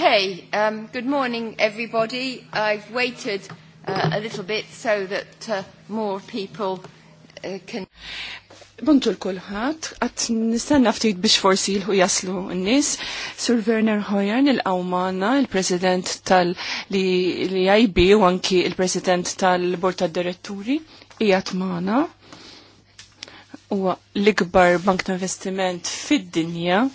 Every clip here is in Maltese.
Okay, um, good morning everybody. I've waited uh, a little bit so that uh, more people uh, can... Buntu l kulħat, għat nistanna ftit biex forsi l-ħu jaslu n-nis. Sir Werner Hoyer, il-Awmana, il-President tal-IB u anki il-President tal-Bord tal-Diretturi, ijat maħna. U l-ikbar bank ta' investiment fid-dinja,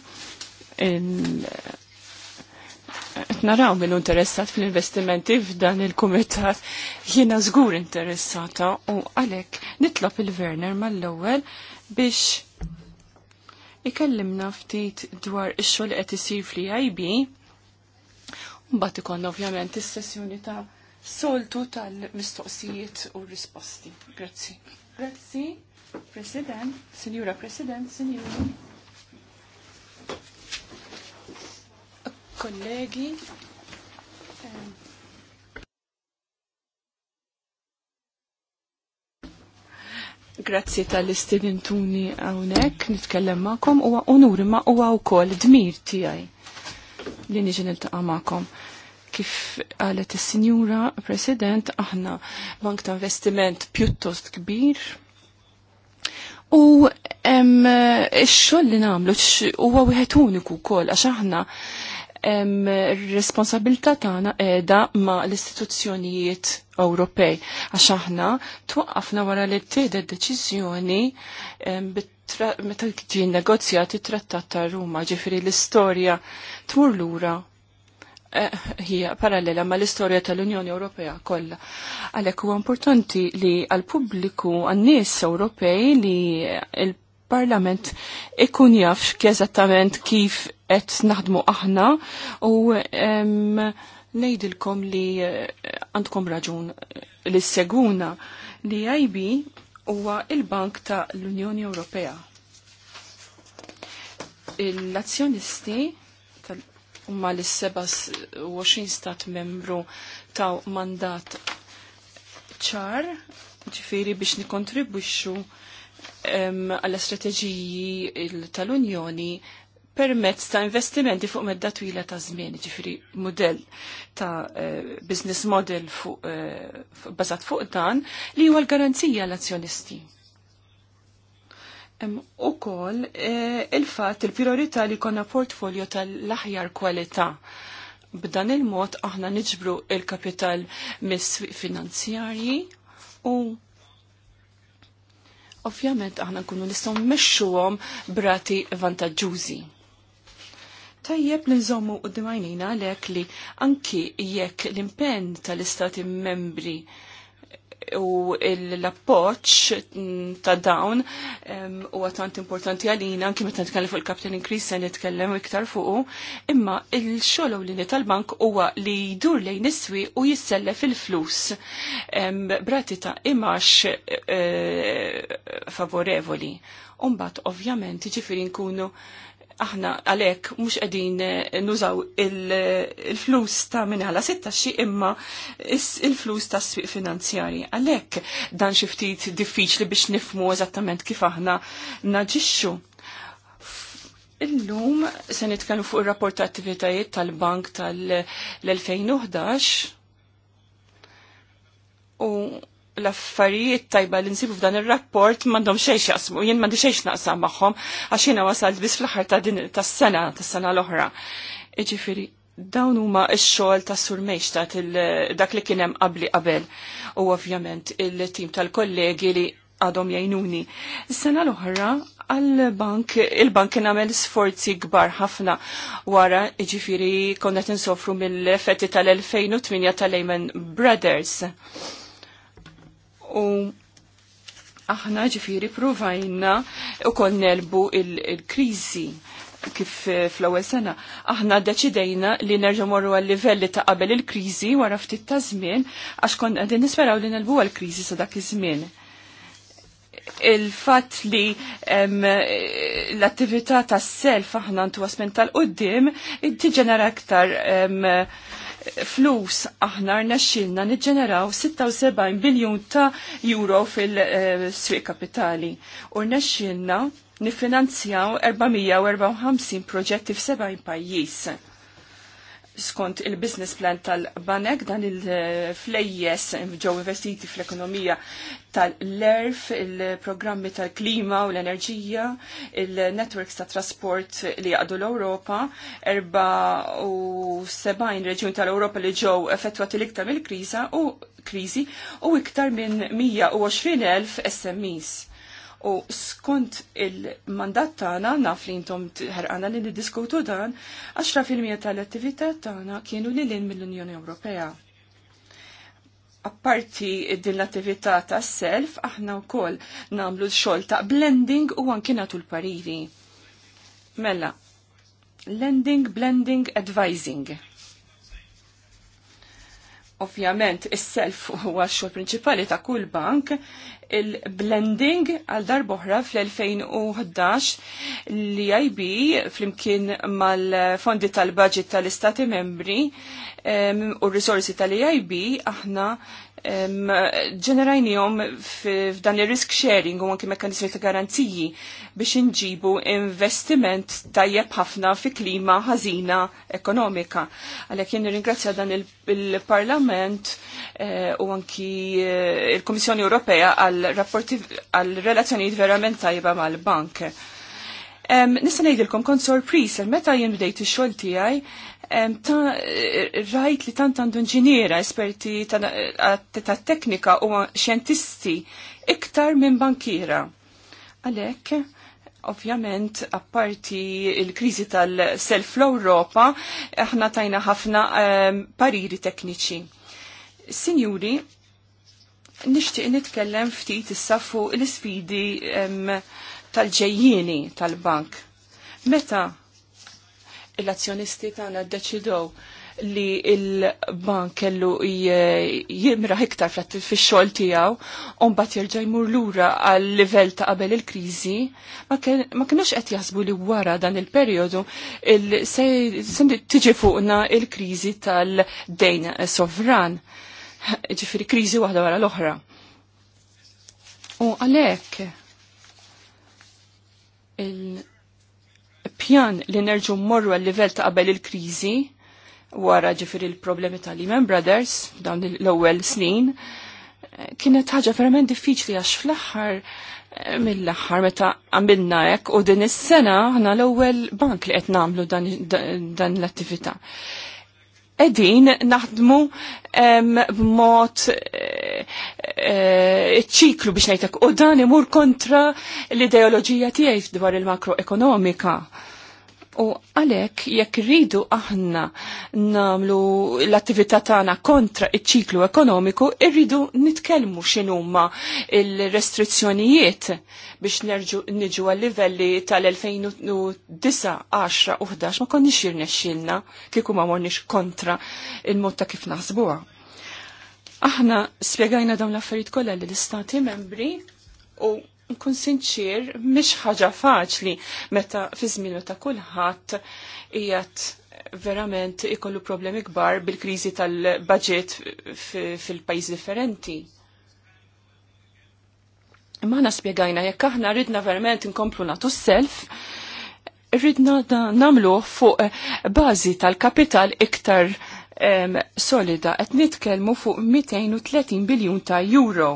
naraw minn interessat fil-investimenti f'dan il-kumitat jiena żgur interessata u għalhekk nitlob il-Werner mal-ewwel biex ikellimna ftit dwar ix-xogħol qed isir fl-IB mbagħad ikollna ovvjament is-sessjoni ta' soltu tal-mistoqsijiet u risposti. Grazzi. Grazzi, President, Sinjura President, Sinjura. kollegi. Grazzi tal-istidintuni għawnek, nitkellem ma'kom u onuri ma' u għaw kol dmir tijaj li niġi taqa ma'kom. Kif għalet il-Sinjura President, aħna bank ta' investiment pjuttost kbir u eh, ix-xogħol li namlu huwa wieħed uniku wkoll għax aħna responsabilità tagħna qiegħda ma' l-istituzzjonijiet Ewropej għax aħna twaqqafna wara li tieħdet deċiżjoni meta ġi negozjati trattat ta' Ruma, ġifieri l-istorja tmur lura eh, hija parallela ma l-istorja tal-Unjoni Ewropea kollha. Għalhekk huwa importanti li għall-pubbliku għan-nies Ewropej li il-Parlament ikun jaf eżattament kif qed naħdmu aħna u ngħidilkom li eh, għandkom raġun eh, li seguna li IB huwa il-Bank ta' l-Unjoni Ewropea. L-azzjonisti huma l seba 27 stat membru ta' mandat ċar, ġifiri biex nikontribwixxu għall-istrateġiji tal-Unjoni permezz ta' investimenti fuq medda twila ta' żmien, ġifiri model ta' uh, business model fuq eh, bazat fuq dan li huwa l-garanzija l-azzjonisti. U kol uh, eh, il-fat il-priorità li konna portfolio tal-aħjar kwalità. B'dan il-mod aħna niġbru il-kapital mis finanzjarji u ovvjament aħna nkunu nistgħu mmexxuhom brati vantaġġużi Tajjeb li nżommu u d-dimajnina għalek li anki jekk l-impenn tal-istati membri u l-appoċ ta' dawn u għatant importanti għalina, anki meta nitkellem fuq il-Captain Increase se nitkellem iktar fuqu, imma il-xogħol l tal-bank huwa li jdur lejn iswi u jissellef il-flus brati ta' imax eh, favorevoli. Umbat ovvjament ġifiri nkunu aħna għalek mux għedin eh, nużaw il-flus ta' minħala sitta xi imma il-flus ta' sfiq finanzjari. Għalek dan xiftit diffiċli biex nifmu eżattament kif aħna naġixxu. Illum se nitkellmu fuq ir-rapport ta' attivitajiet tal-bank tal-2011 u l-affarijiet tajba li nsibu f'dan il-rapport mandom xejx jasmu, jien mandi xejx naqsam maħħom, għax jena wasalt bis fl-ħar ta' din ta' sena, ta' sena l-oħra. Iġifiri, dawn huma x-xogħol ta' surmejx ta' dak li kien hemm qabli qabel u ovvjament il-tim tal-kollegi li għadhom jgħinuni. s sena l-oħra għal-bank, il-bank kien għamel sforzi kbar ħafna wara ġifiri konna tinsofru mill fetti tal-2008 tal-Lehman Brothers u aħna ġifiri provajna u kon nelbu il-krizi kif eh, fl-ewwel sena. Aħna deċidejna li nerġa' morru għal livelli ta' qabel il-kriżi wara ftit ta' żmien għax kont qegħdin nisperaw li nelbu għall-kriżi sa dak iż-żmien il fatt li l-attività tas self aħna ntu minn tal qudiem tiġenera aktar flus aħna rnexxilna niġġeneraw 76 biljun ta' euro fil-swieq kapitali u rnexxilna nifinanzjaw 454 proġetti f'sebgħin pajjiż skont il-business plan tal-Banek dan il-flejjes ġew investiti fl-ekonomija tal-lerf, il-programmi tal-klima u l-enerġija, il-networks ta' trasport li għadu l-Europa, 74 reġjun tal-Europa li ġew effettwati l-iktar mill-kriza u krizi u iktar minn 120.000 SMEs U skont il-mandat tagħna naf li intom ħerqana li niddiskutu dan, 10% tal-attività tagħna kienu li lin mill-Unjoni Ewropea. Apparti din l-attività tas self, aħna wkoll nagħmlu x-xogħol ta' blending u anki nagħtu l-pariri. Mela, lending, blending, advising. Ovvjament, is-self huwa x-xogħol prinċipali ta' kull bank, il-blending għal darboħra fl-2011 li IB flimkien mal-fondi tal-budget tal-istati membri um, u r-risorsi tal-IB aħna ġenerajnijom f'dan il-risk sharing u għanki mekkanizmi ta' garanziji biex inġibu investiment tajjeb ħafna fi klima ħażina ekonomika. Għalhekk jien ringrazzja dan il-Parlament il uh, eh, u anki uh, eh, il komissjoni Ewropea għal għal relazzjonijiet verament tajba mal-bank. Nista' ngħidilkom kont sorpris meta jien bdejt ix-xogħol tiegħi rajt li tant għandu inġiniera, esperti ta' teknika u xjentisti iktar minn bankiera. Għalhekk, ovvjament, apparti il-kriżi tal-self fl ewropa aħna tajna ħafna pariri tekniċi. Sinjuri, nixtieq nitkellem ftit issa fuq l-isfidi tal ġejjini tal-bank. Meta l-azzjonisti tagħna ddeċidew li il-bank kellu jimra iktar fil-xol tijaw, mbagħad jerġa' jmur lura għal livell ta' qabel il-krizi, ma kienux qed jaħsbu li wara dan il-periodu il tiġi fuqna il-krizi tal-dejn sovran ġifiri kriżi waħda wara l-oħra. U għalhekk il-pjan li nerġu mmorru għal livell ta' qabel il-kriżi wara ġifiri il-problemi ta' Lehman Brothers dawn l-ewwel snin kienet ħaġa verament diffiċli għax fl-aħħar eh, mill-aħħar meta għamilna hekk u din is-sena ħna l-ewwel bank li qed nagħmlu dan, dan l-attività edin naħdmu b'mod eh, eh, ċiklu biex ngħidlek u dan imur kontra l-ideoloġija tiegħi dwar il-makroekonomika. U għalek, jekk rridu aħna namlu l-attività tagħna kontra iċ-ċiklu ekonomiku, irridu nitkellmu x'inhuma il-restrizzjonijiet biex nerġu niġu għal-livelli tal-2009, 10 u 11 ma konniex jirnexxilna kieku ma morniex kontra il-mod ta' kif naħsbuha. Aħna spjegajna dawn l-affarijiet kollha lill-istati membri u nkun sinċir, mish ħaġa faċli meta fi żmien ta' kulħadd qiegħed verament ikollu problemi kbar bil-kriżi tal-budget fil-pajjiż differenti. Imma aħna spjegajna jekk aħna ridna verament inkomplu nagħtu self, ridna namlu fuq bażi tal-kapital iktar solida qed nitkellmu fuq 230 biljun ta' euro.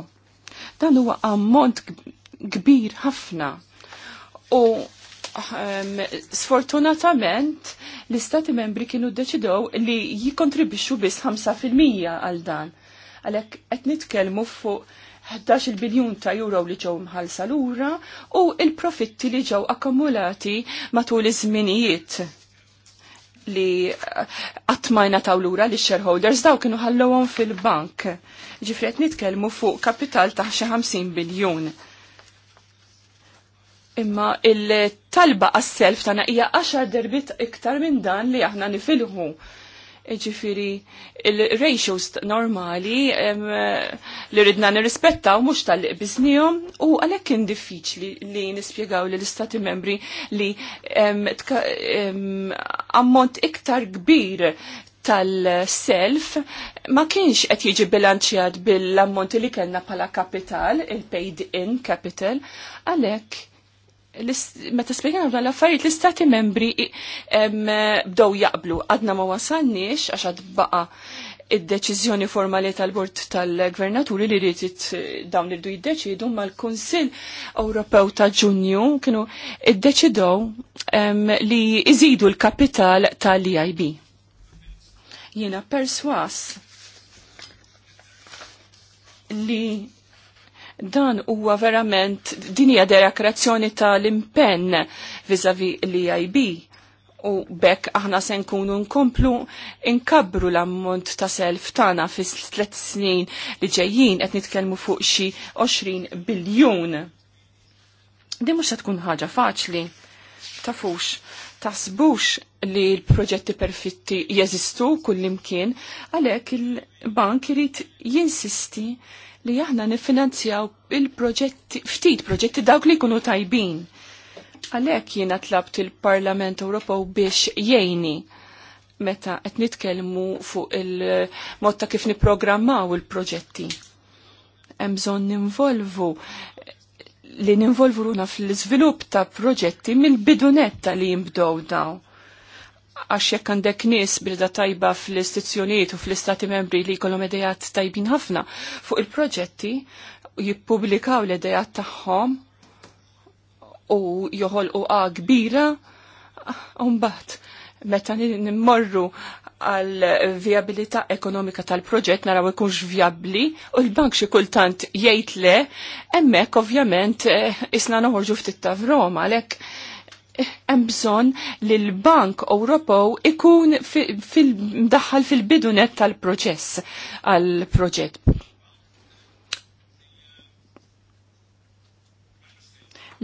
Dan huwa ammont kbir ħafna. U um, sfortunatament l-istati membri kienu deċidow li jikontribixxu biss 5% għal dan. Għalhekk qed nitkellmu fuq 11 biljun ta' euro li ġew mħalsa lura u il-profitti li ġew akkumulati matul iż-żminijiet li għatmajna eh, taw lura li shareholders daw kienu ħallowhom fil-bank. Ġifret nitkellmu fuq kapital ta' xi 50 biljun Imma il-talba għas-self tana hija għaxar derbit iktar minn dan li aħna nifilħu. Ġifiri, il-ratios normali li ridna nirrispetta u mux tal-biznijom u għalek kien diffiċli li nispiegaw li l-istati membri li ammont iktar kbir tal-self ma kienx qed jiġi bilanċjat bil-ammonti li kellna bħala kapital, il-paid in capital, għalhekk meta spiegħna dwar l-affarijiet l-istati membri bdew jaqblu għadna ma wasalniex għax għad baqa' id-deċiżjoni formali tal-bord tal-gvernaturi li rrid dawn irdu jiddeċidu ma l-Kunsill Ewropew ta' Ġunju kienu iddeċidew li iżidu l-kapital tal-EIB. Jiena perswas li Dan huwa verament din hija ta' tal-impenn vizavi l iib u bekk aħna se nkunu nkomplu inkabru l-ammont ta' self tagħna fis tlet snin li ġejjin qed nitkellmu fuq xi 20 biljun. Din mhux tkun ħaġa faċli. Tafux, tasbux li l-proġetti perfetti jeżistu kullimkien, għalhekk il-bank irid jinsisti li aħna nifinanzjaw il-proġetti, ftit proġetti dawk li jkunu tajbin. Għalhekk jiena tlabt il-Parlament Ewropew biex jgħini meta qed nitkellmu fuq il-mod ta' kif nipprogrammaw il-proġetti. Hemm bżonn ninvolvu li ninvolvu runa fl-iżvilupp ta' proġetti mill-bidunetta li jimbdow dawn għax jekk għandek nies bilda tajba fl-istituzzjonijiet u fl-istati membri li jkollhom idejat tajbin ħafna fuq il-proġetti jippubblikaw l-idejat tagħhom u joħolqu għa kbira mbagħad meta nimmorru għal viabilità ekonomika tal-proġett naraw ikunx viabli u l-bank xi kultant jgħid le hemmhekk ovvjament eh, isna noħorġu ftit tavroma għalhekk hemm bżonn li l-Bank Ewropew ikun fil-mdaħħal fil-bidunet tal-proċess għall proġett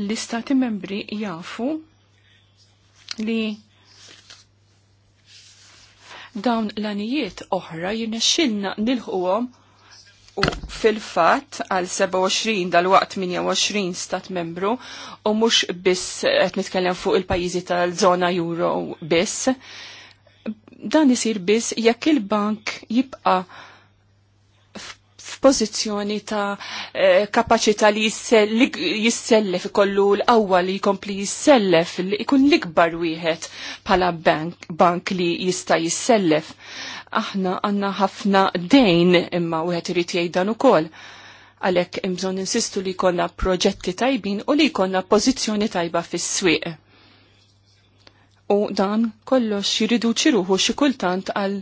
L-istati membri jafu li dawn l-anijiet oħra jinexxilna nilħuhom u fil-fat għal 27 dal-waqt 28 stat membru u mux biss qed nitkellem fuq il-pajjiżi tal-żona euro biss. Dan isir biss jekk il-bank jibqa' f'pożizzjoni ta' eh, kapaċità li jissellef ikollu l-awwa li jkompli jissellef li jkun l-ikbar wieħed bħala bank li jista' jissellef aħna għanna ħafna dejn imma u għet irrit dan ukoll. Għalek imżon insistu li konna proġetti tajbin u li konna pozizjoni tajba fis swieq U dan kollox jiridu ċiruħu xi kultant għal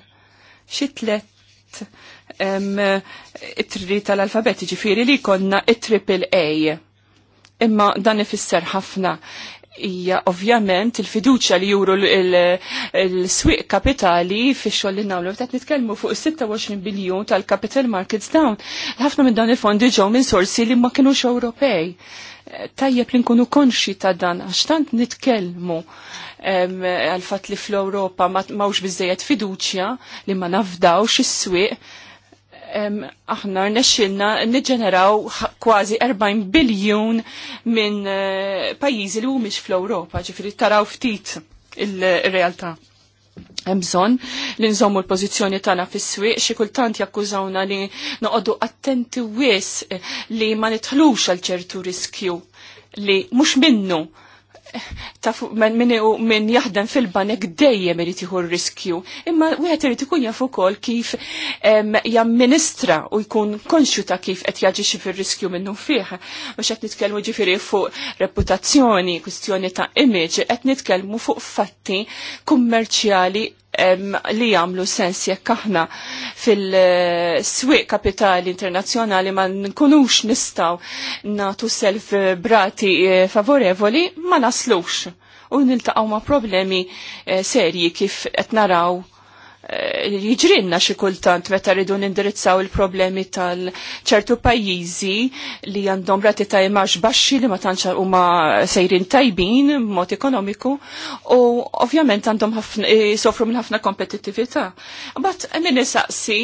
xi tlet it-tri tal-alfabeti ġifiri li konna it-triple A. Imma dan ifisser ħafna hija ovvjament il-fiduċa li juru l-swiq kapitali fix xogħol li nagħmlu. Qed nitkellmu fuq 26 biljun tal-Capital Markets Down. Ħafna minn dawn il-fondi ġew minn sorsi li ma kinux Ewropej. Tajjeb li nkunu konxi ta' dan, għax tant nitkellmu għal-fat li fl-Ewropa mawx biżejjed fiduċja li ma nafdawx is-swieq aħna rnexxilna niġġeneraw kważi 40 biljun minn eh, pajjiżi li mhumiex fl-Ewropa, ġifiri taraw ftit il-realtà. Hemm bżonn li nżommu l-pożizzjoni tagħna fis-swieq xi kultant jakkużawna li noqogħdu attenti wis eh, li ma nidħlux għal ċertu riskju li mhux minnu taf minn min jaħdem fil-banek dejjem irid jieħu riskju. Imma wieħed irid ikun jaf ukoll kif jamministra u jkun konxju ta' kif qed jaġixxi fir-riskju minnu fih. Mhux qed nitkellmu ġifieri fuq reputazzjoni, kwistjoni ta' image, qed nitkellmu fuq fatti kummerċjali li jagħmlu sens jekk aħna fil-swieq kapitali internazzjonali ma nkunux nistgħu nagħtu self brati eh, favorevoli ma naslux u niltaqgħu ma' problemi eh, serji kif qed naraw Eh, jiġrinna xi kultant meta rridu nindirizzaw il-problemi tal-ċertu pajjiżi li għandhom rati ta' imax baxxi li ma tantx huma sejrin tajbin b'mod ekonomiku u ovvjament għandhom eh, sofru minn ħafna kompetittività. Bat min nisaqsi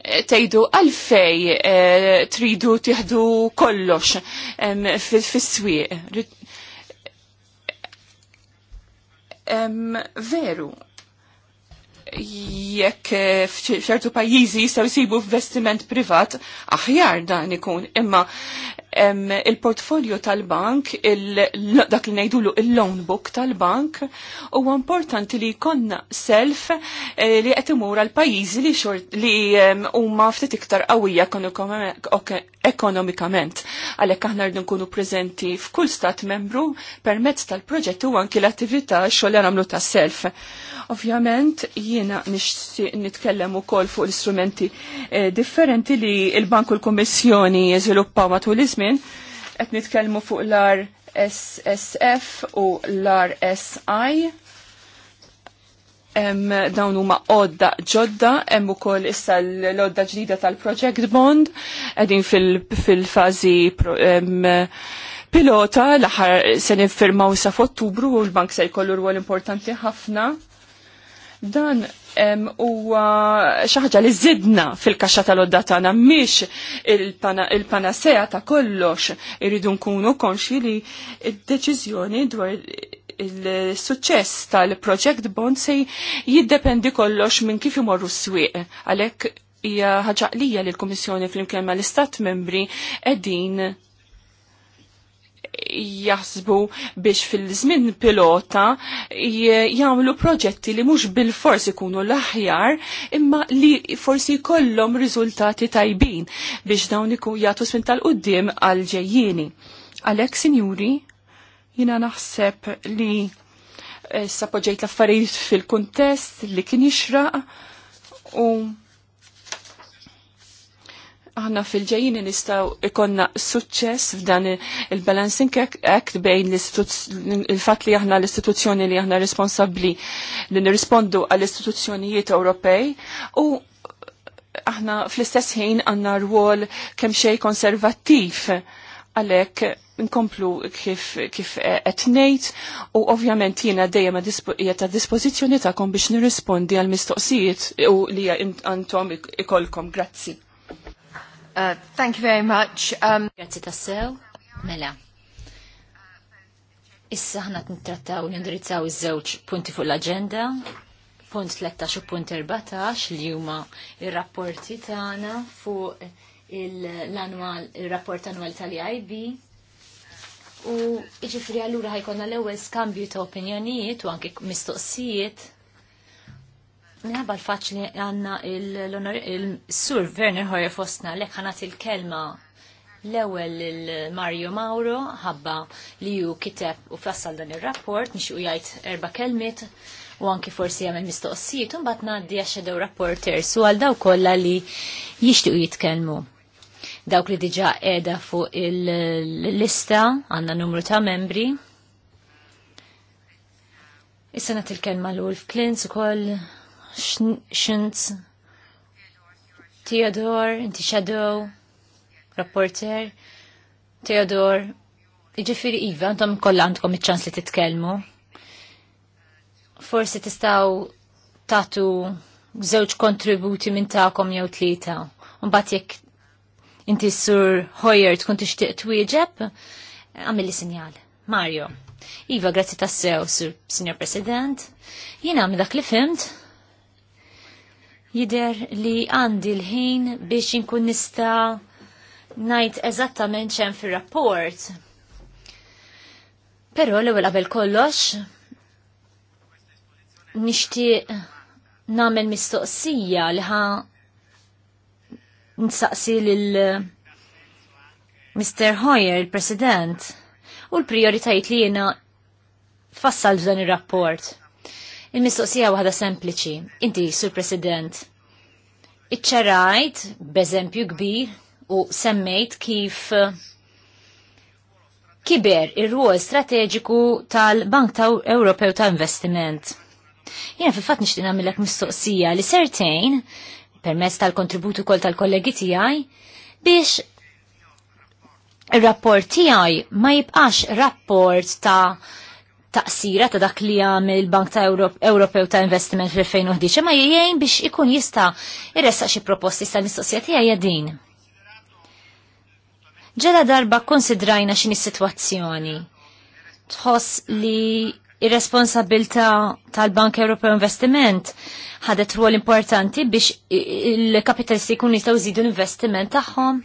eh, tejdu għalfej tridu tieħdu kollox fis-swieq. Veru, jekk eh, f'ċertu pajjiżi jistgħu jsibu investiment privat aħjar dan ikun imma il-portfolio tal-bank, dak li ngħidulu il-loan book tal-bank, huwa importanti li jkollna self eh, li qed imur għal pajjiżi li xort li huma maftit ftit iktar qawwija ekonomikament. Għalhekk aħna rridu nkunu preżenti f'kull stat membru permezz tal-proġett u anki l-attività xogħol li nagħmlu ta' self. Ovvjament jiena nitkellem ukoll fuq l-istrumenti eh, differenti li l-Bank u l-Kummissjoni żviluppaw matul iż żmien qed nitkellmu fuq l-ar SSF u l-ar SI. Em, dawn huma odda ġodda, hemm ukoll issa l-odda ġdida tal-Project Bond, qegħdin fil-fażi pilota l-aħħar se nifirmaw sa f'Ottubru u l-bank se jkollu rwol importanti ħafna. Dan u xaħġa li zidna fil-kaxxa tal-odda tana miex il-panasea ta' kollox irridu nkunu konxi li d-deċiżjoni dwar il-suċċess tal-project bond se jiddependi kollox minn kif imorru s-swieq. Għalhekk hija ħaġa li l-Kummissjoni fl-imkien l istat membri qegħdin jaħsbu biex fil-żmien pilota jagħmlu proġetti li mhux bil-fors ikunu l-aħjar imma li forsi jkollhom riżultati tajbin biex dawn ikun jagħtu smin tal-qudiem għal ġejjieni. Għalhekk sinjuri jiena naħseb li issa eh, l-affarijiet fil-kuntest li kien jixraq u um aħna fil-ġejjin nistaw ikonna suċċess f'dan il-balancing act bejn il-fatt li aħna l-istituzzjoni li aħna responsabbli li nirrispondu għall-istituzzjonijiet Ewropej u aħna fl-istess ħin għanna rwol kemm xej konservattiv għalek nkomplu kif kif etnejt u ovvjament jiena dejjem ta' dispożizzjoni biex nirrispondi għal mistoqsijiet u li għandhom ikolkom. Grazzi. Uh, thank you very much. Um, Grazzi Grazie tassew. Mela. Issa ħna t-nittrattaw nindirizzaw iż-żewġ punti fuq l-agenda, punt 13 u punt 14 li huma ir-rapporti tagħna fuq l-annwal ir-rapport annwal tal-IB. U ġifri allura ħajkonna l-ewwel skambju ta' opinjonijiet u anke mistoqsijiet Minħabba l-faċ li għanna il-sur Werner Hoyer Fostna lek ħanat il-kelma l-ewel il-Mario Mauro ħabba li ju kiteb u fassal dan il-rapport nix u jajt erba kelmit u anki forsi għamil mistoqsijiet un bat naddi għaxedew rapporters u għal daw kolla li jishtiqu jitkelmu. Dawk li diġa edha fuq il-lista għanna numru ta' membri. Issa nat il-kelma l-Wolf Klins u koll Shintz, Theodore, inti Shadow, rapporter, Theodore, iġifiri Iva, għandhom kollha għandkom iċ-ċans li titkellmu. Forsi tistaw tatu żewġ kontributi minn tagħkom jew tlieta. Mbagħad jekk inti sur Hoyer tkun tixtieq twieġeb, għamilli sinjal. Mario. Iva, grazzi tassew, sur Signor President. Jina għam dak li fimt, Jider li għandi l-ħin biex inkun nista najt eżattament ċem fil-rapport. Pero l ewwel qabel kollox, nishti namen mistoqsija li ħa nsaqsi l Mr. Hoyer, il-President, u l prioritajt li jena fassal f'dan il-rapport. Il-mistoqsija waħda sempliċi. Inti, Sur President, iċċarajt b'eżempju kbir u semmejt kif eh, kiber ir-ruol strateġiku tal-Bank ta' Ewropew ta' Investiment. Jena fil fatt nixti namillek mistoqsija li sertejn, permess tal-kontributu kol tal-kollegi tijaj, biex il-rapport tijaj ma jibqax rapport ta' taqsira ta' dak li għamil bank ta' Ewropew ta' Investiment fil-2011, ma jgħin biex ikun jista' jressaq xi proposti sa' mistoqsijati għajja din. Ġela darba konsidrajna xini situazzjoni. Tħoss li ir-responsabilta tal-Bank Ewropew Investiment ħadet ruol importanti biex il-kapitalisti jkun jistgħu jżidu l-investiment tagħhom.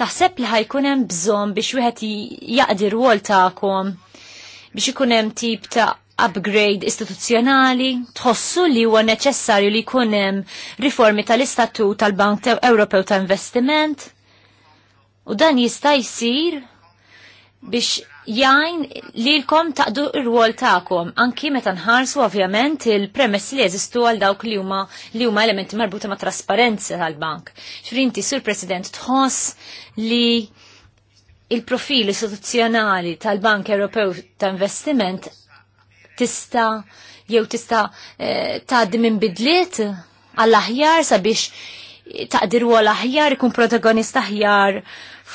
Taħseb li ħajkunem hemm bżonn biex wieħed jaqdi ruol tagħkom biex ikun hemm tip ta' upgrade istituzzjonali, tħossu li huwa neċessarju li jkun hemm riformi tal-istatut tal-Bank Ewropew ta' Investiment. U dan jista' jsir biex jgħin li l-kom taqdu r rwol ta'kom, anki meta nħarsu ovvjament il-premessi li jeżistu għal dawk li huma li huma elementi marbuta ma' trasparenza tal-bank. Xfrinti, sur President, tħoss li il-profil istituzzjonali tal-Bank Ewropew ta' Investiment tista' jew tista' eh, tgħaddi minn bidliet għall-aħjar sabiex taqdir wol aħjar ikun protagonista aħjar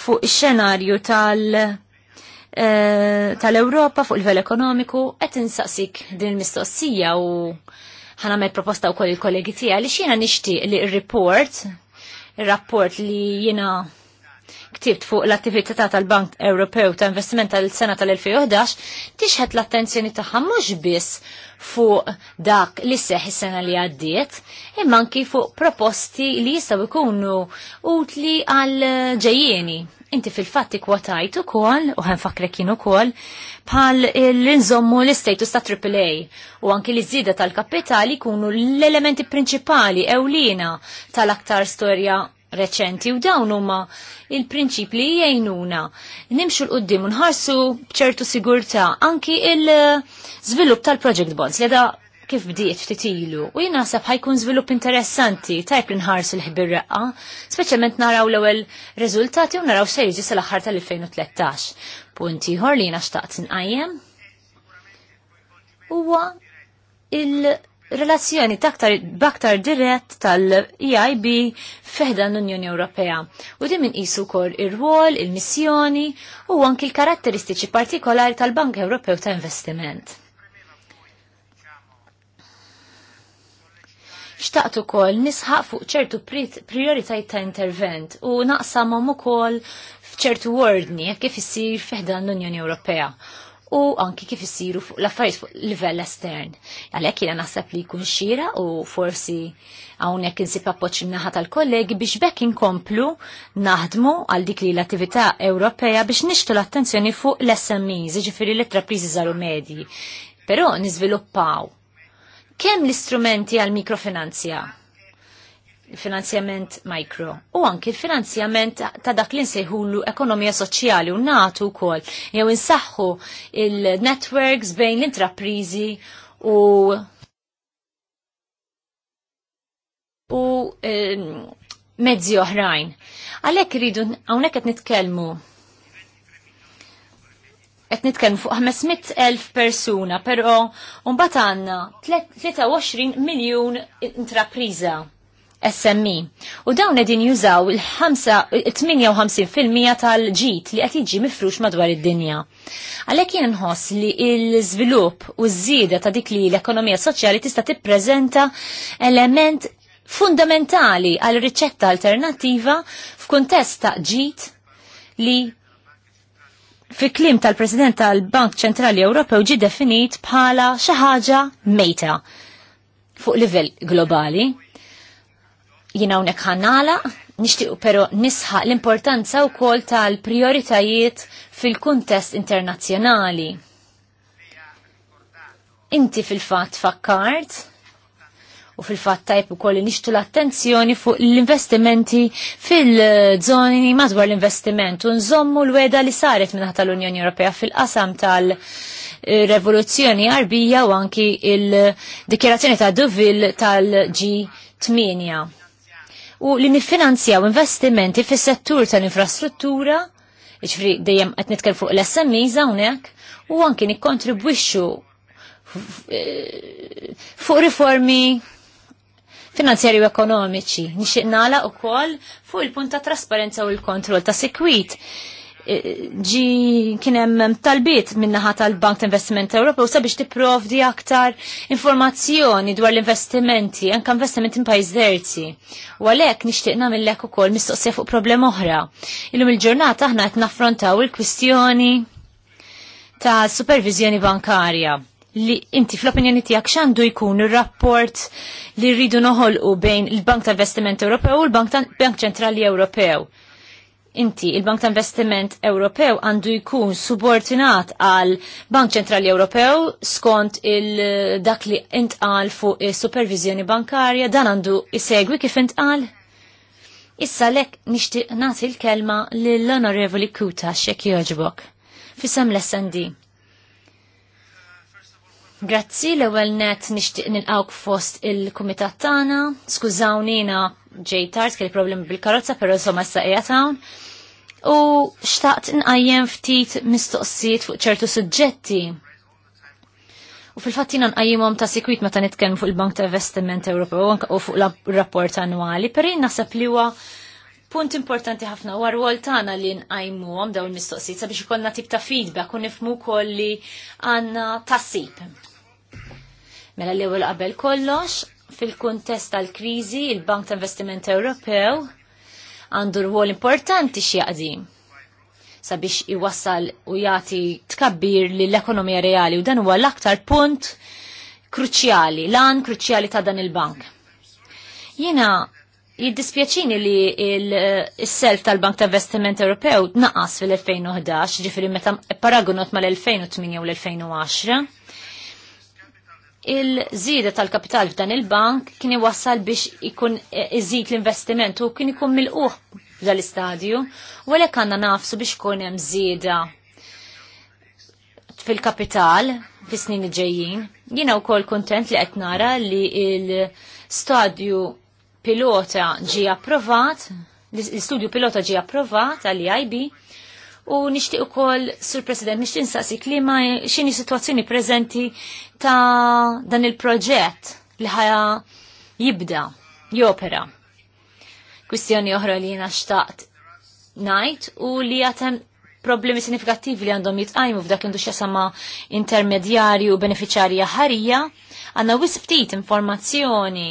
fuq ix-xenarju tal- eh, tal-Europa fuq il-vel ekonomiku qed insaqsik din il-mistoqsija u ħana għamel proposta wkoll il-kollegi tiegħi li jiena nixtieq li r-report, ir-rapport li jiena ktibt fuq l-attività tal-Bank Ewropew ta' investiment tal-sena tal-2011 tixħet l-attenzjoni tagħha mhux biss fuq dak li seħ is-sena li għaddiet, imma anki fuq proposti li jistgħu jkunu utli għal ġejjieni. Inti fil-fatt ikwatajt ukoll u ħanfakrek kien ukoll bħal l-inżommu l-istatus ta' AAA u anki li żieda tal-kapitali kunu l-elementi prinċipali ewlina tal-aktar storja reċenti u dawn huma il-prinċip li jgħinuna nimxu l-qoddim u nħarsu bċertu sigurtà anki il-żvilupp tal-project bonds li da kif bdiet ftit ilu u jien naħseb ħajkun żvilupp interessanti tajb li nħarsu l-ħbir reqqa, speċjalment naraw l-ewwel riżultati u naraw se jiġi sal-aħħar tal-2013. Punt ieħor li jiena xtaqt nqajjem huwa il- relazzjoni taktar baktar dirett tal-EIB feħdan l-Unjoni Ewropea. U din min isu kor ir-rwol, il missjoni u anki l-karatteristiċi partikolari tal-Bank Ewropew ta' Investiment. Xtaqt ukoll nisħaq fuq ċertu prioritajiet ta' intervent u naqsamhom ukoll f'ċertu wordni kif isir feħdan l-Unjoni Ewropea u anki kif fuq l-affarijiet fuq livell estern. Għalhekk jiena naħseb li jkun xira u forsi hawnhekk insib appoġġ naħa tal-kollegi biex bekk inkomplu naħdmu għal dik li l-attività Ewropea biex nixtu l-attenzjoni fuq l-SMEs, jiġifieri l-intrapriżi żaru medji. Però niżviluppaw kemm l-istrumenti għal mikrofinanzja finanzjament mikro u anki l-finanzjament ta' dak li nsejħulu ekonomija soċjali u natu kol jew insaħħu il-networks bejn l-intraprizi u u mezzi oħrajn. Għalhekk iridu hawnhekk qed nitkellmu qed nitkellmu fuq 500,000 persuna, però mbagħad għandna 23 miljun intrapriża SME. U dawn edin jużaw il-58% tal-ġit li qed jiġi mifrux madwar id-dinja. Għalhekk jien nħoss li l-iżvilupp u z żieda ta' dik li l-ekonomija soċjali tista' tippreżenta element fundamentali għal riċetta alternattiva f'kuntest ta' ġit li fi klim tal-President tal-Bank Ċentrali Ewropew ġi definit bħala xi ħaġa mejta fuq livell globali jina unek ħanala, nishtiq pero nisħa l-importanza u kol tal-prioritajiet fil-kuntest internazzjonali. Inti fil-fat fakkart, u fil-fat tajp u koll nixtu l-attenzjoni fuq l-investimenti fil-żoni madwar l-investiment u nżommu l-weda li saret minna tal-Unjoni Ewropea fil-qasam tal-revoluzzjoni arbija u anki il-dikjerazzjoni ta' Duvil tal-G8 u li nifinanzjaw investimenti fis settur tal-infrastruttura, iġfri dejjem qed nitkel fuq l smi hawnhekk, u anki nikkontribwixxu eh, fuq riformi finanzjari u ekonomiċi. Nixtieq u ukoll fuq il-punt ta' trasparenza u l-kontroll ta' sekwit ġi kienem talbiet minnaħa tal-Bank Investment Ewropa u sabiex tipprovdi aktar informazzjoni dwar l-investimenti, anka investimenti pajjiż derzi. U għalhekk nixtieq mill lek ukoll mistoqsija fuq problem oħra. Illum il-ġurnata aħna qed naffrontaw il-kwistjoni ta' supervizjoni bankarja li inti fl-opinjoni tiegħek x'għandu jkun ir-rapport li rridu noħolqu bejn il-Bank tal-Investiment Ewropew u l-Bank Ċentrali Ewropew inti il-Bank ta' Investiment Ewropew għandu jkun subordinat għal Bank Ċentrali Ewropew skont il-dak li intqal fuq il-supervizjoni bankarja dan għandu isegwi kif intqal? Issa lek nishtiq nagħti l-kelma lill-Onorevoli Kuta xek joġbok. Fisem l-SND. Grazzi l ewwel net nixtieq nilqawk fost il-kumitat tagħna. Skużawnina ġej tard kelli problemi bil-karozza, però insomma issa qiegħed ta'wn u xtaqt nqajjem ftit mistoqsijiet fuq ċertu suġġetti. U fil-fattina nqajjimhom ta' sikwit meta nitkellmu fuq il-Bank ta' Investiment Ewropew u fuq l-rapport annwali, per naħseb li huwa punt importanti ħafna u għarwol tagħna li nqajmuhom dawn il-mistoqsijiet sabiex ikollna tip ta' feedback u nifmu koll li għandna tassib. Mela l-ewwel qabel kollox, fil-kuntest tal-kriżi, il-Bank ta' Investiment Ewropew għandu rwol importanti x'jaqdi sabiex iwassal u jagħti tkabbir lill ekonomija reali u dan huwa l-aktar punt kruċjali, lan kruċjali ta' dan il-bank. Jiena jiddispjaċini li il-self tal-Bank ta' Investiment Ewropew naqas fil-2011, ġifiri meta paragonot mal-2008 u l-2010 il-żieda tal-kapital f'dan il-bank kien iwassal biex ikun e, iżid l-investiment u kien ikun mil-uħ dal-istadju, u għalhekk għandna nafsu biex kun hemm żieda fil-kapital fis-snin ġejjin. Jiena wkoll kuntent li qed nara li l-stadju pilota ġi approvat, l studju pilota ġi approvat għal e IB u nixtieq ukoll, Sur President, nixtieq nsaqsi klima x'inhi sitwazzjoni preżenti ta' dan il-proġett li ħaja jibda, jopera. Kwistjoni oħra li jiena xtaqt ngħid u li għatem problemi signifikativi li għandhom jitqajmu f'dak kendu xasama intermedjari u beneficjarja ħarija, għanna wis ftit informazzjoni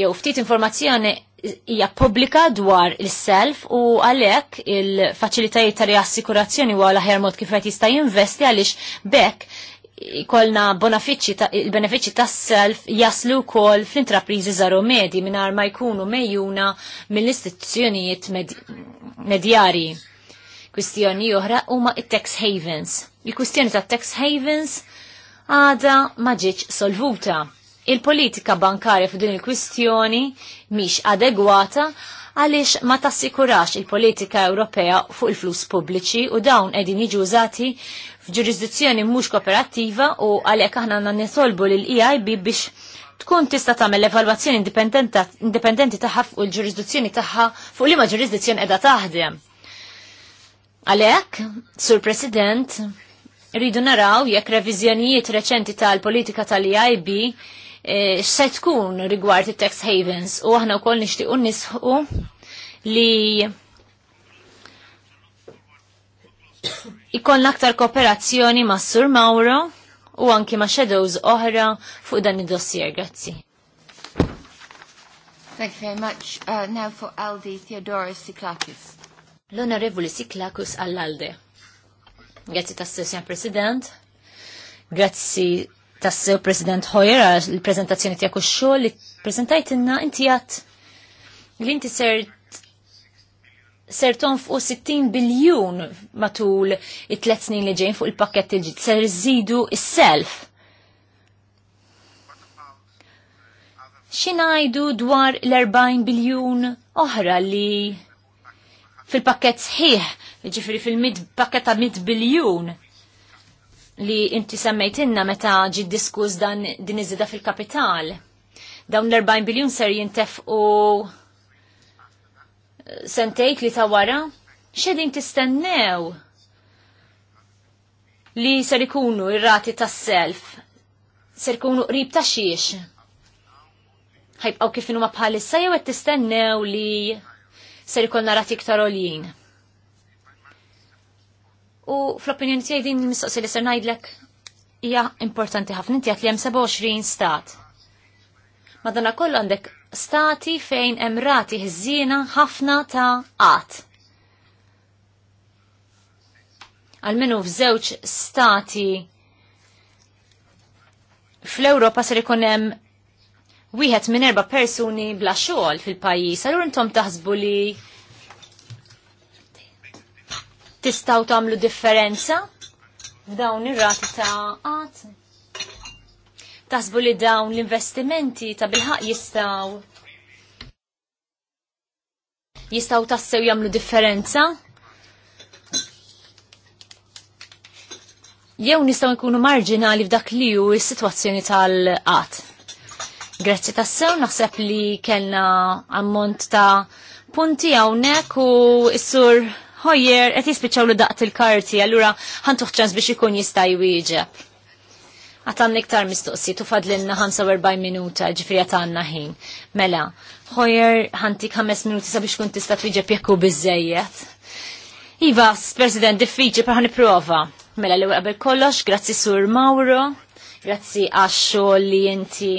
jew ftit informazzjoni hija pubblika dwar il-self u għalhekk il-faċilitajiet ta' riassikurazzjoni huwa l-aħjar mod kif qed jista' jinvesti għaliex bekk kolna il-benefiċi ta' self jaslu kol fl-intrapriżi zaru medi minar ma jkunu mejjuna mill-istituzzjonijiet medjari. Kwistjoni oħra huma it-tax havens. Il-kwistjoni ta' tax havens għada ma ġietx solvuta il-politika bankarja f'din il-kwistjoni miex adegwata għaliex ma tassikurax il-politika Ewropea fuq il-flus pubbliċi u dawn qegħdin jiġu użati f'ġurisdizzjoni mhux kooperattiva u għalhekk aħna nitolbu lil EIB biex tkun tista' tagħmel evalwazzjoni indipendenti tagħha fuq il-ġurisdizzjoni tagħha fuq liema ġurisdizzjoni qiegħda taħdem. Għalhekk, Sur President, rridu naraw jekk reviżjonijiet reċenti tal-politika tal-EIB E, se tkun rigward it-tax havens u aħna wkoll nixtiequ nisħu li ikollna aktar kooperazzjoni ma' Sur Mauro u anki ma' shadows oħra fuq dan id-dossier. Grazzi. Thank you very much. Uh, now for Aldi Theodoros Siklakis. L-Onorevoli Siklakis għall-Alde. Grazzi tas President. Grazzi tas President Hoyer l il-prezentazzjoni tiegħek u x-xogħol li prezentajt inna inti għat li inti ser ser fuq 60 biljun matul it-tlet snin li ġejn fuq il-pakket il ġit ser żidu is-self. Xinajdu dwar l-40 biljun oħra li fil-pakket sħiħ, ġifiri fil-pakket ta' 100 biljun li inti semmejtinna meta ġi diskus dan din iżida fil-kapital. Dawn l-40 biljun ser jintefqu eh, sentejt li ta' wara, xedin tistennew li ser ikunu ir-rati tas-self ser ikunu qrib ta' xiex. Ħajbqaw kif inhom bħalissa jew qed tistennew li ser ikun rati iktar olin. U fl-opinjoni tiegħi din mistoqsi li ser ngħidlek hija importanti ħafna inti li hemm 27 stat. Madonna kollu għandek stati fejn hemm rati ħżiena ħafna ta' qatt. Almenu f'żewġ stati fl-Ewropa ser ikun hemm wieħed minn erba' persuni bla xogħol fil-pajjiż, allura intom taħsbu li Tistaw tamlu differenza f'dawn ir-rati ta' qat. Tasbu li dawn l-investimenti ta' bilħaq jistaw jistaw tassew jamlu differenza? Jew nistaw nkunu marġinali f'dak li hu s-sitwazzjoni tal-qat. Grazzi tassew, naħseb li kellna ammont ta' punti hawnhekk u s-sur Hojjer, qed jispiċċaw li daqt il-karti, allura ħantuħ ċans biex ikun jista' jwieġeb. Għatan iktar mistoqsijiet u fadlinna 45 minuta ġifri għatan ħin. Mela, ħojer ħantik 5 minuti sabiex kun tista' twieġeb jekku bizzejiet. Iva, President, diffiġi, paħan prova. Mela, l għabel kollox, grazzi Sur Mauro, grazzi għax-xogħol li inti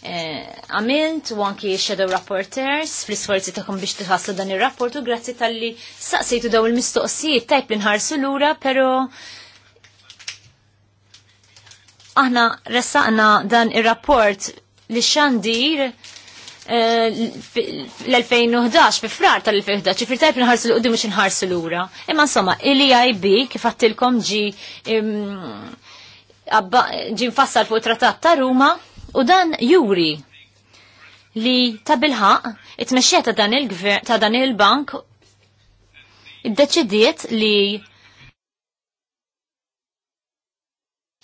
Eh, għamilt u anki shadow rapporters fl-isforzi taħkom biex tħaslu dan il-rapport u grazzi tal-li saqsejtu daw il-mistoqsijiet tajb l-inħarsu l-ura, pero aħna ressaqna dan il-rapport li xandir eh, l-2011, fi frar tal-2011, fir tajb nħarsu l-qoddim biex nħarsu l-ura. Imma insomma, il-EIB kif għattilkom ġi ġi nfassal fuq trattat ta' Ruma, U dan juri li ta' bilħaq it-mexxija ta' dan il-gvern ta' dan il-bank iddeċidiet li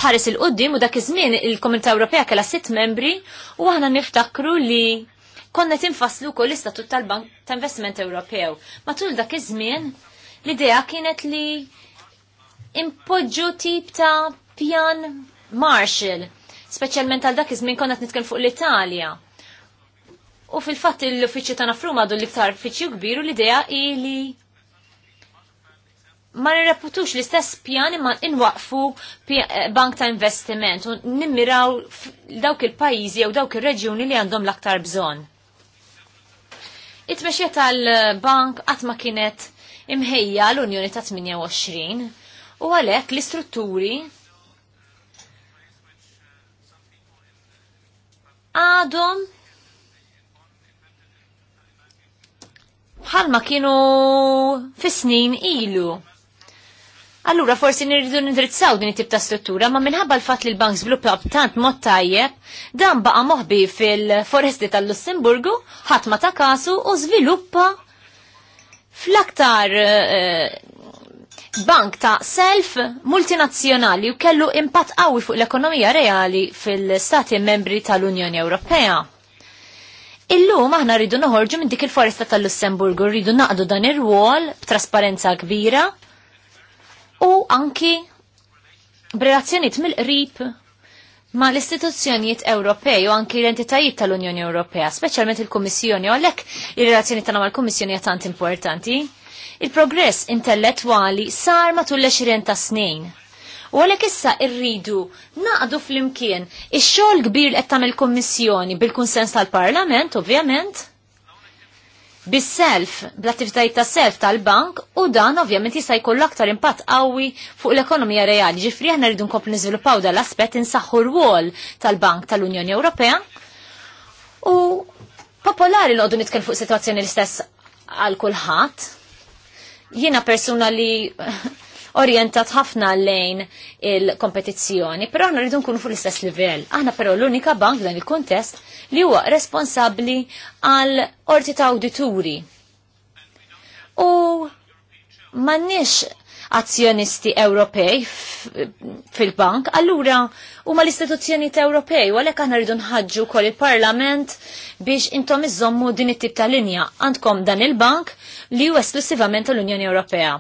ħares il-qoddim u dak iż-żmien il-Komunità Ewropea kellha sitt membri u aħna niftakru li konna tinfasslu kol l-istatut tal-Bank ta' Investiment Ewropew. Matul dak iż-żmien l-idea kienet li impoġġu tip ta' pjan Marshall speċjalment għal dak iż-żmien konna nitkellem fuq l-Italja. U fil-fatt l-uffiċċju ta' nafru għadu l-iktar uffiċċju kbir u l-idea ili ma nirreputux l-istess pjani ma inwaqfu eh, bank ta' investiment u nimmiraw dawk il-pajizi jew dawk il-reġjuni li għandhom l-aktar bżon. it tal-bank qatt ma kienet imħejja l-Unjoni ta' 28 u għalhekk l-istrutturi għadhom bħalma kienu fis-snin ilu. Allura forsi nirridu nidrizzaw din it-tip ta' struttura, ma minħabba l-fatt li l-bank żviluppa tant mod tajjeb, dan baqa moħbi fil-foresti tal-Lussemburgu, ħadd ma ta' kasu u żviluppa fl-aktar eh, bank ta' self multinazzjonali u kellu impatt qawwi fuq l-ekonomija reali fil-stati membri tal-Unjoni Ewropea. Illum aħna rridu noħorġu minn dik il-foresta tal-Lussemburgu, rridu naqdu dan ir-rwol b'trasparenza kbira u anki b'relazzjonijiet mill-qrib ma l-istituzzjonijiet Ewropej u anki l-entitajiet tal-Unjoni Ewropea, speċjalment il-Kummissjoni, u għalhekk ir-relazzjoni tagħna mal-Kummissjoni hija tant importanti. Il-progress intellettwali sar matul l-20 ta' snin. U għalek issa irridu naqdu fl-imkien il xogħol kbir qed tagħmel kommissjoni bil-kunsens tal-Parlament, ovvjament, bis-self, bl-attivitajiet ta' self tal-bank u dan ovvjament jista' jkollu aktar impatt qawwi fuq l-ekonomija reali. Ġifri aħna rridu nkomplu niżviluppaw dan l-aspett insaħħu rwol tal-Bank tal-Unjoni Ewropea u popolari l-għodu nitkellem fuq situazzjoni l-istess għal kulħadd Jiena persuna li orientat ħafna lejn il-kompetizzjoni, però aħna rridu nkunu fuq l-istess livell. Aħna però l-unika bank dan il-kontest li huwa responsabbli għal orti ta' awdituri. U m'għandniex azzjonisti Ewropej fil-bank, allura huma l-istituzzjonijiet Ewropej, u għalhekk aħna rridu nħaġġu wkoll il-Parlament biex intom iżommu din it-tip ta' linja għandkom dan il-bank li hu esklusivament tal-Unjoni Ewropea.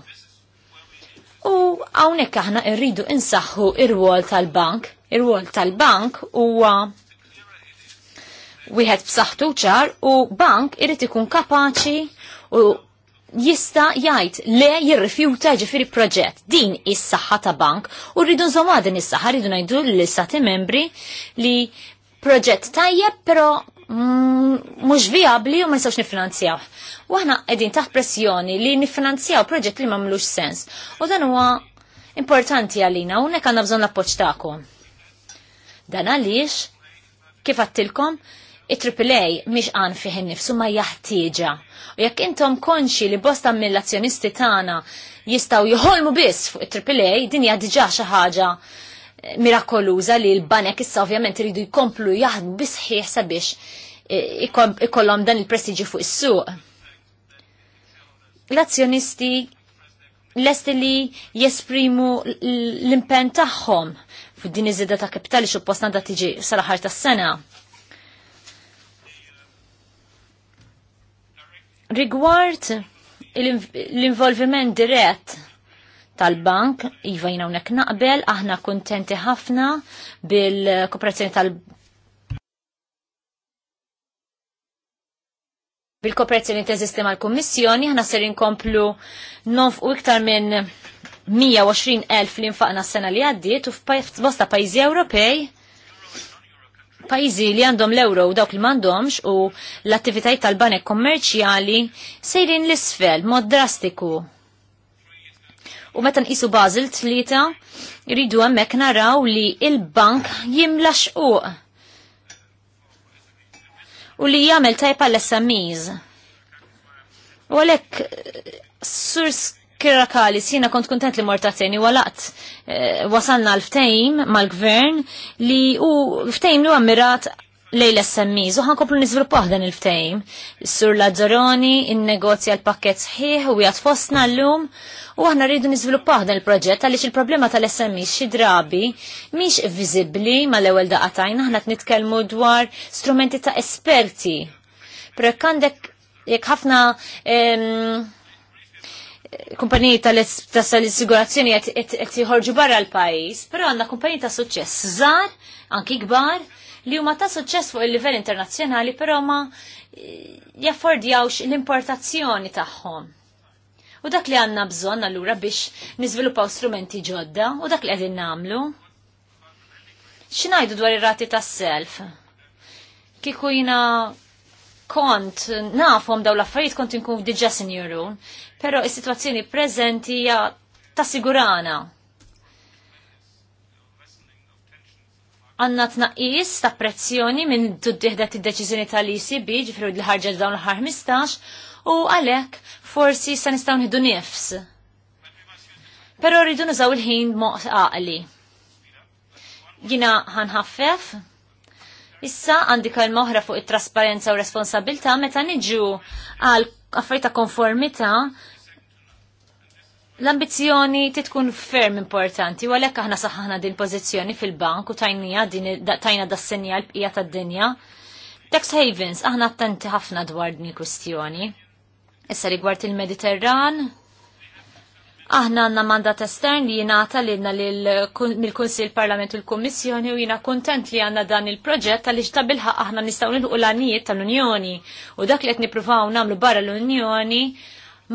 U hawnhekk aħna rridu insaħħu ir-rwol tal-bank. Ir-rwol tal-bank huwa wieħed b'saħħtu ċar u bank irid ikun kapaċi u jista jgħid le jirrifjuta ġifiri proġett din is-saħħa ta' bank u rridu nżomma din is-saħħa rridu ngħidu l-istati membri li proġett tajjeb però mm, mhux viabli u ma nistgħux nifinanzjaw. U aħna qegħdin taħt pressjoni li nifinanzjaw proġett li m'għamlux sens. U dan huwa importanti għalina u għandna bżonn l-appoġġ tagħkom. Dan għaliex kif għattilkom it-AAA miex għan fiħin nifsu ma jaħtieġa. U jekk intom konxi li bosta mill-azzjonisti tagħna jistaw jħolmu biss fuq it-AAA, din hija diġà xi ħaġa eh, mirakoluża li l-banek issa ovvjament iridu jkomplu jaħdmu bisħiħ sabiex eh, ikollhom dan il-prestiġi fuq is-suq. L-azzjonisti lest li jesprimu l-impen tagħhom f'din iż-żieda ta' kapitali xuppost għandha tiġi sal-aħħar tas-sena Rigward l-involviment dirett tal-bank, iva jina unek naqbel, aħna kontenti ħafna bil-kooperazzjoni tal- bil-kooperazzjoni sistema mal-Kommissjoni, ħna ser inkomplu nof u iktar minn 120.000 li infaqna s-sena li għaddiet u f'bosta pajzi Ewropej pajizi li għandhom l-euro u dawk li mandomx u l-attivitajt tal-banek kommerċjali sejrin l-isfel mod drastiku. U meta nqisu Basel tlieta jridu hemmhekk naraw li il-bank jimla xquq u li jagħmel tajpa l-SMEs. U għalhekk Sur Kira Kalis, jina kont kontent li mortazzjoni walaqt. E, wasalna l-ftejm mal-gvern li u ftejm li għammirat lejla s-semmiz, u komplu nizviluppaħ dan il-ftejm. Sur Lazzaroni, il-negozja l-pakket sħiħ u jgħat fostna l-lum, u għahna rridu nizviluppaħ dan il-proġett għalix il-problema tal-SMIs xi drabi miex ma mal-ewel daqatajn, aħna t-nitkelmu dwar strumenti ta' esperti. Prekandek jek ħafna kumpaniji tal-assigurazzjoni qed jħorġu barra l-pajjiż, però għandna kumpaniji ta' suċċess żgħar, anki kbar, li huma ta' suċċess fuq il-livell internazzjonali, però ma eh, jaffordjawx l-importazzjoni tagħhom. U dak li għanna bżonn allura biex niżviluppaw strumenti ġodda, u dak li qegħdin nagħmlu. X'ngħidu dwar ir-rati tas-self? Kieku jina kont nafhom daw l-affarijiet kont inkun diġà sinjuru, però is-sitwazzjoni preżenti hija ta' sigurana. Għanna t-naqis ta' prezzjoni minn d id-deċizjoni tal biġ ġifru l-ħarġa dawn l-ħar 15 u għalek forsi sa' nistaw nħidu nifs. Pero rridu nużaw il-ħin moqt għaqli. Jina ħanħaffef, Issa għandi kelma mohra fuq it-trasparenza u responsabilta meta niġu għal affarijiet ta' konformità l-ambizjoni titkun ferm importanti, u għalhekk aħna saħħana din pożizzjoni fil-bank u tajnija din tajna da senjal bqija tad-dinja. Tax havens, aħna attenti ħafna dwar din il Issa rigward il-Mediterran, Aħna għanna mandat estern li jenata li jenna mill-Kunsil Parlament u l-Kommissjoni u jina kontent li għanna dan il-proġett tal ġtabilħa aħna nistaw nilħu l-għanijiet tal-Unjoni u dak li għetni provaw namlu barra l-Unjoni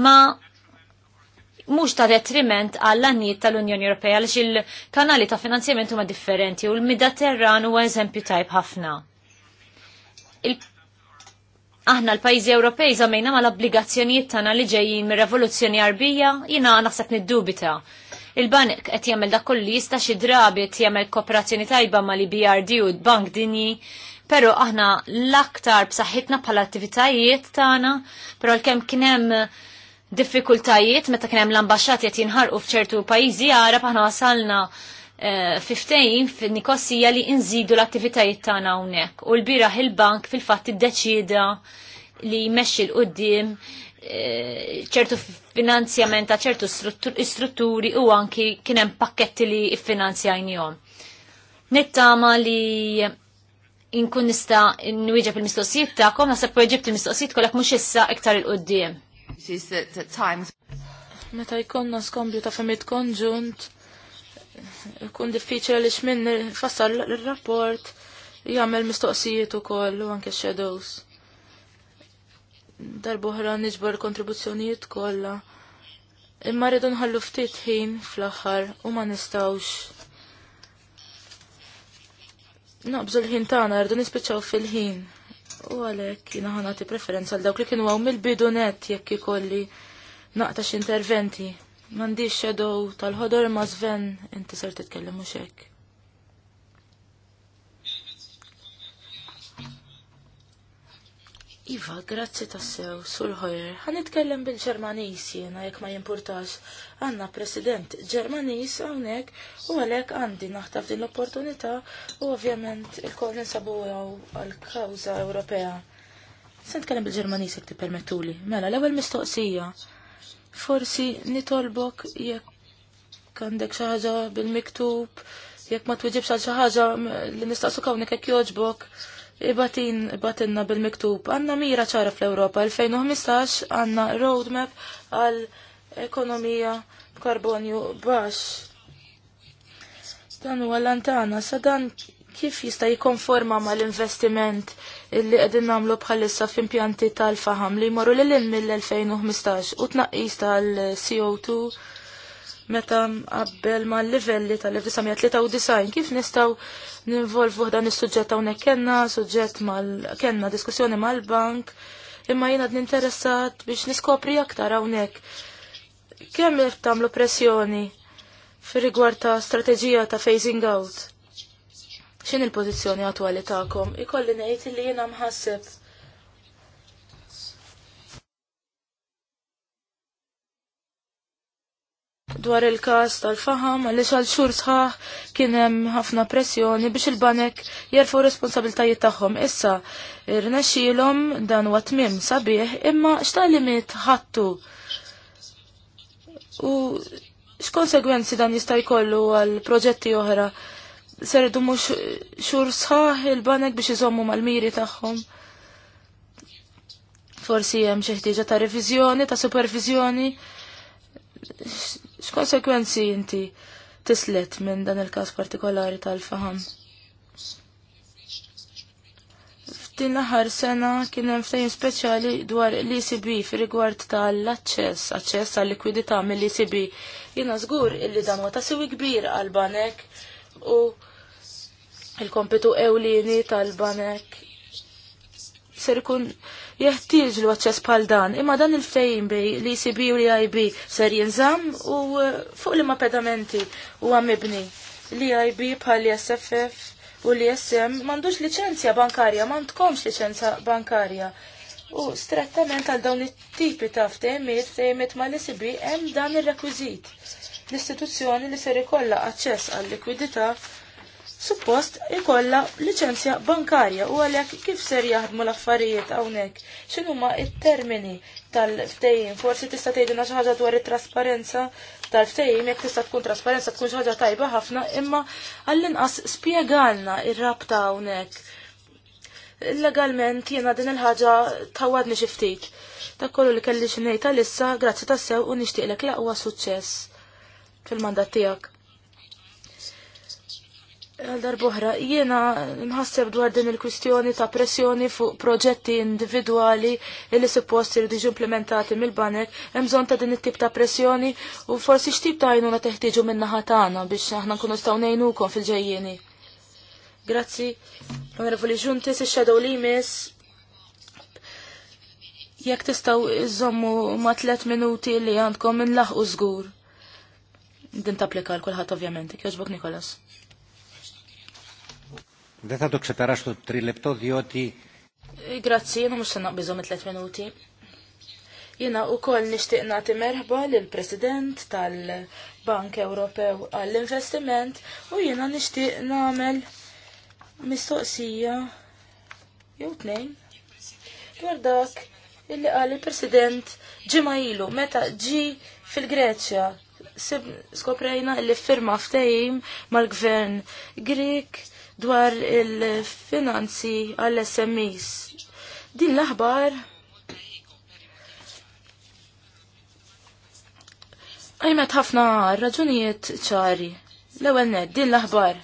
ma mux ta' detriment għall għanijiet tal-Unjoni Ewropea għalix il-kanali ta' finanzjament huma differenti u l-Mediterran huwa eżempju tajb ħafna aħna l-pajjiżi Ewropej żamejna l obbligazzjonijiet tagħna li ġejjin mir-Revoluzzjoni Arbija, jiena naħseb niddubita. il banek qed jagħmel dak kollu jista' xi drabi qed jagħmel kooperazzjoni tajba mal BRD u l-Bank Dinji, però aħna l-aktar b'saħħitna bħala attivitajiet tagħna, però l-kemm kien hemm diffikultajiet meta kien hemm l-ambaxxat qed jinħarqu f'ċertu pajjiżi għara aħna wasalna fiftejn fin-nikossija li inżidu l-attivitajiet tagħna hawnhekk. U l-biraħ il-bank fil-fatt iddeċida li jmexxi l qudiem eh, ċertu finanzjament ta' ċertu strutturi u anki kien hemm pakketti li iffinanzjajnihom. Nittama li inkun nista' nwieġeb il-mistoqsijiet tagħkom naħseb proġett il-mistoqsijiet kollek mhux issa iktar il qudiem Meta jkollna skombju ta' femmit konġunt, Kun diffiċli li xmin fassar l rapport jagħmel mistoqsijiet ukoll u anke shadows. Darbohra nġbor kontribuzzjonijiet kollha. Imma rridu nħallu ftit ħin fl-aħħar u ma nistawx. Naqbżu l-ħin tagħna rridu nispiċċaw fil-ħin. U għalhekk jiena ħanati preferenza għal dawk li kienu għaw mill bidunet jekk ikolli naqtax interventi. Mandi xedow tal-ħodor ma' zven inti ser titkellem mhux hekk. Iva, grazzi tassew, sul ħojer, Ħan nitkellem bil-Ġermanis jiena jekk ma jimpurtax. Għanna president Ġermanis hawnhekk u għalhekk għandi naħtaf din l-opportunità u ovvjament il-kol ninsabu għal-kawża Ewropea. Se nitkellem bil-Ġermanis jekk tippermettuli. Mela, l-ewwel mistoqsija Forsi nitolbok jekk għandek xi ħaġa bil-miktub, jekk ma twiġibx xi ħaġa li nistaqsu hawnhekk jekk jogħġbok, ibatin batinna bil-miktub. Għandna mira ċara fl-Ewropa 2015 għandna roadmap għal ekonomija b'karbonju baxx. Dan huwa lantana sa dan kif jista' jikkonforma mal-investiment li qegħdin nagħmlu bħalissa f'impjanti tal-faham li jmorru lil hinn mill-2015 u tnaqqis tal-CO2 meta qabel ma' livelli tal-1993 kif nistaw ninvolvu dan is-suġġett hawnhekk kenna suġġett mal kenna diskussjoni mal-bank imma jiena ninteressat biex niskopri aktar hawnhekk kemm tagħmlu pressjoni fir rigward ta' strateġija ta' phasing out xin il-pozizjoni attwali ta'kom. Ikolli ngħid li jiena mħasseb dwar il-kas tal-faham għaliex xal xhur sħaħ kien hemm ħafna pressjoni biex il-banek jerfu responsabiltajiet tagħhom. Issa irnexxielhom dan huwa tmiem sabiħ imma x'talimiet ħattu. U x'konsegwenzi dan jista' jkollu għal proġetti oħra serdu mux xur sħaħ il-banek biex iżommu mal-miri tagħhom. Forsi hemm xi ħtieġa ta' revizjoni, ta' supervizjoni. X'konsekwenzi inti tislet minn dan il-każ partikolari tal-faham? F'din l-aħħar sena kien hemm ftehim speċjali dwar l-ECB fir-rigward tal-aċċess, aċċess għal-likwidità mill-ECB. Jiena żgur illi dan huwa ta' siwi kbir għal-banek u il-kompetu ewlieni tal-banek ser ikun jeħtieġ l aċċess bħal dan, imma dan il-fejn bej li CB u li IB ser jinżam u uh, fuq li ma pedamenti u għamibni li e IB bħal SFF u li e SM mandux licenzja bankarja, mandkomx licenzja bankarja. U strettament għal dawn it-tipi ta' ftehmiet ftehmiet ma' l-ECB hemm dan ir-rekwiżit. L-istituzzjoni li ser ikollha aċċess għal likwidità suppost ikolla licenzja bankarja u għalhekk kif ser jaħdmu l-affarijiet hawnhekk. X'inhuma il termini tal ftejim Forsi tista' tgħidilna xi ħaġa dwar it-trasparenza tal ftejim jekk tista' tkun trasparenza tkun xi ħaġa tajba ħafna, imma għall-inqas spjegalna ir-rabta hawnhekk. Legalment jiena din il-ħaġa tawadni xi ftit. kollu li kelli xi ngħid għalissa, grazzi tassew u nixtieqlek l suċċess fil-mandat tiegħek. Għal darboħra, jiena nħasseb dwar din il-kwistjoni ta' pressjoni fuq proġetti individuali li suppost irridu jiġu implementati mill-banek, hemm bżonn ta' din it-tip ta' pressjoni u forsi x'tip ta' għajnuna teħtieġu minna ħatana biex aħna nkunu staw ngħinukom fil-ġejjieni. Grazzi, onorevoli ġunti, si xedow li jmiss. Jekk tistgħu iżommu ma' tliet minuti li għandkom u żgur. Din tapplika l kulħadd ovvjament, kjoġbok Nikolas. Δεν θα το ξεπεράσω το Grazzi, jena mux sanna bizom 3 minuti. Jena u koll nishtiq nati merħba l-President tal-Bank Ewropew għall-Investiment u jena nishtiq namel mistoqsija jew tnejn dwar dak illi qal il-President ġimgħa ilu meta ġi fil-Greċja skoprejna illi firma ftehim mal-gvern Grek dwar il-finanzi għall-SMEs. Din l-aħbar għajmet ħafna raġunijiet ċari. L-ewel din l-aħbar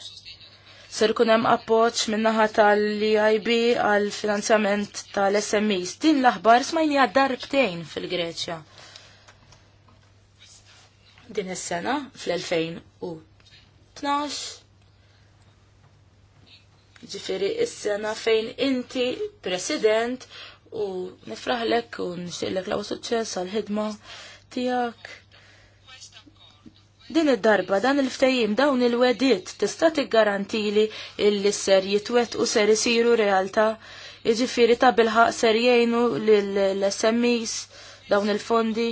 ser kun hemm appoġġ min-naħa tal-EIB għal finanzjament tal-SMEs. Din l-aħbar smajni darbtejn fil-Greċja. Din is-sena fl-2012 ġifiri is-sena fejn inti president u nifraħlek u nixtieqlek law suċċess għal-ħidma tiegħek. Din id-darba dan il-ftajim dawn il-wedit tista' tiggarantili illi ser jitwet u ser isiru realtà iġifiri ta' bilħaq ser jgħinu l-SMEs dawn il-fondi.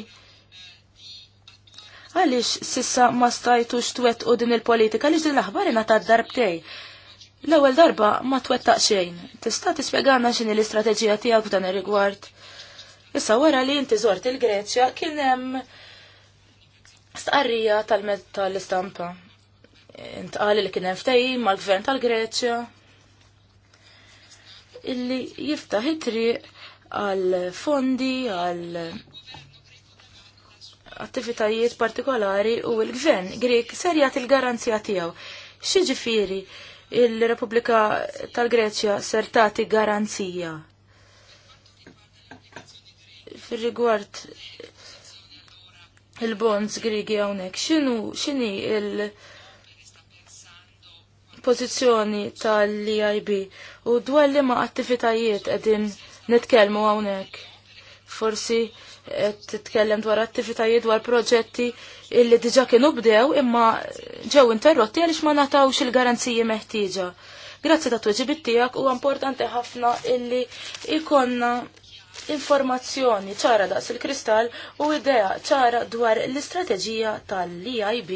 Għalix sissa ma stajtux twet u din il-politika, għalix din l-aħbar jina ta' darbtej l-ewwel darba ma twettaq xejn. Tista' tispjegana x'inhi l-istrateġija tiegħek f'dan ir-rigward. Issa wara li inti żort il-Greċja kien hemm stqarrija tal-istampa. tal Intqali li kien hemm ftehim mal-Gvern tal-Greċja illi jiftaħ it-triq għal fondi, għal attivitajiet partikolari u l-gvern Grek ser jagħti il-garanzija tiegħu. Xi ġifieri? il-Repubblika tal-Greċja ser tagħti garanzija fir-rigward il-bonds grigi hawnhekk. X'inhu x'inhi il pożizzjoni tal-EIB u dwar li ma' attivitajiet qegħdin nitkellmu hawnhekk. Forsi titkellem dwar attivitajiet dwar proġetti illi diġa kienu bdew imma ġew interrotti għaliex ma natawx il-garanziji meħtieġa. Grazzi ta' tweġibit tiegħek u importanti ħafna illi ikonna informazzjoni ċara daqs il-kristall u idea ċara dwar l-istrateġija tal-EIB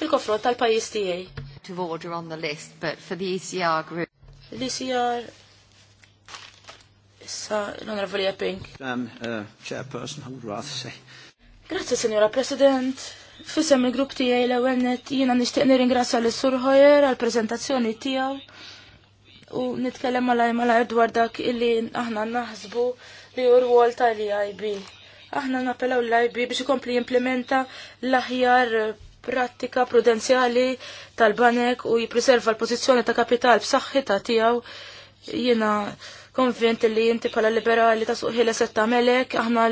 fil-kofront tal-pajjiż tiegħi. To order on the list, but for the ECR group. L-ECR Sa' l-Onorevoli Epping. Um, uh, Chairperson, I would rather say. Grazie, Signora President. Fissem il-grupp tijaj l-ewennet jina nishtiq nirringrazzja l sur Hoyer għal-prezentazzjoni tijaw u nitkellem malaj malaj dwar dak illi aħna naħsbu li u rwol tal-IB. Aħna napelaw l-IB biex ikompli jimplementa l-aħjar prattika prudenzjali tal-banek u jipreserva l-pozizjoni ta' kapital b'saħħita tijaw jina Konvinti li inti pala liberali ta' li setta melek, aħna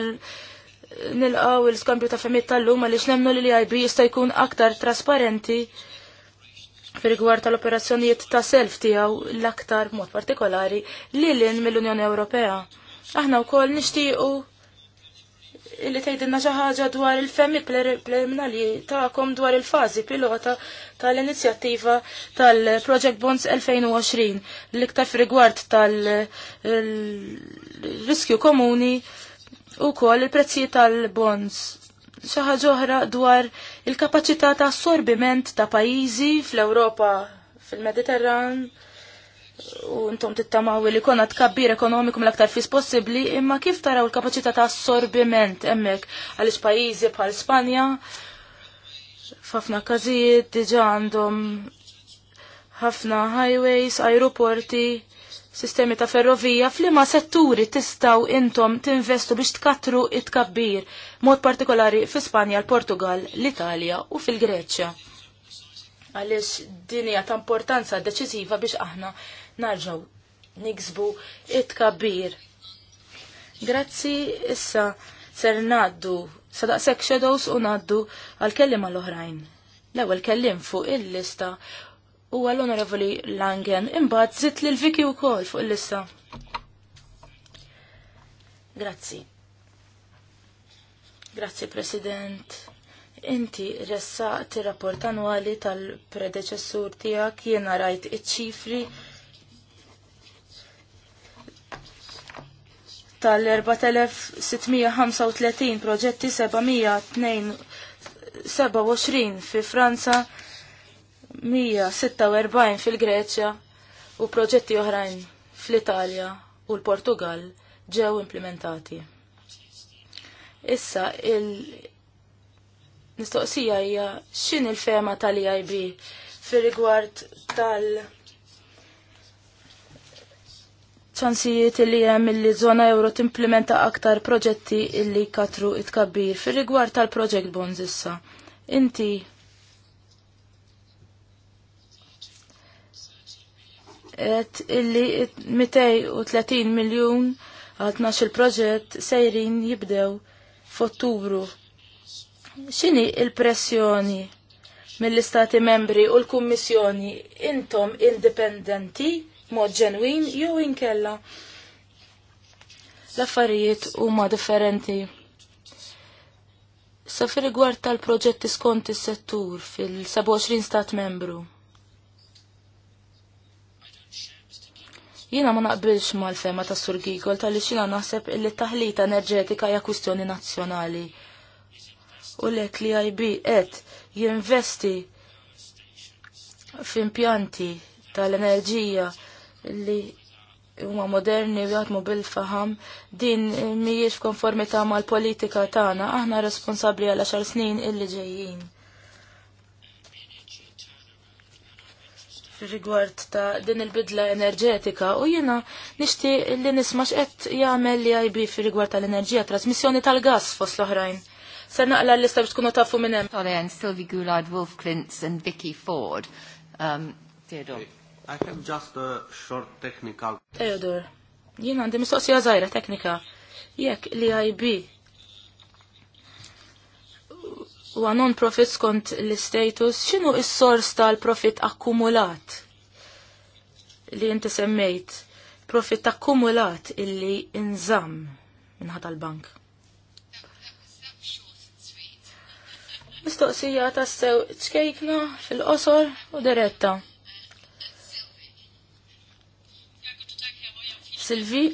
nilqaw il-skambju ta' femmit tal-lum għaliex nemnu li l-IB jista' jkun aktar trasparenti fil-gwar tal-operazzjonijiet ta' self tiegħu l-aktar mod partikolari li l mill-Unjoni Ewropea. Aħna wkoll nixtiequ illi tgħidilna xi ħaġa dwar il-femmi preliminali tagħkom dwar il-fażi pilota tal-inizjattiva tal-Project Bonds 2020 l-iktar rigward tal-riskju komuni u kol il prezzi tal-bonds xaħġa ġoħra dwar il kapaċità ta' assorbiment ta' pajjiżi fl ewropa fil-Mediterran, u intom tittamaw li konna tkabbir ekonomiku l aktar fis possibli imma kif taraw il-kapacità ta' assorbiment emmek għalix pajizi bħal Spanja f'ħafna każijiet diġa għandhom ħafna highways, aeroporti, sistemi ta' ferrovija, flima setturi tistaw intom tinvestu biex tkatru it-kabbir, mod partikolari fi Spanja, l-Portugal, l-Italja u fil-Greċja. Għalix dinja ta' importanza deċiziva biex aħna narġaw niksbu it-kabir. Grazzi issa ser naddu sadaqsek shadows u naddu għal-kellim għal-oħrajn. L-ewwel kellim fuq il-lista huwa l-Onorevoli Langen imbagħad zitt lil Viki wkoll fuq il-lista. Grazzi. Grazzi President. Inti ressaqt ir-rapport annwali tal-predeċessur tiegħek jiena rajt iċ-ċifri tal-4635 proġetti 727 fi Franza, 146 fil-Greċja u proġetti oħrajn fl-Italja u l-Portugal ġew implementati. Issa il- nistoqsija hija x'in il-fema tal-IIB fir rigward tal- ċansijiet li hemm li żona euro timplementa aktar proġetti illi katru itkabbir fir-rigward tal-project bonds issa. Inti et illi 230 miljon għatna il-proġett sejrin jibdew f'Ottubru. Xini il-pressjoni mill-Istati membri u l-Kummissjoni intom indipendenti mod ġenwin jew inkella l-affarijiet huma differenti. Sa fi rigward tal-proġetti skont is-settur fil-27 stat membru. Jiena ma naqbilx mal-fema ta' Sur Gigol tal-li xina naħseb illi taħlita enerġetika hija kwistjoni nazzjonali. U lek li IB qed jinvesti f'impjanti tal-enerġija li huma moderni u jaħdmu bil-faham din mhijiex f'konformità mal-politika tagħna, aħna responsabbli għal għaxar snin illi ġejjin. rigward ta' din il-bidla enerġetika u jiena nixti li nisma x'qed jagħmel li IB fi rigward tal-enerġija trasmissjoni tal-gas fost l-oħrajn. Se naqla l-lista biex tkunu tafu minn hemm. Sorry, I'm Sylvie Goulard, Wolf Klintz and Vicky Ford. Um, Theodore. I have just a short technical. Theodore, jien għandi mistoqsija zaħira teknika. Jekk li IB u non profit skont l-status, xinu is-sors tal-profit akkumulat li inti semmejt? Profit akkumulat illi inżam minn tal-bank. Mistoqsija tassew ċkejkna fil-qosor u diretta. Silvi.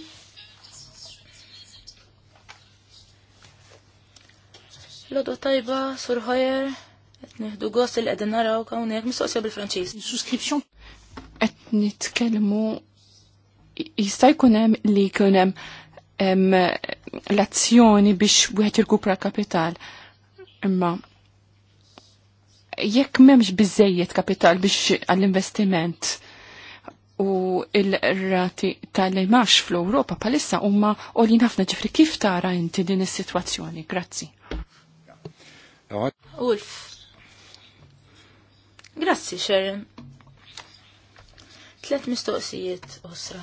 Lodo tajba, surħajer, etniħdu għos il qegħdin naraw hawnhekk mistoqsija bil-Franċiż. Suskrizzjon. Etni nitkellmu jista' jkun hemm li kunem l-azzjoni biex wieħed jirkupra kapital. Imma jekk memx bizzejiet kapital biex għall-investiment u il-rati tal-imax fl-Europa palissa umma u li nafna ġifri kif tara inti din is-sitwazzjoni. Grazzi. Ulf. Grazzi, Sharon. Tlet mistoqsijiet, Osra.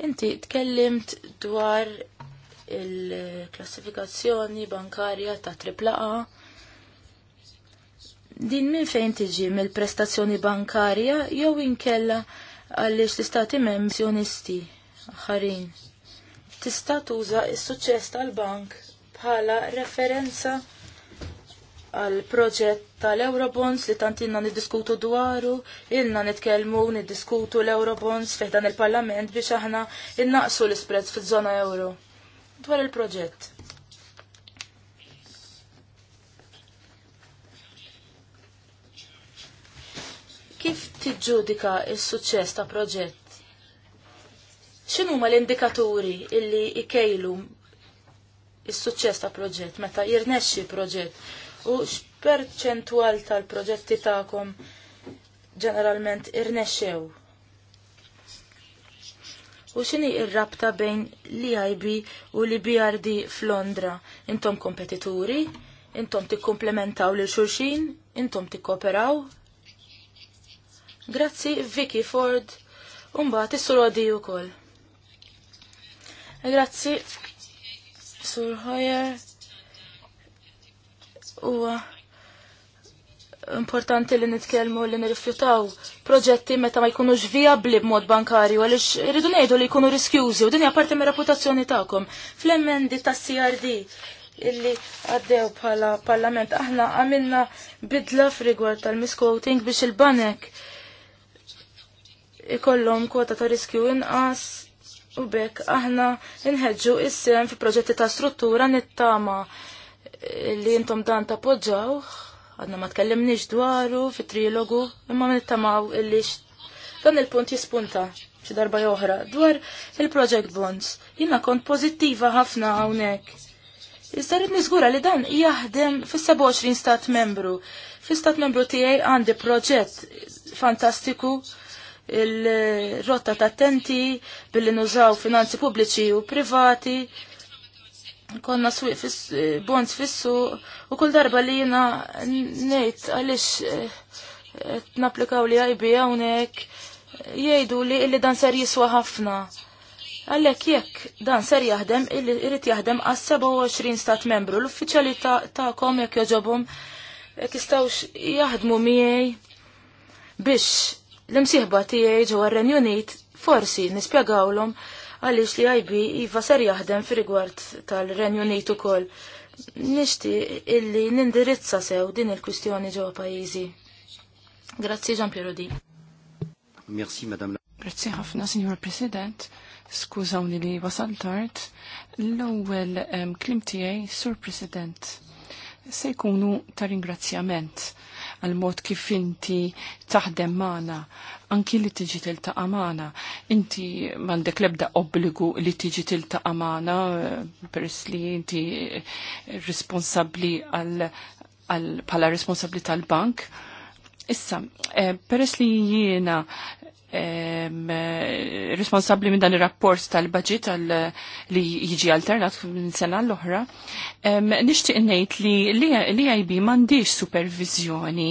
Inti tkellimt dwar il-klassifikazzjoni bankarja ta' AAA Din minn fejn tiġi mill-prestazzjoni bankarja jew inkella għaliex l-istati membzjonisti ħarin. Tista' tuża s-suċċess tal-bank bħala referenza għal proġett tal-Eurobonds li tantinna niddiskutu dwaru, ilna nitkellmu niddiskutu l-Eurobonds fiħdan il-Parlament biex aħna innaqsu l-isprezz fiż-żona euro. Dwar il-proġett. Kif tiġġudika il-suċċess ta' proġett? X'inhu l-indikaturi illi ikejlu il-suċċess ta' proġett meta jirnexxi proġett u x'perċentwal tal-proġetti tagħkom ġeneralment irnexxew? U xini ir-rabta bejn l IB u l-BRD f'Londra? Intom kompetituri? Intom tikkumplementaw lil xulxin? Intom tikkooperaw? Grazzi Vicky Ford, umbat is-sur Odi Grazzi Sur Hoyer. Huwa importanti li nitkellmu li nirrifjutaw proġetti meta ma jkunux viabli b'mod bankarju għaliex irridu ngħidu li jkunu riskjużi u din hija parti mir-reputazzjoni tagħkom. fl emendi tas-CRD illi għaddew bħala parlament aħna għamilna bidla frigwar tal miscoating biex il-banek ikollhom kwota ta' riskju inqas u bekk aħna nħedġu is-sem fi proġetti ta' struttura nittama li intom dan tappoġġaw għadna ma tkellimniex dwaru fit trilogu imma nittamaw illi dan il-punt jispunta xi darba oħra dwar il-project bonds. Jina kont pozittiva ħafna hawnhekk. Iżda rrid niżgura li dan jaħdem fis-27 stat membru. Fi stat membru tiegħi għandi proġett fantastiku il-rotta ta' tenti billi nużaw finanzi pubbliċi u privati konna swiq fiss, eh, bonds fissu u kull darba li jina nejt għalix eh, eh, naplikaw li għajbi għawnek jgħidu li illi dan ser jiswa ħafna. Għallek jekk dan ser jaħdem, illi irrit jaħdem għas 27 stat membru, l-uffiċjali ta', ta jekk joġobhom jek istawx jaħdmu miegħi biex l-imsieħba tijaj ġewwa r-Renju Unit forsi nispjegawlhom għaliex li għajbi iva ser jaħdem fir-rigward tal-Renju Unit ukoll. Nishti illi nindirizza sew din il-kwistjoni ġo pajjiżi. Grazzi Gian Piero Di. Merci Madame. Grazzi ħafna Signor President. Skużawni li wasal tard. L-ewwel klim tiegħi Sur President se jkunu ta' ringrazzjament għal-mod kif inti taħdem maħna, anki li tiġi tiltaqa' maħna. Inti m'għandek lebda obbligu li tiġi tiltaqa' maħna, eh, peress li inti responsabbli għal pala responsabbli tal-bank. Issa, eh, peress li jiena responsabli minn dan ir-rapport tal-budget li jiġi alternat minn sena l-oħra, nixtieq ngħid li l iib m'għandix supervizjoni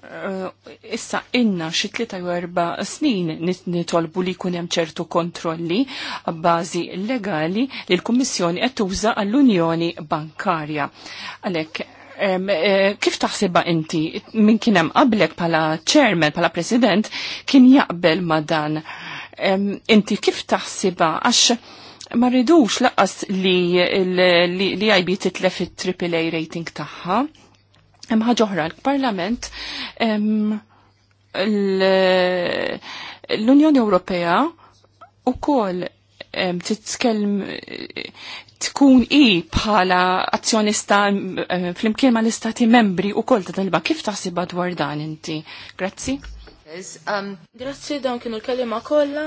eh, issa inna xi tlieta jew erba' snin nitolbu li jkun hemm ċertu kontrolli bbażi legali li l-Kummissjoni qed tuża għall-Unjoni Bankarja. Għalhekk Eh, kif taħsiba inti minn kien hemm qablek bħala chairman, bħala president, kien jaqbel ma dan. Inti kif taħsiba, għax ma ridux laqas li li, ib titlef it-AAA rating tagħha. Hemm ħaġa oħra l-Parlament l-Unjoni Ewropea u kol tkun i bħala azzjonista eh, fl-imkien ma l-istati membri u kol ta' talba kif taħsibha dwar dan inti? Grazzi. Um, grazzi dawn kienu l-kelima kollha.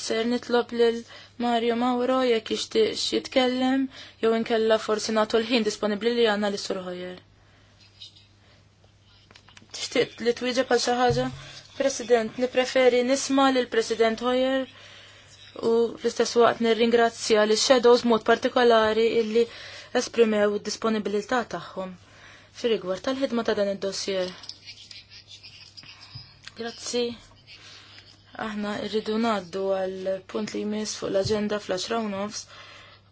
Ser nitlob lil Mario Mauro jekk jixtieq jitkellem jew inkella forsi nagħtu l-ħin disponibbli li għandna li surħojer. Tixtieq li twieġeb għal xi ħaġa? President, nipreferi nisma lil President Hoyer u fl-istess waqt nirringrazzja li shadows mod partikolari illi esprimew id-disponibilità tagħhom fir-rigward tal-ħidma ta' dan id-dossier. Grazzi. Aħna rridu ngħaddu għal punt li jmiss fuq l-aġenda fl-10 nofs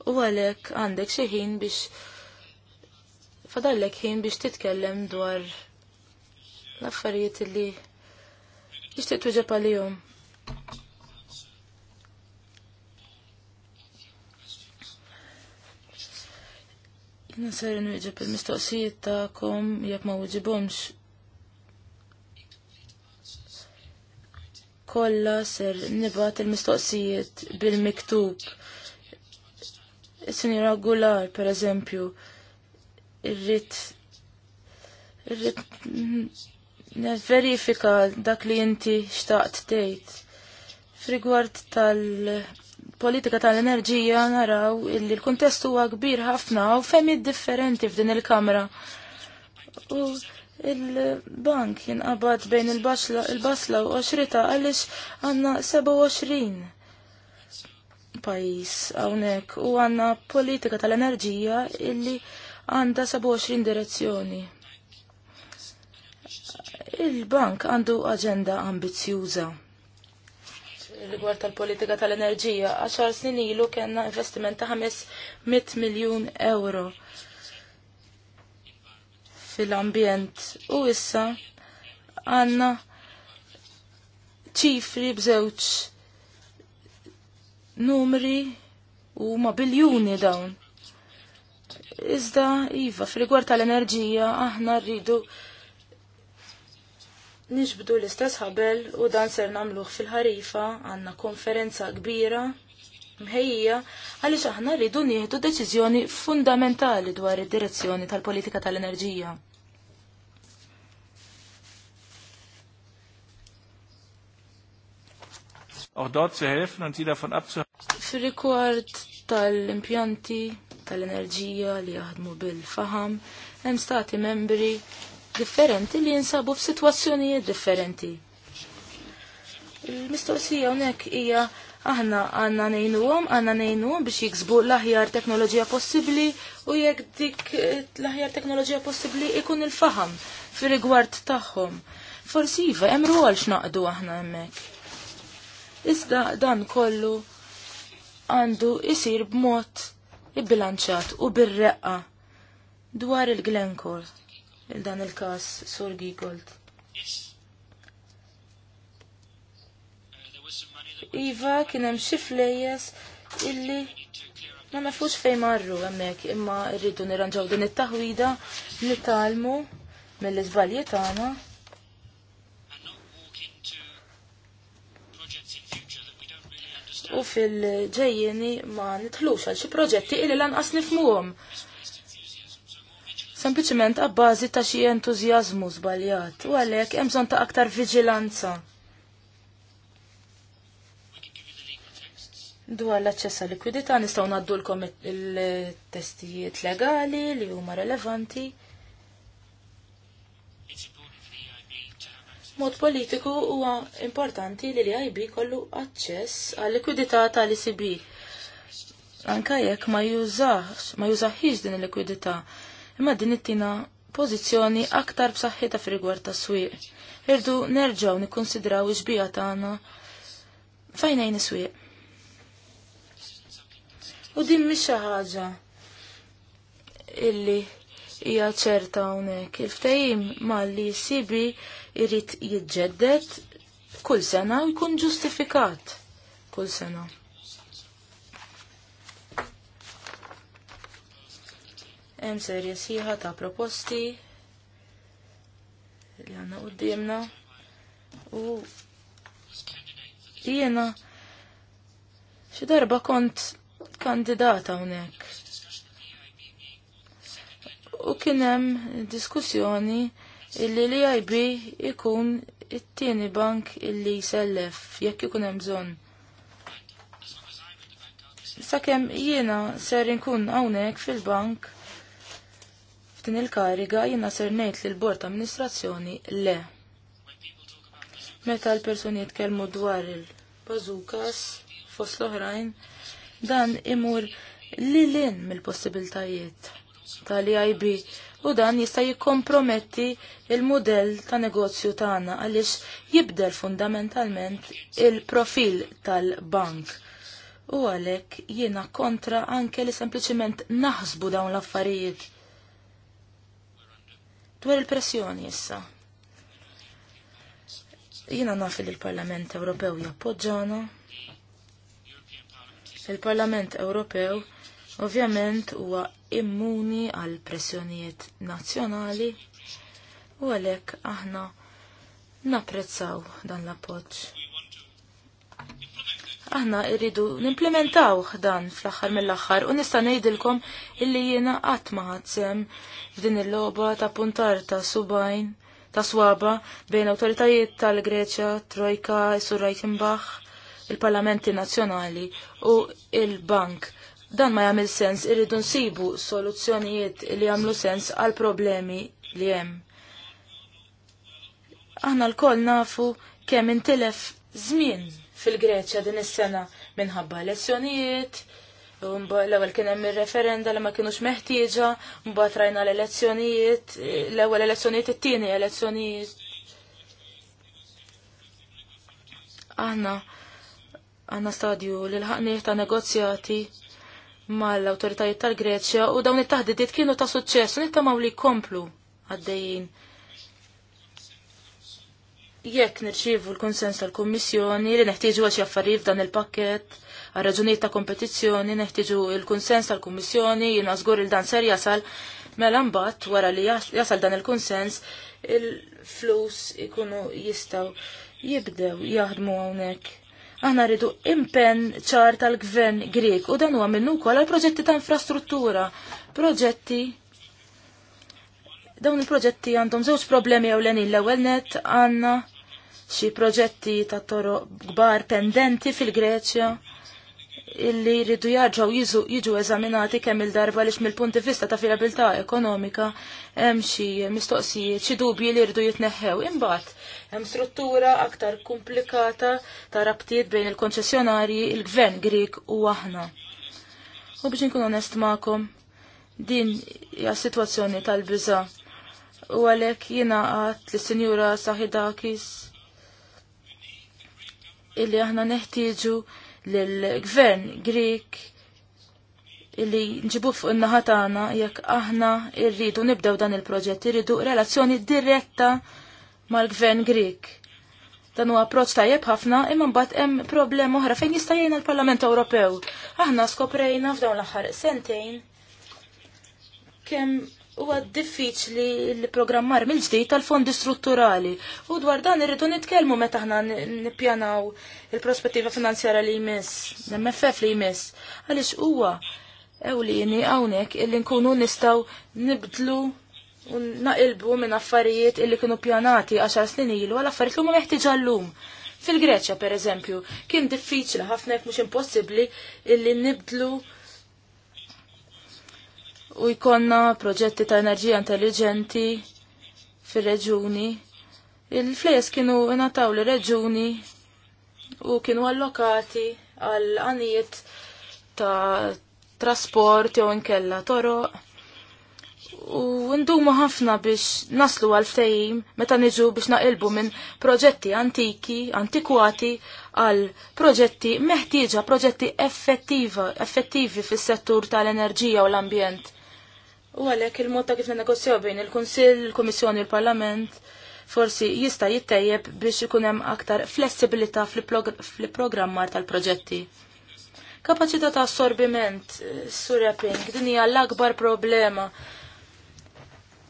u għalhekk għandek xi ħin biex fadallek ħin biex titkellem dwar l-affarijiet li jixtieq tuġeb għalihom. Nasser nwiġib il-mistoqsijiet ta'kom jekk ma wġibomx kolla ser nibat il-mistoqsijiet bil-miktub. Sini Gular, per eżempju, irrit irrit verifika dak li inti xtaqt tgħid. Frigward tal politika tal-enerġija naraw illi l-kuntest huwa kbir ħafna u femi differenti f'din il-kamra. U il-bank jinqabad bejn il-basla u 20 għaliex għandna 27 pajis għawnek u għanna politika tal-enerġija illi għanda 27 direzzjoni. Il-bank għandu agenda ambizjuża rigward tal-politika tal-enerġija. Għaxar snin ilu kena investiment ta' 500 miljon euro fil-ambjent. U issa għanna ċifri bżewċ numri u ma biljuni dawn. Iżda, Iva, fil-rigward tal-enerġija, aħna rridu nixbdu l-istess ħabel u dan ser namluħ fil-ħarifa għanna konferenza kbira mħejja għaliex aħna rridu nieħdu deċiżjoni fundamentali dwar id-direzzjoni tal-politika tal-enerġija. Fil-rikward tal-impjanti tal-enerġija li jaħdmu bil-faham, hemm stati membri differenti li jinsabu f'sitwazzjonijiet differenti. Il-mistoqsija hawnhekk hija aħna għanna nejnuhom, għanna nejnuhom biex jiksbu l-aħjar teknoloġija possibbli u jekk dik l-aħjar teknoloġija possibbli ikun il-faham fir-rigward tagħhom. Forsi iva, hemm rwol x'naqdu aħna hemmhekk. Iżda dan kollu għandu isir b'mod ibbilanċat u bir-reqqa dwar il-Glencore dan il-kas Sur Gold. Iva kien hemm xi flejjes illi ma nafux fejn marru hemmhekk imma rridu nirranġaw din it-taħwida nitalmu mill-iżbalji tagħna. U fil-ġejjeni ma nitħlux għal xi proġetti illi lanqas nifmuhom sempliciment għabbażi ta' xi entużjażmu żbaljat u għalhekk hemm bżonn ta' aktar viġilanza. Dwar l-aċċess għal likwidità nistgħu ngħaddulkom il-testijiet legali li huma relevanti. Mod politiku huwa importanti li l-IB kollu aċċess għal likwidità tal-ICB. Anka jekk ma jużax, ma jużaħħiex din il-likwidità. il il likwidità imma din it it-tina pożizzjoni aktar b'saħħi ta' rigward tas-swieq. Irdu nerġgħu nikkonsidraw iġbija tagħna fejn hejn is-swieq. U din mhix xi ħaġa illi hija ċerta hawnhekk. Il-ftehim malli sibi jrid jiġġedded kull sena u jkun ġustifikat kull sena. Hemm serje sħiħa ta' proposti li għandna qudiemna u jiena xi darba kont kandidata hawnhekk. U kien hemm diskussjoni illi li IB ikun it-tieni bank illi jsellef jekk ikun hemm bżonn. Sakemm jiena ser inkun hawnhekk fil-bank din il-kariga jina ser ngħid lil bord amministrazzjoni le. Meta l-persuni jitkellmu dwar il bazukas fost l-oħrajn, dan imur lilin mill-possibiltajiet tal-IB u dan jista' jikkomprometti il-modell ta' negozju tagħna għaliex jibdel fundamentalment il-profil tal-bank. U għalhekk jiena kontra anke li sempliċiment naħsbu dawn l-affarijiet. Dwar il-pressjoni issa. Jina naf li l-Parlament Ewropew jappoġġana. Il-Parlament Ewropew ovvjament huwa immuni għal pressjonijiet nazzjonali u għalhekk aħna napprezzaw dan l-appoġġ aħna irridu nimplementaw dan fl-axar mill-axar u nista' ngħidilkom illi jiena qatt ma ħadsem f'din il-logħba ta' puntar ta' subajn ta' swaba bejn awtoritajiet tal-Greċja, Trojka, Sur Reichenbach, il-Parlamenti Nazzjonali u il-Bank. Dan ma jagħmel sens irridu nsibu soluzzjonijiet li jagħmlu sens għal problemi li hemm. Aħna l-koll nafu kemm intilef żmien fil-Greċja din is-sena minħabba elezzjonijiet, l-ewwel kien hemm ir-referenda li ma kinux meħtieġa, mbagħad rajna l-elezzjonijiet, l-ewwel elezzjonijiet it-tieni elezzjonijiet. Aħna għandna stadju li l ta' negozjati mal-awtoritajiet tal-Greċja u dawn it-taħdidiet kienu ta' suċċess u nittamaw li jkomplu għaddejjin jekk nirċivu l-konsens tal-Kummissjoni li neħtieġu għax jaffarijiet f'dan il-pakket għal raġunijiet ta' kompetizzjoni neħtieġu l-konsens tal-Kummissjoni jiena żgur il dan ser jasal mela mbagħad wara li jasal dan il-konsens il-flus ikunu jistaw jibdew jaħdmu hawnhekk. Aħna rridu impenn ċar tal-gvern Grek u dan huwa minnu wkoll għal proġetti ta' infrastruttura, proġetti Dawn il-proġetti għandhom żewġ problemi ewlenin l-ewwel net għandna xi proġetti ta' toro kbar pendenti fil-Greċja illi jridu jarġgħu jiġu eżaminati kemm il-darba lix mill-punti vista ta' filabilità ekonomika hemm xi mistoqsijiet, xi dubji li jridu jitneħħew. Imbagħad hemm struttura aktar komplikata ta' rabtiet bejn il-konċessjonarji, il-gvern Grik u aħna. U biex nkun onest magħkom, din hija sitwazzjoni tal-biża' u għalek jina għat li senjura Sahidakis illi aħna neħtieġu l-gvern Grek illi nġibu fuq in-naħatana jekk aħna irridu nibdew dan il-proġett, irridu relazzjoni diretta mal-gvern Grek. Dan huwa approċċ tajjeb ħafna imma mbagħad hemm problema oħra fejn jista' l-Parlament Ewropew. Aħna skoprejna f'dawn l-aħħar sentejn kemm huwa diffiċli li programmar mill-ġdid tal-fondi strutturali. U dwar dan irridu nitkellmu meta aħna nippjanaw il-prospettiva finanzjara li jmiss, l-MFF li jmiss. Għaliex huwa ewlieni hawnhekk illi nkunu nistgħu nibdlu u naqilbu minn affarijiet illi kienu pjanati għaxar snin ilu għal affarijiet li huma meħtieġa llum. Fil-Greċja, per eżempju, kien diffiċli ħafna jekk mhux impossibbli illi nibdlu u jkonna proġetti ta' enerġija intelligenti fir-reġuni. Il-flejes kienu ingħataw li reġuni u kienu allokati għal għanijiet ta' trasport jew inkella toroq u ndumu ħafna biex naslu għal ftejim meta niġu biex naqilbu minn proġetti antiki, antikwati għal proġetti meħtieġa, proġetti effettiva, effettivi fis settur tal-enerġija u l-ambjent. U għalhekk il-mod ta' kif negozjaw bejn il-Kunsill, il-Kummissjoni, il-Parlament forsi jista' jittejjeb biex ikun hemm aktar flessibilità fil-programmar tal-proġetti. Kapaċità ta' assorbiment, eh, Pink, din hija l-akbar problema.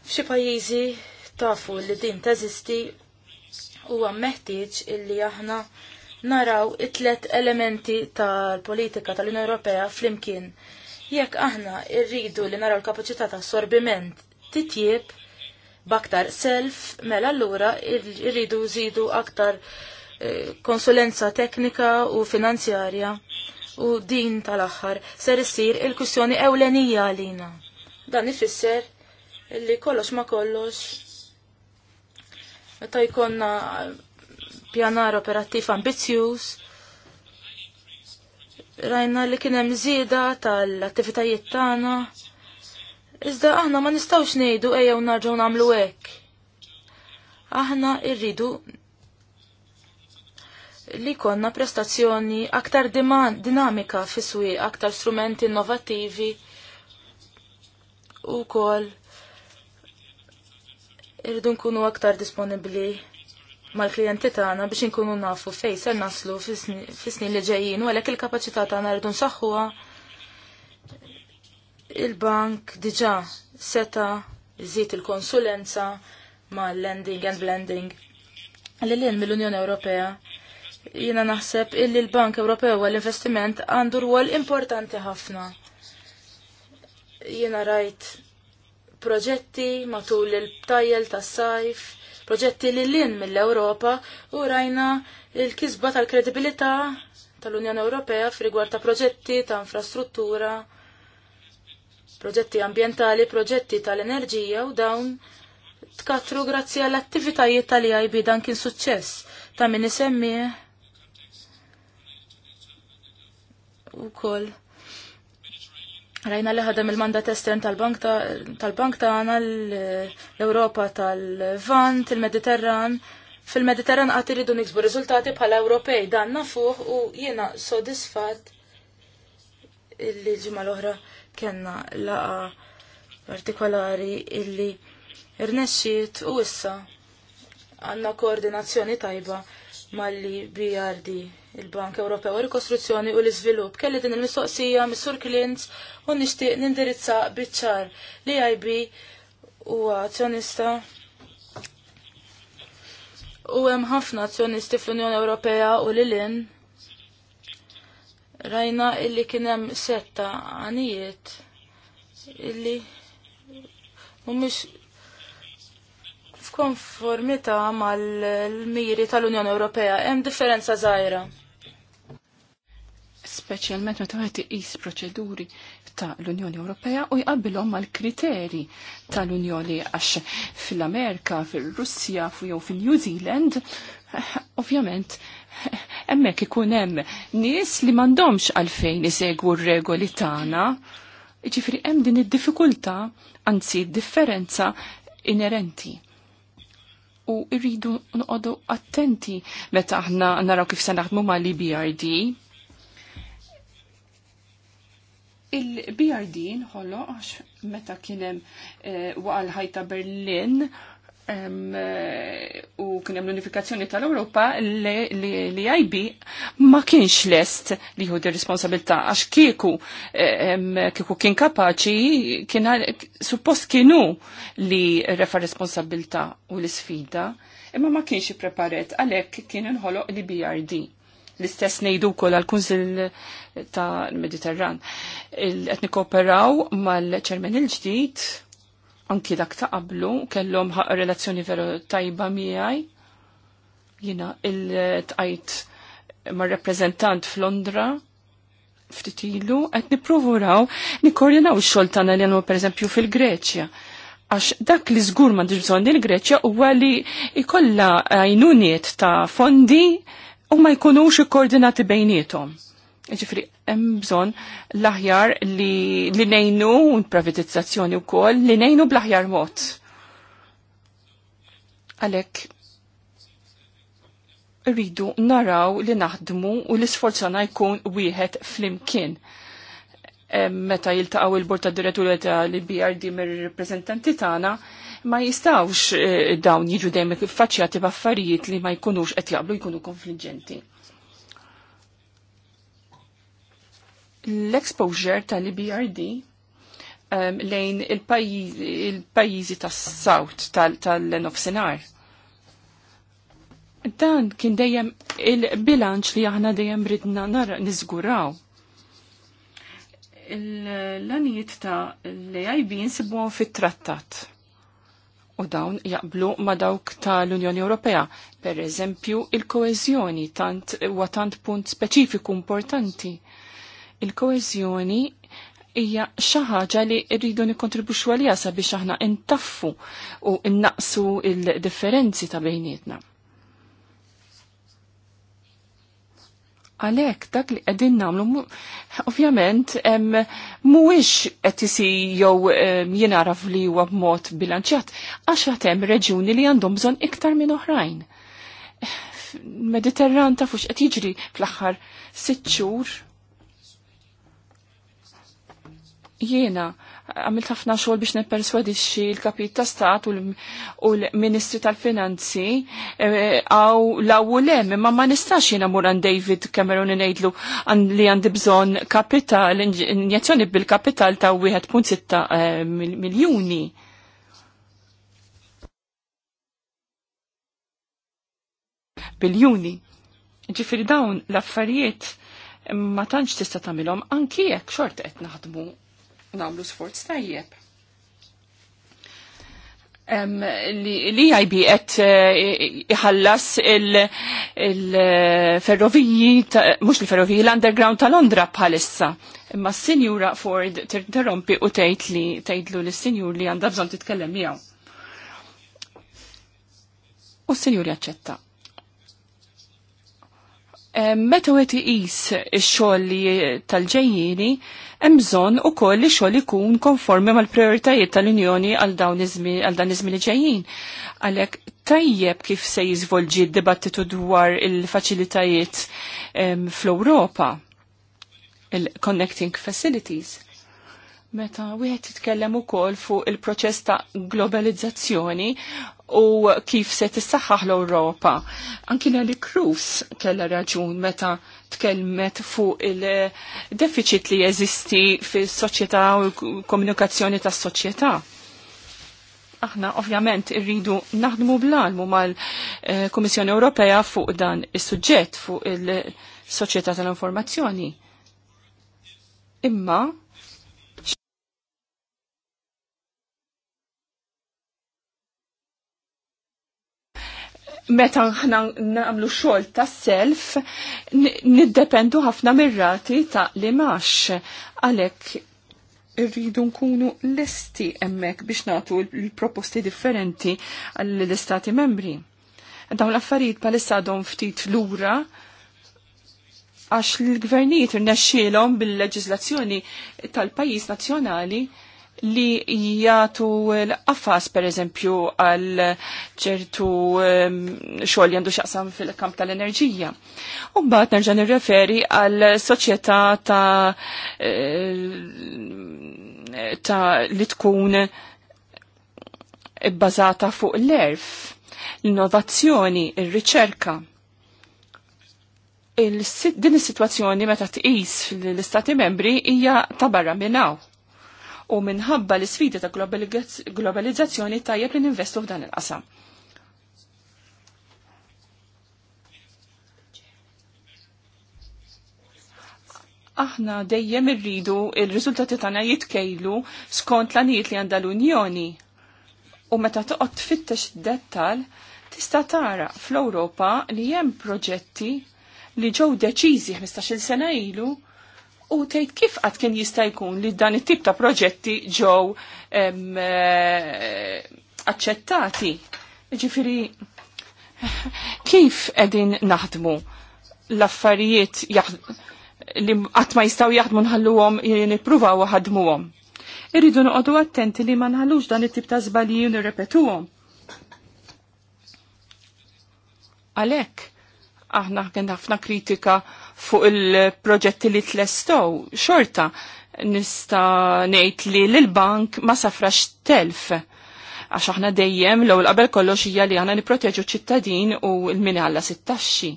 F'xi pajjiżi tafu li din teżisti huwa meħtieġ illi aħna naraw it-tlet elementi tal-politika tal-Unjoni Ewropea flimkien Jekk aħna rridu li naraw l-kapaċità ta' assorbiment titjieb baktar self, mela allura rridu zidu aktar eh, konsulenza teknika u finanzjarja u din tal-aħħar ser issir il-kwistjoni ewlenija għalina. Dan ifisser li kollox ma kollox meta jkollna pjanar operattiv ambizzjuż rajna li kienem zida tal-attivitajiet tagħna. Iżda aħna ma nistawx ngħidu u narġaw nagħmlu hekk. Aħna rridu li konna prestazzjoni aktar dinamika fiswi, aktar strumenti innovativi u kol irridu nkunu aktar disponibli mal-klijenti tagħna biex inkunu nafu fej ser naslu fis-snin li ġejjin u għalhekk il-kapaċità tagħna rridu nsaħħuha il-bank diġà seta iżid il-konsulenza mal lending and blending. l mill-Unjoni Ewropea jiena naħseb illi l-Bank Ewropew l investiment għandu rwol importanti ħafna. Jiena rajt proġetti matul il-tajjel tas-sajf proġetti li l-in mill-Ewropa u rajna il-kisba tal-kredibilità tal-Unjoni Ewropea f'rigward ta' proġetti ta' infrastruttura, proġetti ambientali, proġetti tal-enerġija u dawn tkatru grazzi għall-attivitajiet tal-IB dan kien suċċess ta' min isemmih u Rajna li ħadem il-mandat estern tal-bank għana l-Ewropa tal-Vant, il-Mediterran. Fil-Mediterran għati iridu niksbu riżultati bħala Ewropej dan nafuh u jiena sodisfatt illi ġimgħa l-oħra kellna laqa partikolari illi irnexxiet u issa għandna koordinazzjoni tajba malli BRD, il-Bank Ewropew u rikostruzzjoni u l-iżvilupp. Kelli din il-mistoqsija mis-Sur Klint u nixtieq nindirizza biċ-ċar li IB huwa azzjonista u hemm ħafna azzjonisti fl-Unjoni Ewropea u lilin rajna illi kien hemm setta għanijiet illi mhumiex f'konformità mal-miri tal-Unjoni Ewropea hemm differenza żgħira. Speċjalment meta wieħed iqis proċeduri ta' l-Unjoni Ewropea u jqabbilhom mal-kriteri tal-Unjoni għax fil-Amerika, fil-Russja, jew fil-New Zealand, ovvjament hemmhekk ikun hemm nies li m'għandhomx għalfejn isegwu r-regoli tagħna. jiġifieri hemm din id-diffikultà, anzi differenza inerenti u irridu nqodu attenti meta aħna naraw kif se naħdmu ma' li BRD. Il-BRD nħollo għax meta kienem eh, waqal ħajta Berlin Eh, u kien hemm l-unifikazzjoni tal-Ewropa li IB ma kienx lest li jħu ir responsabilità għax kieku eh, kieku kien kapaċi kien suppost kienu li refa responsabilità u l isfida imma ma kienx ippreparet għalhekk kien inħoloq li BRD l-istess nejdu kol għal-Kunzil ta' mediterran Qed nikoperaw mal-ċermen il-ġdid anki dak ta' qablu, kellhom relazzjoni veru tajba miegħi. Jina il-tqajt ma' reprezentant f'Londra ftit ilu qed raw nikkoordinaw u xogħol li għanu per pereżempju fil-Greċja. Għax dak li żgur ma bżonn il-Greċja huwa li ikolla għajnuniet ta' fondi u ma jkunux ikkoordinati bejnietom ġifri, hemm bżonn l-aħjar li, li nejnu, privatizzazzjoni u kol, li nejnu bl-aħjar mod. Għalek, rridu naraw li naħdmu u li sforzana jkun wieħed flimkien. Eh, meta jiltaqgħu il-bord ta' direttura ta' li BRD mir-reprezentanti tagħna, ma jistawx eh, dawn jiġu dejjem faċċjati b'affarijiet li ma jkunux qed jaqblu jkunu konfliġenti l-exposure tal-IBRD um, lejn il-pajjiżi il tas-South tal-nofsinhar. Tal Dan kien dejjem il-bilanċ li aħna dejjem ridna nara niżguraw. l lanijiet ta' l-AIB nsibuhom fit-trattat u dawn jaqblu ma dawk tal-Unjoni Ewropea. Per eżempju, il-koezjoni tant huwa tant punt speċifiku importanti Il-koezjoni hija xi ħaġa li rridu nikkontribwixxu għaliha sabiex aħna intaffu u innaqsu il-differenzi ta' bejnietna. Għalhekk dak li qegħdin nagħmlu ovvjament mhuwiex qed jow jew jingħaraf li huwa b'mod bilanċjat għax qed hemm li għandhom bżonn iktar minn oħrajn. Mediterran tafux qed jiġri fl-aħħar sitt xhur Jiena għamilt ħafna xogħol biex nipperswadixxi l-kapit ta' stat u l-Ministri tal-Finanzi eh, għaw law lem, imma ma nistax jiena mur għan David Cameron ngħidlu li għandi bżonn kapital, injezzjoni bil-kapital ta' 1.6 eh, miljuni. Biljuni. Ġifiri dawn l-affarijiet ma tantx tista' tagħmilhom anki jekk xort qed naħdmu namlu sforz tajjeb. Um, li IB għet eh, iħallas il-ferroviji, mhux il-ferroviji l-underground ta' Londra bħalissa. Imma s-sinjura Ford tinterrompi u tgħid li tgħidlu lis senjur li għandha bżonn titkellem miegħu. U s senjuri jaċċetta. Meta għet iqis xolli xogħol tal ġejjini hemm bżonn ukoll li xogħol ikun konformi mal prioritajiet tal-Unjoni għal dawn għal dan iż ġejjin. Għalhekk tajjeb kif se jizvolġi d-dibattitu dwar il-faċilitajiet fl-Ewropa, il-connecting facilities. Meta wieħed u ukoll fuq il-proċess ta' globalizzazzjoni, u kif se tissaħħaħ l-Ewropa. Anki li Cruz kella raġun meta tkellmet fuq il-deficit li jeżisti fis-soċjetà u l-komunikazzjoni tas-soċjetà. Aħna ovvjament irridu naħdmu bl-almu mal-Komissjoni Ewropea fuq dan is-suġġett fuq il-soċjetà tal-informazzjoni. Imma meta ħna nagħmlu xogħol tas-self niddependu ħafna mir-rati ta' li max għalhekk irridu nkunu lesti emmek biex natu l-proposti differenti għall-istati membri. Dawn l-affarijiet palissa għadhom ftit lura għax l-gvernijiet rnexxielhom bil-leġiżlazzjoni tal-pajjiż nazzjonali li jgħatu l-qafas per eżempju għal ċertu um, xogħol jandu xaqsam fil-kamp tal-enerġija. U mbagħad nerġa' nirreferi għal soċjetà ta' eh, ta' li tkun bbażata fuq l-erf, l-innovazzjoni, ir-riċerka. Il din is-sitwazzjoni meta tqis l-istati membri hija ta' barra minnaw u minħabba l isfidi ta' globalizzazzjoni tajjeb li ninvestu f'dan il-qasam. Aħna dejjem irridu il-riżultati tagħna jitkejlu skont l-anijiet li għandha l-Unjoni. U meta toqgħod tfittex dettal, tista' tara fl-Ewropa li hemm proġetti li ġew deċiżi 15-il sena ilu u tgħid kif qatt kien jista' jkun li dan it-tip ta' proġetti ġew eh, aċċettati. Ġifiri, kif qegħdin naħdmu l-affarijiet li qatt ma jistgħu jaħdmu nħalluhom nippruvaw għom? Irridu noqogħdu attenti li ma nħallux dan it-tip ta' żbalji u nirrepetuhom. Għalhekk aħna kien ħafna kritika fuq il-proġetti li tlestow, xorta nista nejt li l-bank ma safrax telf. Għax aħna dejjem l qabel kollox hija li aħna nipproteġu ċittadin u l mini għalla sittaxxi.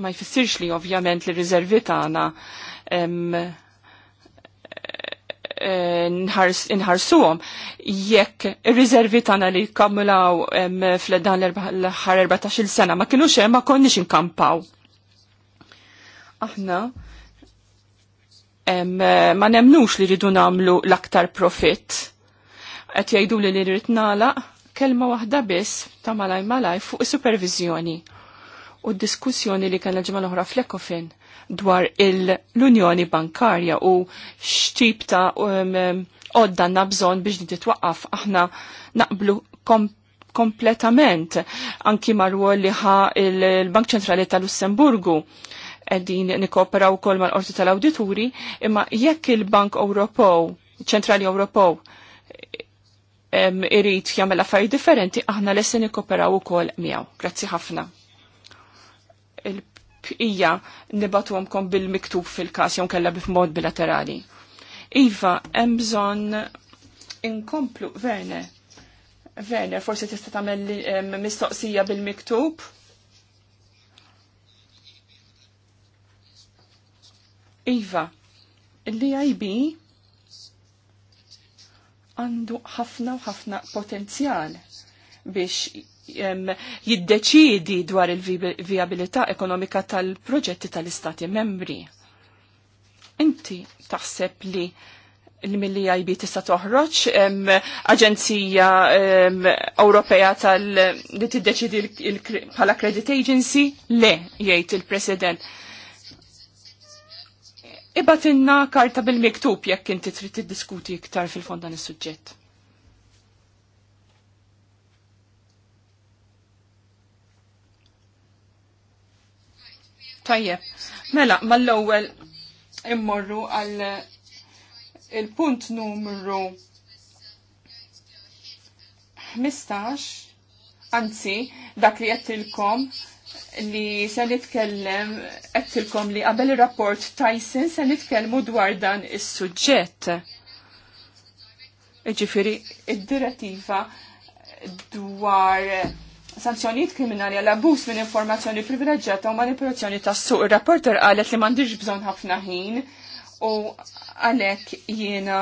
Ma jfissirx li ovvjament li riservi tagħna nħarsuhom jekk ir-riservi tagħna li jkammulaw fl-dan l-ħar 14-il sena ma kinux hemm ma konniex inkampaw. Aħna ma nemnux li ridu namlu l-aktar profit. Qed jgħidu li li rrid nagħlaq kelma waħda biss ta' malaj malaj fuq is-supervizjoni u d-diskussjoni li kien l-ġimgħa l-oħra fl-Ekofin dwar l-Unjoni Bankarja u xtip ta' odda um, um bżon biex nititwaqqaf aħna naqblu kom kompletament anki marwol li ħa il-Bank Ċentrali ta' Lussemburgu nikopera u kol mal-Orti tal-Awdituri imma jekk il-Bank Ewropew, Ċentrali Ewropew irrit jagħmel affarijiet differenti aħna nikopera nikkoperaw ukoll miegħu. Grazzi ħafna hija nibatuhomkom bil-miktub fil-każ jew bif b'mod bilaterali. Iva, hemm bżonn inkomplu Verne. Verne, forsi tista' tagħmel mistoqsija bil-miktub? Iva, l-IIB għandu ħafna u ħafna potenzjal biex jiddeċidi dwar il-viabilità ekonomika tal-proġetti tal-istati membri. Inti taħseb li l-milli IB tista' toħroġ aġenzija Ewropea tal li tiddeċidi bħala credit agency? Le, jgħid il-President. Ibatinna karta bil-miktub jekk inti trid tiddiskuti iktar fil-fond dan is-suġġett. Tajjeb, mela, mal-ewwel immorru għal eh, il-punt numru 15, anzi, dak li jettilkom li se nitkellem jettilkom li qabel il-rapport Tyson se nitkellmu dwar dan is-suġġett. Iġifiri, id-direttiva dwar sanzjonijiet kriminali għal abbuż minn informazzjoni privileġġjata u manipolazzjoni tas-suq. Ir-rapporter qalet li m'għandix bżonn ħafna ħin u għalhekk jiena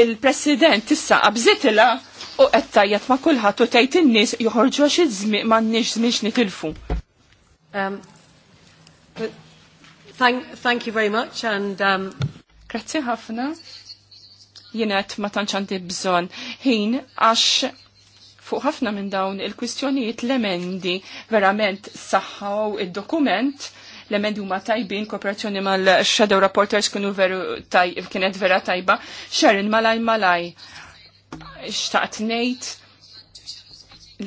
il-president issa qabżitila u qed tajjed ma' kulħadd u tgħid in-nies joħorġu għax iż-żmien m'għandniex żmien nitilfu. Um, thank, thank you very much and um... Grazie ħafna jienet ma tanċanti bżon ħin għax fuq ħafna minn dawn il-kwistjonijiet l-emendi verament saħħaw id-dokument l-emendi huma tajbin, kooperazzjoni mal-Shadow Reporters kienu veru taj, kienet vera tajba, xerin malaj malaj. Xtaqt nejt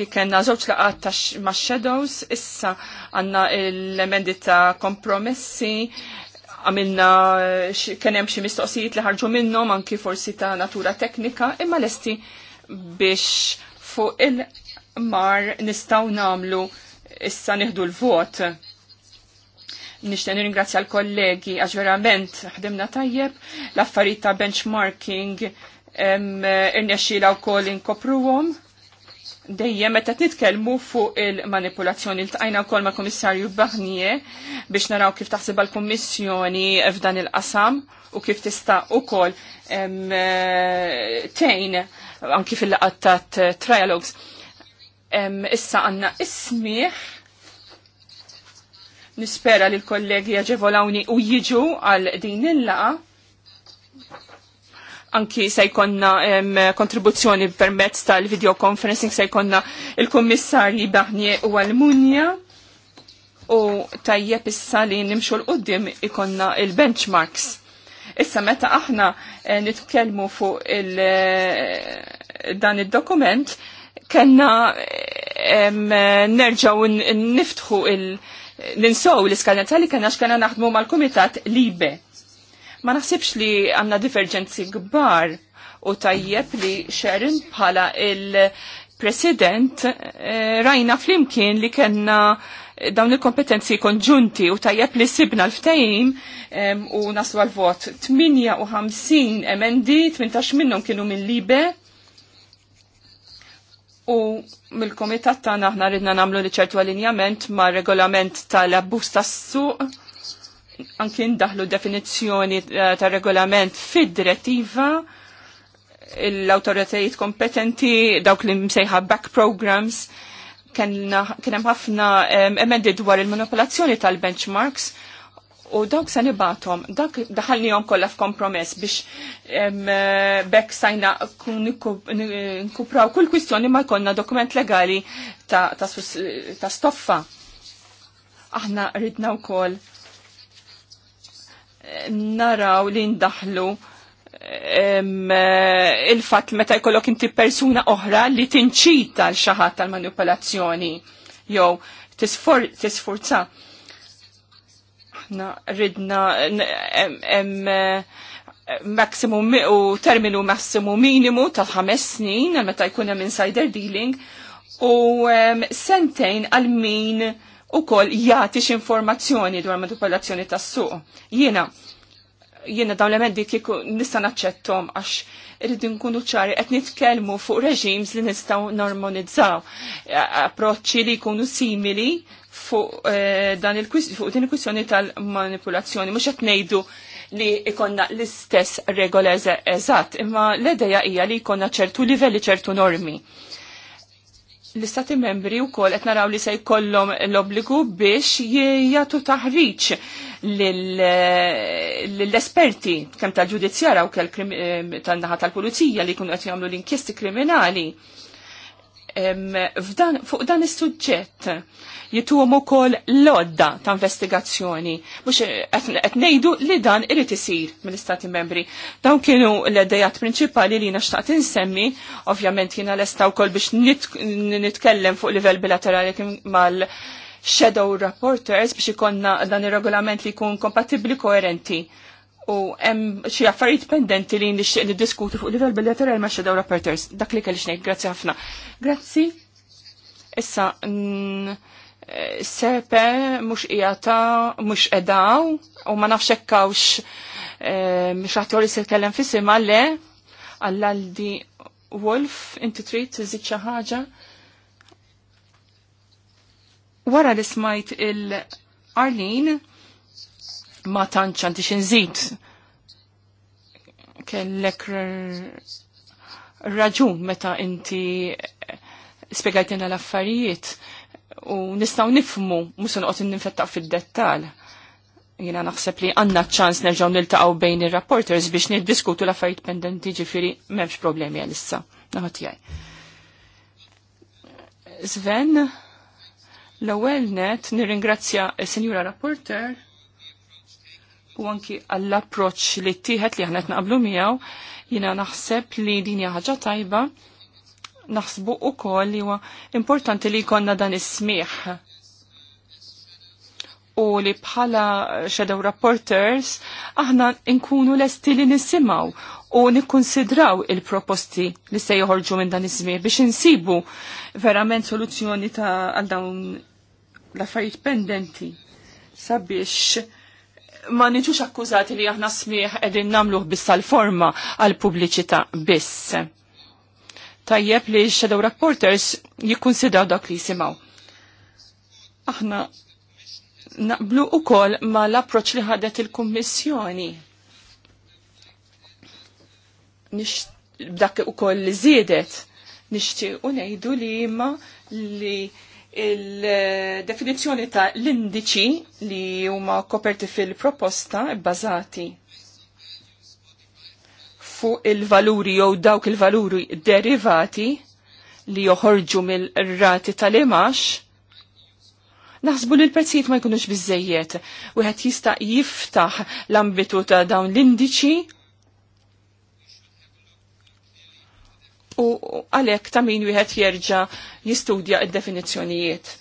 li kena zoċ laqat ma' Shadows, issa għanna l-emendi ta' kompromessi, għamilna kienem xi mistoqsijiet li ħarġu minnhom anki forsi ta' natura teknika, imma lesti biex fuq il-mar nistaw namlu issa nieħdu l-vot. Nixten ringrazzja l-kollegi għax verament ħdimna tajjeb l-affarijiet ta' benchmarking irnexxila wkoll inkopruhom dejjem meta nitkellmu fuq il-manipulazzjoni li tajna wkoll ma' Kummissarju Baħnie biex naraw kif taħseb l-Kummissjoni f'dan il-qasam u kif tista' ukoll eh, tejn anki fil-laqat ta' eh, trialogues. Issa għandna ismiħ nispera li l-kollegi jaġevolawni u jiġu għal din il-laqa anki se jkonna kontribuzzjoni permezz tal-video conferencing se jkonna il-kommissarji Bahnie u Almunja u tajjeb issa li nimxu l-qoddim ikonna il-benchmarks. Issa meta aħna eh, nitkellmu fuq eh, dan il-dokument, kena nerġaw niftħu il- ninsow l iskanetali kena xkena naħdmu mal-komitat libe Ma naħsibx li għanna diverġenzi gbar u tajjeb li xerin bħala il-president eh, rajna flimkien li kena eh, dawn il-kompetenzi konġunti u tajjeb li sibna l-ftajim um, u naslu għal-vot 58 emendi, 18 minnhom kienu minn libe u mill-komitat tagħna aħna ridna nagħmlu li ċertu allinjament ma' regolament tal abbus tas-suq anki ndaħlu definizzjoni eh, ta' regolament fid-direttiva l-autoritajiet kompetenti dawk li msejħa back programs kien hemm ħafna emendi dwar il-manipolazzjoni tal-benchmarks u dawk se nibatom, dak daħalnihom kollha f'kompromess biex eh, bekk sajna nkupraw kull kwistjoni ma jkollna dokument legali ta', stoffa. Aħna ridna wkoll naraw li ndaħlu eh, il-fat meta jkollok inti persuna oħra li tinċita l xaħat tal-manipolazzjoni jew tisforza. Aħna ridna eh, maximum u terminu massimu minimu ta' ħames snin meta jkun hemm insider dealing u sentejn għal min u kol x informazzjoni dwar manipolazzjoni tas suq Jiena, jiena dawn l-emendi kiku nista naċċettom għax irridu kunu ċari qed nitkellmu fuq reġims li nistgħu normonizzaw approċċi li jkunu simili fuq e, dan din il-kwistjoni tal-manipulazzjoni mhux qed ngħidu li ikonna l-istess regola eżatt, imma l-edeja hija li jkollna ċertu livelli ċertu normi l-istati membri u koll naraw li se jkollhom l-obbligu biex jgħatu taħriġ l-esperti kemm tal-ġudizzjara u kell eh, tal-naħa tal-pulizija li jkunu qed jagħmlu l-inkjesti kriminali fuq dan is-suġġett jitum ukoll l-odda ta' investigazzjoni. Mhux qed ngħidu li dan irid isir mill-Istati Membri. Dawn kienu l-idejat prinċipali li naxtaqt insemmi, ovvjament jiena lesta wkoll biex nitkellem fuq livell bilaterali mal shadow reporters biex ikonna dan ir-regolament li jkun kompatibbli koerenti u hemm xi affarijiet pendenti li nixtieq niddiskuti fuq livell bilaterali ma' xedew rapporters. Dak li kellix ngħid, grazzi ħafna. Grazzi. Issa sepe mhux qiegħata mhux qedaw u ma nafx hekkawx eh, mhux aħtjor li se tkellem fisimha le għall-Aldi Wolf, inti trid tiżid xi ħaġa. Wara li smajt il-Arlin, ma tantx għandi xinżid. Kellek raġun meta inti spiegajtina l-affarijiet u nistaw nifmu musun qot ninfettaq fil-dettal. Jina naħseb li għanna ċans nerġaw niltaqaw bejn il-rapporters biex niddiskutu l-affarijiet pendenti ġifiri memx problemi għalissa. Naħat jaj. Sven, l-ewwel net nirringrazzja s senjura Rapporter u anki għall-approċ li t-tieħed li għanet naqblu miegħu jina naħseb li din ħaġa tajba naħsbu u kol li huwa importanti li jkollna dan is-smieħ. U li bħala shadow rapporters aħna nkunu lesti li nisimgħu u nikkonsidraw il-proposti li se joħorġu minn dan iż-żmien biex insibu verament soluzzjoni ta' għal dawn l-affarijiet pendenti sabiex ma niġux akkużati li aħna smieħ edin namluħ biss tal-forma għal pubbliċità biss. Tajjeb li shadow reporters jikkunsidaw dak li jisimaw. Aħna naqblu u kol ma l-approċ li ħadet il-kommissjoni. Nix dak u kol li ziedet. Nixti unajdu li ma li il-definizjoni ta' l-indiċi li huma koperti fil-proposta bbażati fuq il-valuri jew dawk il-valuri derivati li joħorġu mill-rati tal-imax, naħsbu li l-prezzijiet ma jkunux bizzejiet. Wieħed jista' jiftaħ l-ambitu ta' dawn l-indiċi u għalhekk ta' min wieħed jerġa' jistudja id-definizzjonijiet.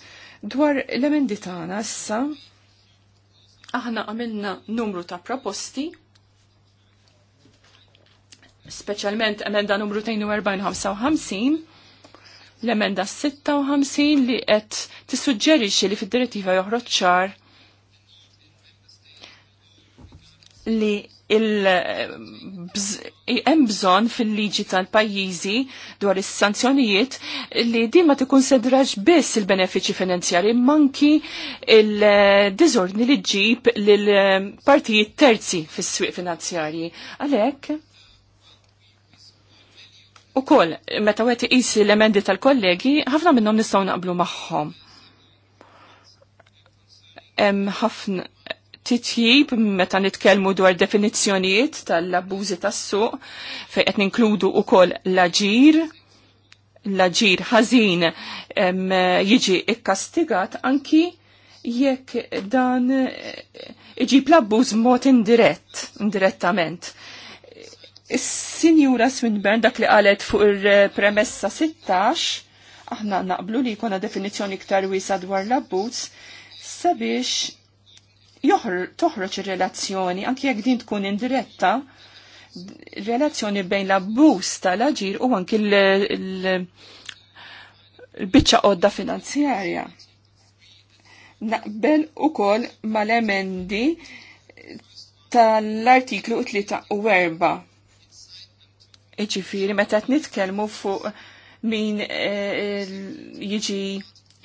Dwar l-emendi tagħna issa aħna għamilna numru ta' proposti speċjalment emenda numru 245, l-emenda 56 li qed tissuġġerixxi li fid-direttiva joħroġ ċar li il-hemm eh, bżonn fil-liġi tal-pajjiżi dwar is-sanzjonijiet li din ma tikkunsidrax biss il-benefiċi finanzjari manki il-diżordni li ġib lil partijiet terzi fis-swieq finanzjarji. Għalhekk U kol, meta għet isi l-emendi tal-kollegi, ħafna minnom nistgħu naqblu maħħom. Hemm ħafna titjib meta nitkellmu dwar definizzjonijiet tal-abbużi tas-suq fejn qed ninkludu wkoll l-aġir l-aġir ħażin jiġi ikkastigat anki jekk dan eh, iġib l-abbuż mod indirett, indirettament. Is-Sinjura Swinburne dak li qalet fuq il premessa 16, aħna naqblu li jkollna definizzjoni iktar wiesa dwar l-abbuż sabiex toħroġ ir-relazzjoni anke jekk din tkun indiretta relazzjoni bejn la bus tal-aġir u anki l-biċċa qodda finanzjarja. Naqbel ukoll mal-emendi tal-artiklu 3 u 4. Iġifiri, meta nitkellmu fuq min e, jiġi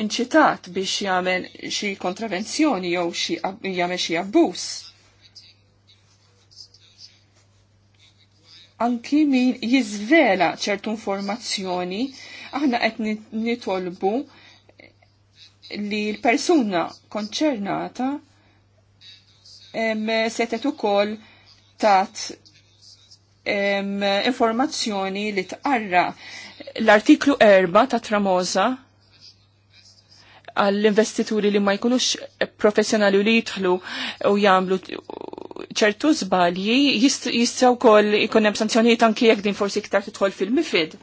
inċitat biex jagħmel xi kontravenzjoni jew xi jagħmel xi abbuż. Anki min jiżvela ċertu informazzjoni, aħna qed nitolbu li l-persuna konċernata setet ukoll tat em, informazzjoni li tqarra l-artiklu 4 ta' Tramosa għall-investituri li ma jkunux professjonali u li jitħlu u jagħmlu ċertu żbalji jistaw wkoll ikun hemm sanzjonijiet anke jekk din forsi iktar tidħol fil-mifid.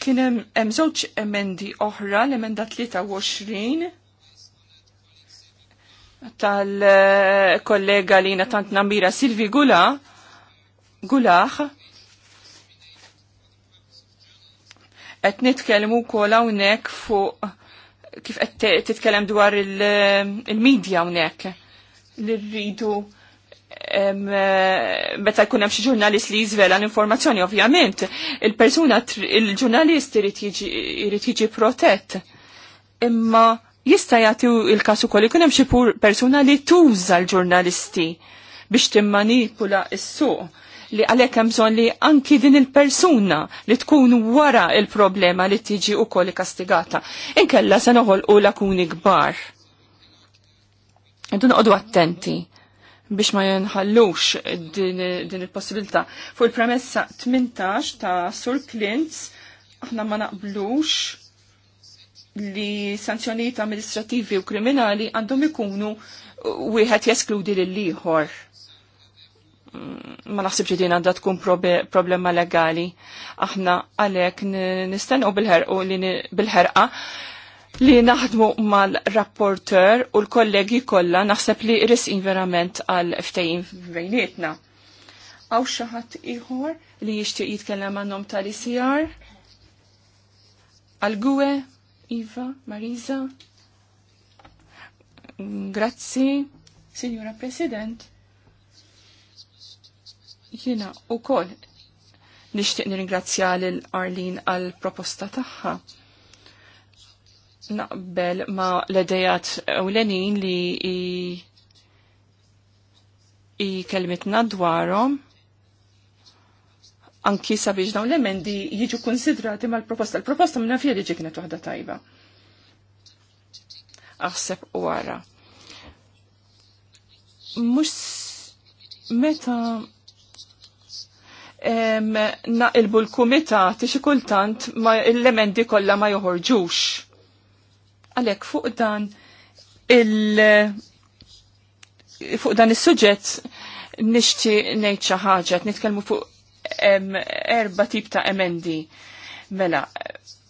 Kien hemm żewġ emendi oħra l-emenda 23 tal-kollega li natant nambira Silvi Gula Gulaħ Qed nitkellmu wkoll hawnhekk fuq kif qed titkellem dwar eh, il-medja hawnhekk li rridu eh, meta jkun hemm xi ġurnalist li jiżvela l-informazzjoni ovvjament, il-persuna il-ġurnalist irid jiġi protett. Imma jista' jagħti il-każ ukoll ikun hemm xi persuna li tuża l-ġurnalisti biex timmanipula s-suq li għalhekk hemm bżonn li anki din il-persuna li tkun wara il-problema li tiġi ukoll kastigata. Inkella se noħolqu lakuni kbar. Idu noqogħdu attenti biex ma jenħallux din, din il-possibilità. Fu il-premessa 18 ta' Sur Klintz, aħna ma naqblux li sanzjonijiet amministrativi u kriminali għandhom ikunu wieħed jeskludi lil ieħor Mm, ma naħsibx din għandha tkun problema legali. Aħna għalhekk nistennu bil-ħerqu li bil-ħerqa li naħdmu mal-rapporter u l-kollegi kollha naħseb li risqin verament għal ftejjin bejnietna. Aw xi ħadd ieħor li jixtieq jitkellem għandhom tal-ICR? Għal Gwe, Iva, Marisa. Grazzi, Signora President Jiena wkoll nixtieq nirringrazzja lil Arlin għall proposta tagħha naqbel ma l-edajat ewlenin li i, i kelmitna dwarom anki sabiex dawn l-emendi jiġu konsidrati mal proposta L-proposta minna fija li ġiknet waħda tajba. Aħseb u għara. Mux meta naqilbu l-kumitati xi kultant l-emendi kollha ma joħorġux. Għalhekk fuq dan il- fuq dan is-suġġett nixti ngħid xi ħaġa nitkellmu fuq erba' tip ta' emendi. Mela,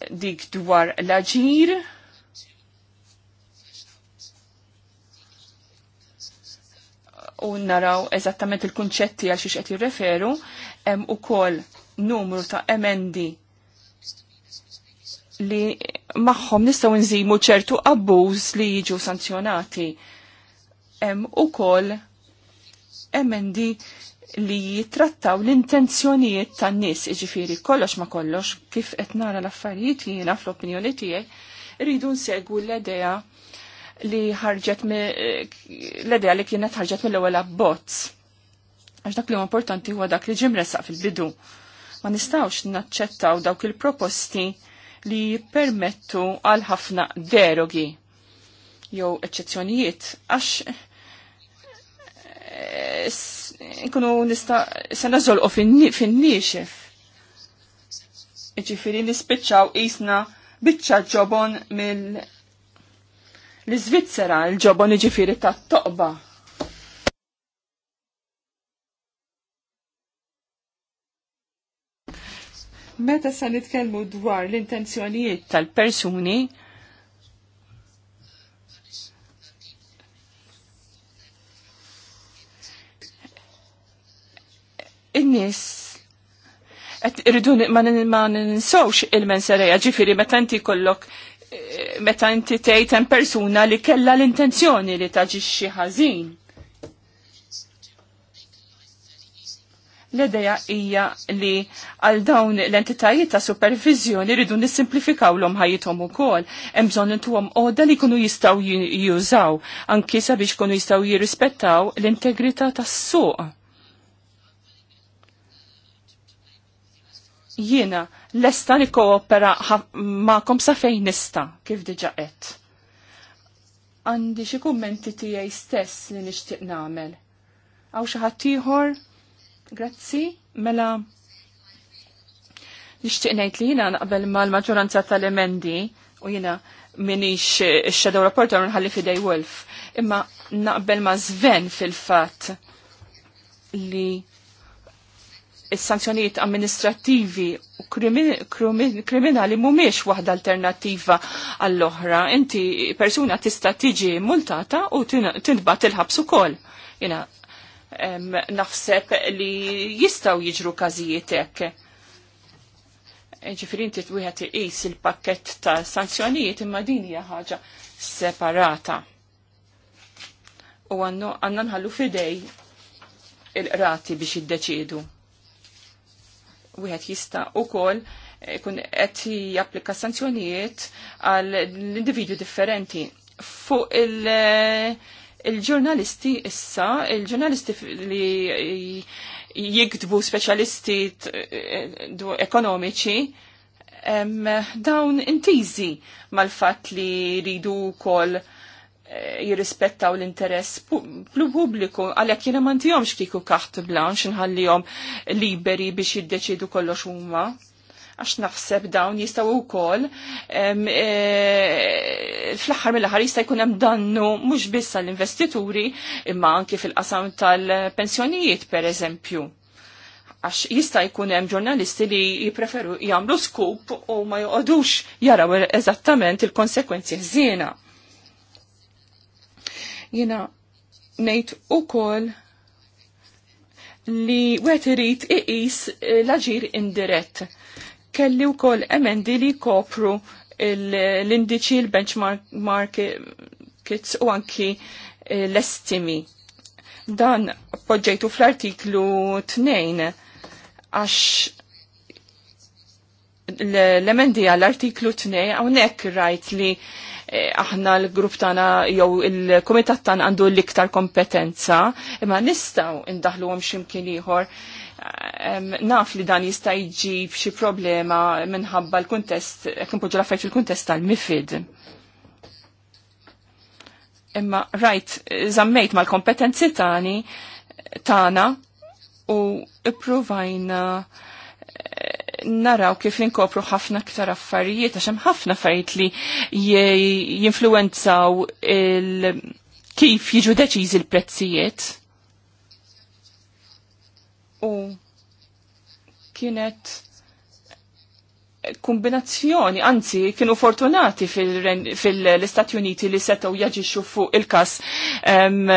dik dwar l-aġir, u naraw eżattament il-kunċetti għal xiex qed jirreferu, hemm ukoll numru ta' emendi li magħhom nistgħu nżimu ċertu abbuż li jiġu sanzjonati. Hemm ukoll emendi li jitrattaw l-intenzjonijiet tan nies iġifiri kollox ma kollox kif qed nara l-affarijiet jiena fl-opinjoni tiegħi rridu nsegwu l-idea li ħarġet l-idea li kienet ħarġet mill-ewwel abbozz Għax dak li huwa importanti huwa dak li resaq fil-bidu. Ma nistawx naċċettaw dawk il-proposti li permettu għal ħafna derogi jew eċċezzjonijiet għax eh, nkunu nista se nażolqu fin-nixef. Iġifieri nispiċċaw qisna biċċa ġobon mill iżvizzera l-ġobon iġifieri tat-toqba Meta sa nitkellmu dwar l-intenzjonijiet tal-persuni, in-nies qed irridu ma ninsawx il-mensereja ġifieri meta inti kollok eh, meta inti tgħid hemm persuna li kellha l-intenzjoni li taġixxi ħażin. L-ideja hija li għal dawn l-entitajiet ta' supervizjoni rridu nissimplifikaw l-om ħajitom u kol. bżonn intuhom qodda li kunu jistgħu jużaw, anki sabiex kunu jistgħu jirrispettaw l-integrità tas suq Jiena, lesta li koopera ma'kom sa' fejn nista, kif diġa qed. Għandi xi kummenti tiegħi stess li nixtieq nagħmel. Għaw xi ħadd ieħor? Grazzi, mela nixtieq ngħid li jiena naqbel mal-maġġoranza tal-emendi u jiena minix shadow reporter nħalli fidej Wolf. Imma naqbel ma' zven fil-fatt li il-sanzjoniet amministrativi u kriminali mhumiex waħda alternattiva għall-oħra. Inti persuna tista' tiġi multata u tinbat il ħabsu ukoll. Jena naħseb li jistaw jiġru każijiet hekk. Ġifieri inti wieħed iqis il-pakkett ta' sanzjonijiet imma din hija ħaġa separata. U għannu għannan nħallu fidej il-qrati biex U Wieħed jista' ukoll kun qed japplika sanzjonijiet għal individwi differenti fuq il- il-ġurnalisti issa, il-ġurnalisti li jikdbu speċjalisti ekonomiċi, dawn intizi mal-fat li ridu kol eh, jirrispettaw l-interess pubbliku, għalek jena mantijom xkiku kaħt blanx nħallijom liberi biex jiddeċidu kollox huma għax naħseb dawn jistaw u kol e, fl ħar mill ħar jistaw jkun hemm dannu mhux biss għall-investituri imma anki fil-qasam tal-pensjonijiet per eżempju. Għax jista' jkun hemm ġurnalisti li jipreferu jagħmlu skup u ma joqogħdux jaraw eżattament il-konsekwenzi ħżiena. Jiena ngħid ukoll li wet irid iqis l-aġir indirett kelli u kol emendi li kopru l-indiċi, l-benchmark markets u anki eh, l-estimi. Dan poġġejtu fl-artiklu 2 għax l-emendi għall-artiklu 2 għonek rajt li eh, aħna l-grupp tana jew il-komitat tana għandu l-iktar kompetenza, imma nistaw indaħlu għom ximkien ieħor naf li dan jista' jġib xi problema minħabba l-kuntest, jekk impoġġu l fil-kuntest tal-mifid. Imma rajt, żammejt mal-kompetenzi tani tagħna u ippruvajna eh, naraw kif inkopru ħafna ktar affarijiet għax hemm ħafna affarijiet li jinfluwenzaw kif jiġu deċiżi l-prezzijiet u kienet kombinazzjoni, anzi, kienu fortunati fil-Istati fil Uniti li setaw jaġixxu fuq il-kas um,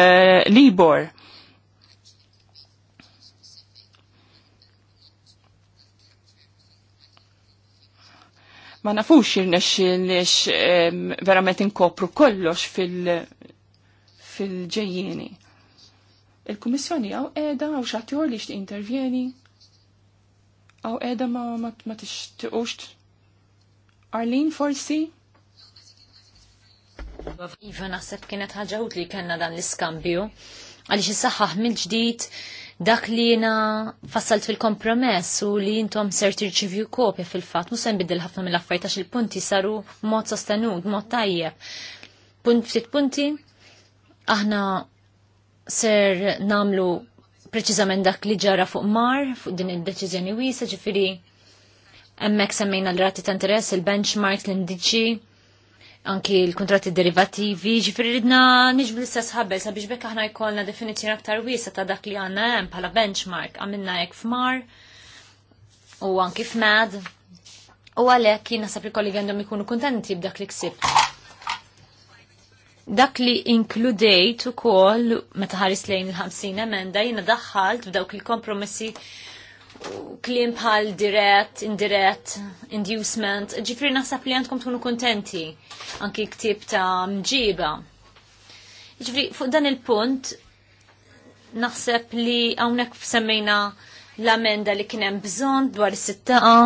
Libor. Ma nafux irnex verament inkopru kollox fil-ġejjini. Fil il-Kummissjoni għaw edha għaw xatjor li x intervjeni għaw edha ma, ma, ma t-iċt Arlene forsi? Iva naħseb kienet ħagħut li kena dan l-iskambju għalix jisaxħaħ mill-ġdid dak li jena fassalt fil-kompromess u li jintom ser tirċivju kopja fil-fat, sen biddil ħafna mill-affarijiet il-punti saru mod sostenut, mod tajjeb. Punt ftit punti, aħna ser namlu preċiżament dak li ġara fuq mar, fuq din id-deċiżjoni wisa, ġifiri hemmhekk semmejna l-rati ta' interess, il-benchmarks, l-indiċi, anki l-kontratti derivativi, ġifiri ridna nġbu l-istess ħabbel sabiex bekk aħna jkollna definizjoni aktar wiesa ta' dak li għandna hemm bħala benchmark għamilna hekk f'mar u anki f'mad. U għalhekk jien naħseb li kollegi għandhom ikunu kuntenti b'dak li ksib dak li inkludejt u kol meta ħaris lejn il-50 emenda jina daħħalt f'dawk il-kompromessi klim bħal dirett, indirett, inducement, ġifri naħseb li għandkom tkunu kontenti, anki ktib ta' mġiba. Ġifri, fuq dan il-punt, naħseb li għawnek semmejna l-amenda li kienem bżon dwar is-sittaqa,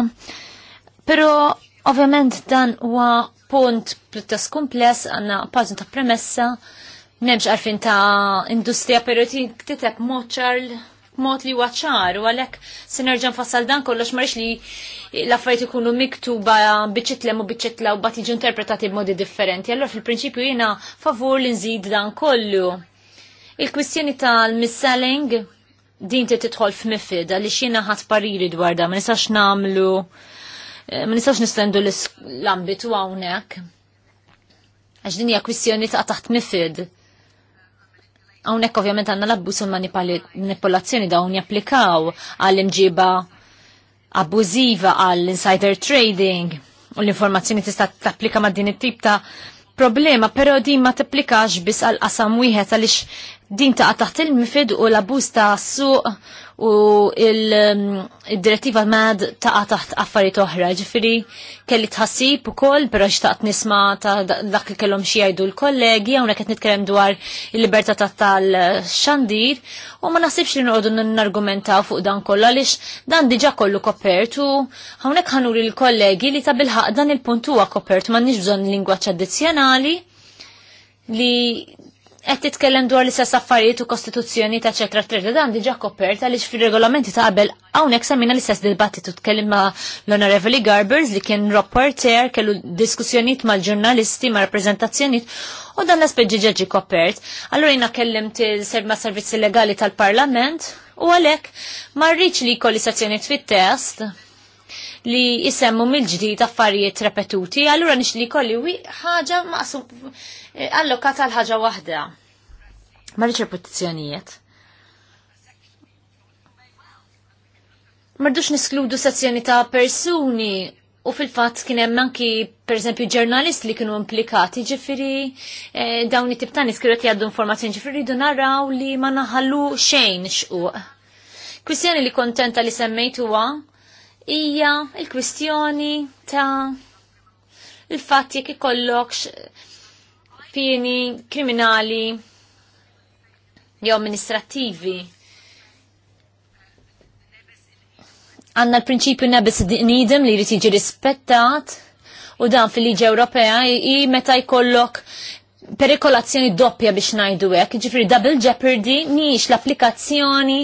pero ovvjament dan huwa punt plittas kumpless għanna pazn ta' premessa, nemx għarfin ta' industrija, pero titeb moċar mod li waċar, u għalek sinerġan fassal dan kollox marix li laffajt ikunu miktuba biċitlem u biċitla u bat jiġu interpretati b'modi differenti. Allora fil-prinċipju jena favur li nżid dan kollu. Il-kwistjoni tal-misselling din ti titħol f'mifid, għalix xina ħat pariri dwar da, ma nistax namlu Eh, ma nistax nistendu l-ambitu hawnhekk. Għax din hija kwistjoni ta' taħt mifid. Hawnhekk ovvjament għandna l-abbuż u l-manipolazzjoni dawn japplikaw għall-imġiba abbużiva għall-insider trading u l-informazzjoni tista' tapplika ma' din it-tip ta' problema, pero din ma tapplikax biss għal qasam wieħed għaliex din ta' taħt il-mifid u l abuz ta' suq u il-direttiva um, mad ta' taħt affarijiet oħra. Ġifiri, kelli tħassib u koll, pero xtaqt nisma ta' dak li kellhom xi jgħidu l-kollegi, hawnhekk qed nitkellem dwar il-libertà tal-xandir u ma naħsibx li noqogħdu nargumentaw fuq dan kollu għaliex dan diġà kollu kopertu. Hawnhekk ħanuri l-kollegi li ta' bilħaq dan il-punt huwa kopertu m'għandniex bżonn lingwaġġ addizzjonali li qed titkellem dwar l-istess affarijiet u kostituzzjoni ta' ċetra t-tredda dan diġà koperta għaliex fir-regolamenti ta' qabel hawnhekk semmina l-istess dibattitu t-kellim ma' l-Onorevoli Garbers li kien rapporter kellu diskussjonijiet mal-ġurnalisti ma' rappreżentazzjonijiet u dan l aspeġi ġeġi kopert. Allora jina serv ma' servizzi legali tal-Parlament u għalhekk ma rridx li jkolli sezzjonijiet fit-test li jisemmu mill-ġdid affarijiet repetuti, allura nix li kolli ħagġa ħaġa maqsum Eh, allokata l ħaġa waħda. Ma rridx repetizzjonijiet. Mardux niskludu sezzjoni ta' persuni u fil-fatt kien hemm anki pereżempju ġurnalist li kienu implikati ġifiri eh, dawn it-tip ta' nies qed jgħaddu informazzjoni ġifiri jridu naraw li ma naħallu xejn xquq. Kwistjoni li kontenta li semmejt huwa hija il-kwistjoni ta' il-fatt jekk ikollokx pieni kriminali jew amministrattivi. Għanna l-prinċipju nebis nidem li jrid jiġi rispettat u dan fil-liġi Ewropea i meta jkollok perikolazzjoni doppja biex najdu hekk, ġifri double jeopardy miex l-applikazzjoni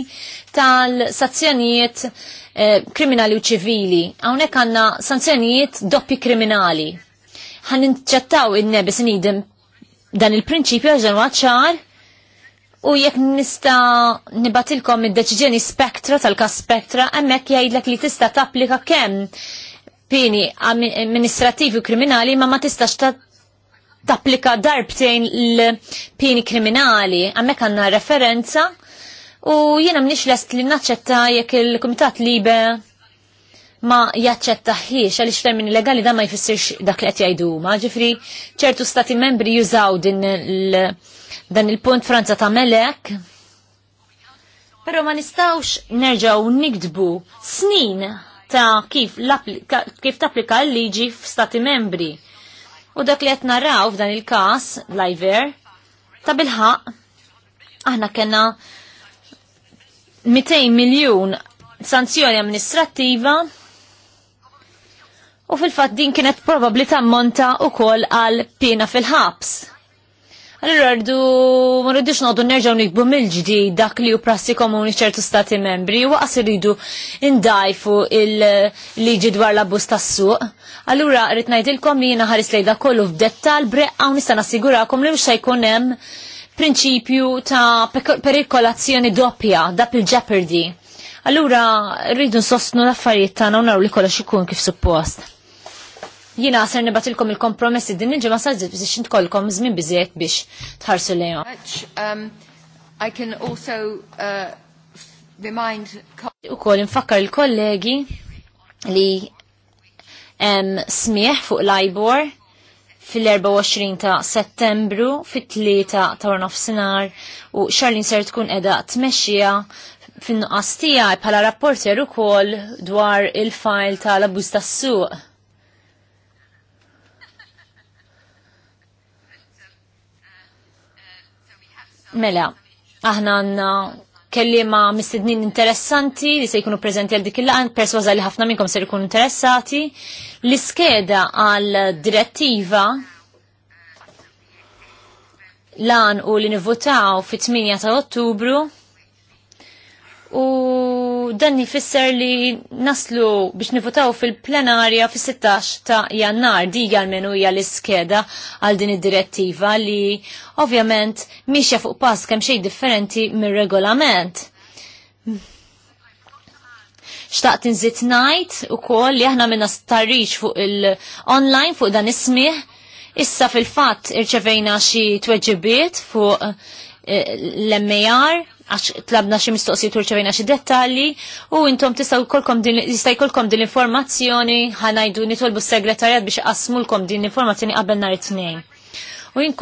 tal-sazzjonijiet eh, kriminali u ċivili. Hawnhekk għandna sanzjonijiet doppi kriminali. Għan inċettaw in-nebis nidem dan il-prinċipju għazan ċar u jekk nista nibatilkom id-deċiġeni spektra tal-kas spektra għemmek jgħidlek li tista tapplika kemm pini amministrativi u kriminali ma ma tistax ta' tapplika darbtejn l-pini kriminali, għemmek għanna referenza u jena mnix lest li naċċetta jekk il-Komitat Libe ma jaċċettaħiex għaliex termini legali da ma jfissirx dak li qed jgħidu ma ġifri ċertu stati membri jużaw din dan il-punt Franza ta' melek. Pero ma nistawx nerġaw nikdbu snin ta' kif, kif tapplika l-liġi f'stati membri. U dak li qed naraw f'dan il-każ l-Iver ta' bilħaq aħna kena 200 miljun sanzjoni amministrattiva u fil-fat din kienet probabli tammonta u kol għal pina fil-ħabs. Allora rridu ma rridux noqdu nerġgħu nikbu mill-ġdid dak li u prassi komuni ċertu stati membri u qas iridu indajfu il-liġi dwar la abbuż tas-suq. Allura rrid ngħidilkom li jiena ħaris lejda kollu f'dettal breqqa u nista' nassigurakom li mhux se jkun hemm prinċipju ta' perikolazzjoni doppja dak il-jeopardy. Allura rridu nsostnu l-affarijiet tagħna nawnaru li kollox ikun kif suppost. Jina ser nibatilkom il-kompromessi din il-ġimma saġġet biex intkolkom żmien biżiet biex tħarsu lejhom. Um, I can also uh, remind u kol infakkar il-kollegi li smieħ fuq l fil-24 ta' settembru fit-3 ta' nofsinar u xarlin ser tkun edha tmexxija fin-nuqqas tiegħi bħala rapporter ukoll dwar il-file tal-abbuż tas-suq. Mela, aħna għanna ma mistednin interessanti li se jkunu prezenti għal dik il-laqan, perswaza li ħafna minnkom se jkunu interessati. L-iskeda għal direttiva lan u li nivvotaw fit-8 ta' ottubru u dan jifisser li naslu biex nifutaw fil-plenarja fil-16 ta' jannar di għalmenu hija l-iskeda għal din id-direttiva li ovvjament miexja fuq pass kemm xejn differenti mir-regolament. Xtaqt inżit najt u koll li aħna minna starriċ fuq il-online fuq dan ismiħ. Issa fil-fat irċevejna xi tweġibiet fuq eh, l mar għax tlabna xi mistoqsijiet turċevina xi dettalji u intom tista' kolkom din jista' jkollkom din l-informazzjoni ħanajdu nitolbu s-segretarjat biex għasmulkom din l-informazzjoni qabel nhar it-tnejn. U jien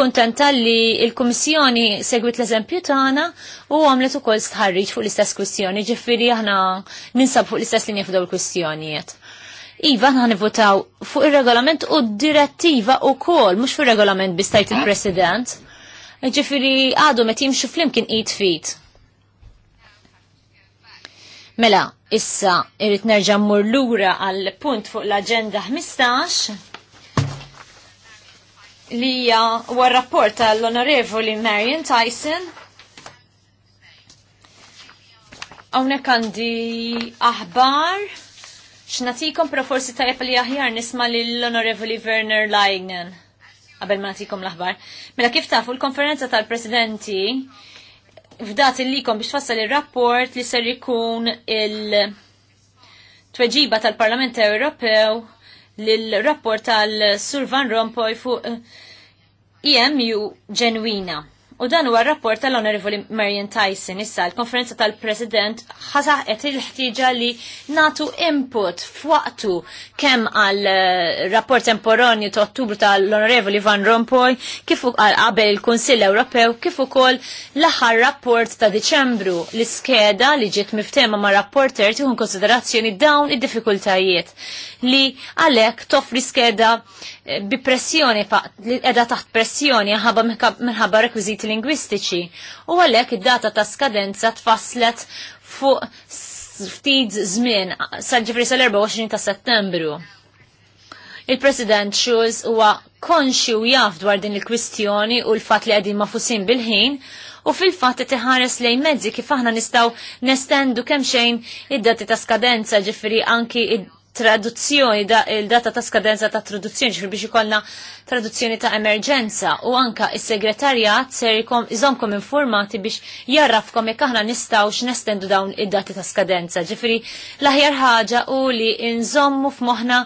li l-Kummissjoni segwit l-eżempju tagħna u għamlet ukoll stħarriġ fuq l-istess kwistjoni, ġifieri aħna ninsab fuq l-istess linja f'dawn il-kwistjonijiet. Iva aħna nivotaw fuq ir-regolament u d-direttiva u kol, mux fuq ir-regolament bistajt il-President. Ġifiri għadu meta jimxu flimkien 8 feet. Mela, issa irrit nerġa' mmur lura għal punt fuq l-aġenda 15 li hija huwa rapport tal-Onorevoli Marion Tyson. Hawnhekk għandi aħbar x'natikom però forsi tajjeb li aħjar nisma' lill-Onorevoli Werner Leignen qabel ma natikom l-aħbar. Mela kif tafu l-konferenza tal-presidenti fdat il-likom biex tfassal il-rapport li ser ikun il-tweġiba tal-Parlament Ewropew l-rapport tal-Sur Van Rompuy fuq EMU eh, e ġenwina. U dan huwa rapport tal honorable Marian Tyson issa l-konferenza tal-President qed il-ħtieġa li natu input f'waqtu kemm għal eh, rapport temporanju ta' Ottubru tal-Onorevoli Van Rompuy kif qabel il-Kunsill Ewropew kif ukoll l-aħħar rapport ta' Diċembru l-iskeda li ġiet miftema ma' rapporter tieħu konsiderazzjoni dawn id-diffikultajiet li għalhekk toffri skeda bi pressjoni li edha taħt pressjoni ħabba minħabba rekwiziti lingwistiċi u għalhekk id-data ta' skadenza tfasslet fuq ftit żmien sal-ġifri sal-24 ta' Settembru. Il-President Schulz huwa konxi u jaf dwar din il-kwistjoni u l-fatt li qegħdin mafusin bil-ħin u fil-fatt tiħares lejn mezzi kif aħna nistgħu nestendu kemm xejn id-dati ta' skadenza ġifri anki id traduzzjoni, da, il-data ta' skadenza ta' traduzzjoni, ġifir biex ikollna traduzzjoni ta' emerġenza u anka is segretarjat ser iżomkom informati biex jarrafkom jekk aħna nistawx nestendu dawn id-dati ta' skadenza. ġifri l-aħjar ħaġa u li nżommu f'moħna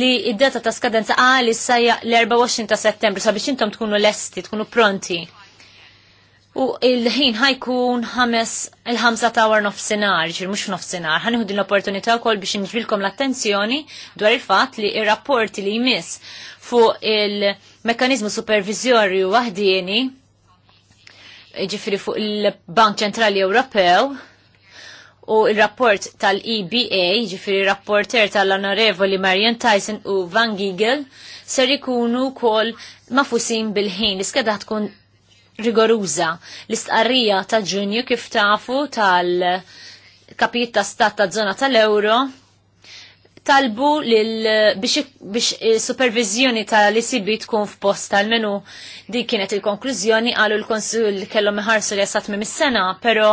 li id-data ta' skadenza għali ah, sajja l-24 ta' settembru sabiex intom tkunu lesti, tkunu pronti. U il-ħin ħajkun ħames il-ħamsa tawar war nofsinar, ġir mux nofsinar, ħaniħu din l-opportunità kol biex nġvilkom l-attenzjoni dwar il-fat li il-rapporti li jmiss fuq il-mekanizmu supervizjorju wahdieni, ġifri fuq il-Bank Ċentrali Ewropew, u il-rapport tal-EBA, ġifiri rapporter tal-onorevoli Marian Tyson u Van Giegel, ser ikunu kol mafusin bil-ħin, li iskeda tkun rigoruża. L-istqarrija ta' ġunju kif tafu tal-kapijiet ta' stat ta' zona tal-euro talbu biex supervizjoni tal-ECB tkun f'post tal-menu dik kienet il-konklużjoni għalu l-konsul kellhom iħarsu li jasat mim sena pero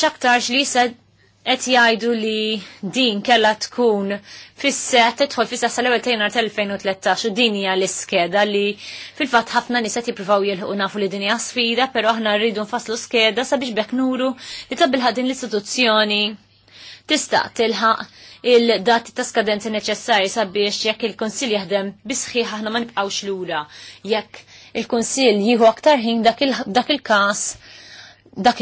xaktarx li jised qed jgħidu li din kella tkun fisset, etħol tidħol fis sal-ewwel tejnar 2013 u din hija l-iskeda li fil-fatt ħafna nies qed jippruvaw jilħu nafu li din hija sfida, però aħna rridu nfasslu skeda sabiex bekk nuru li tabbilħa din l-istituzzjoni tista' tilħaq il-dati ta' skadenzi neċessari sabiex jekk il-Konsil jaħdem bisħiħ aħna ma nibqgħux lura. Jekk il-Konsil jieħu aktar ħin dak il-każ dak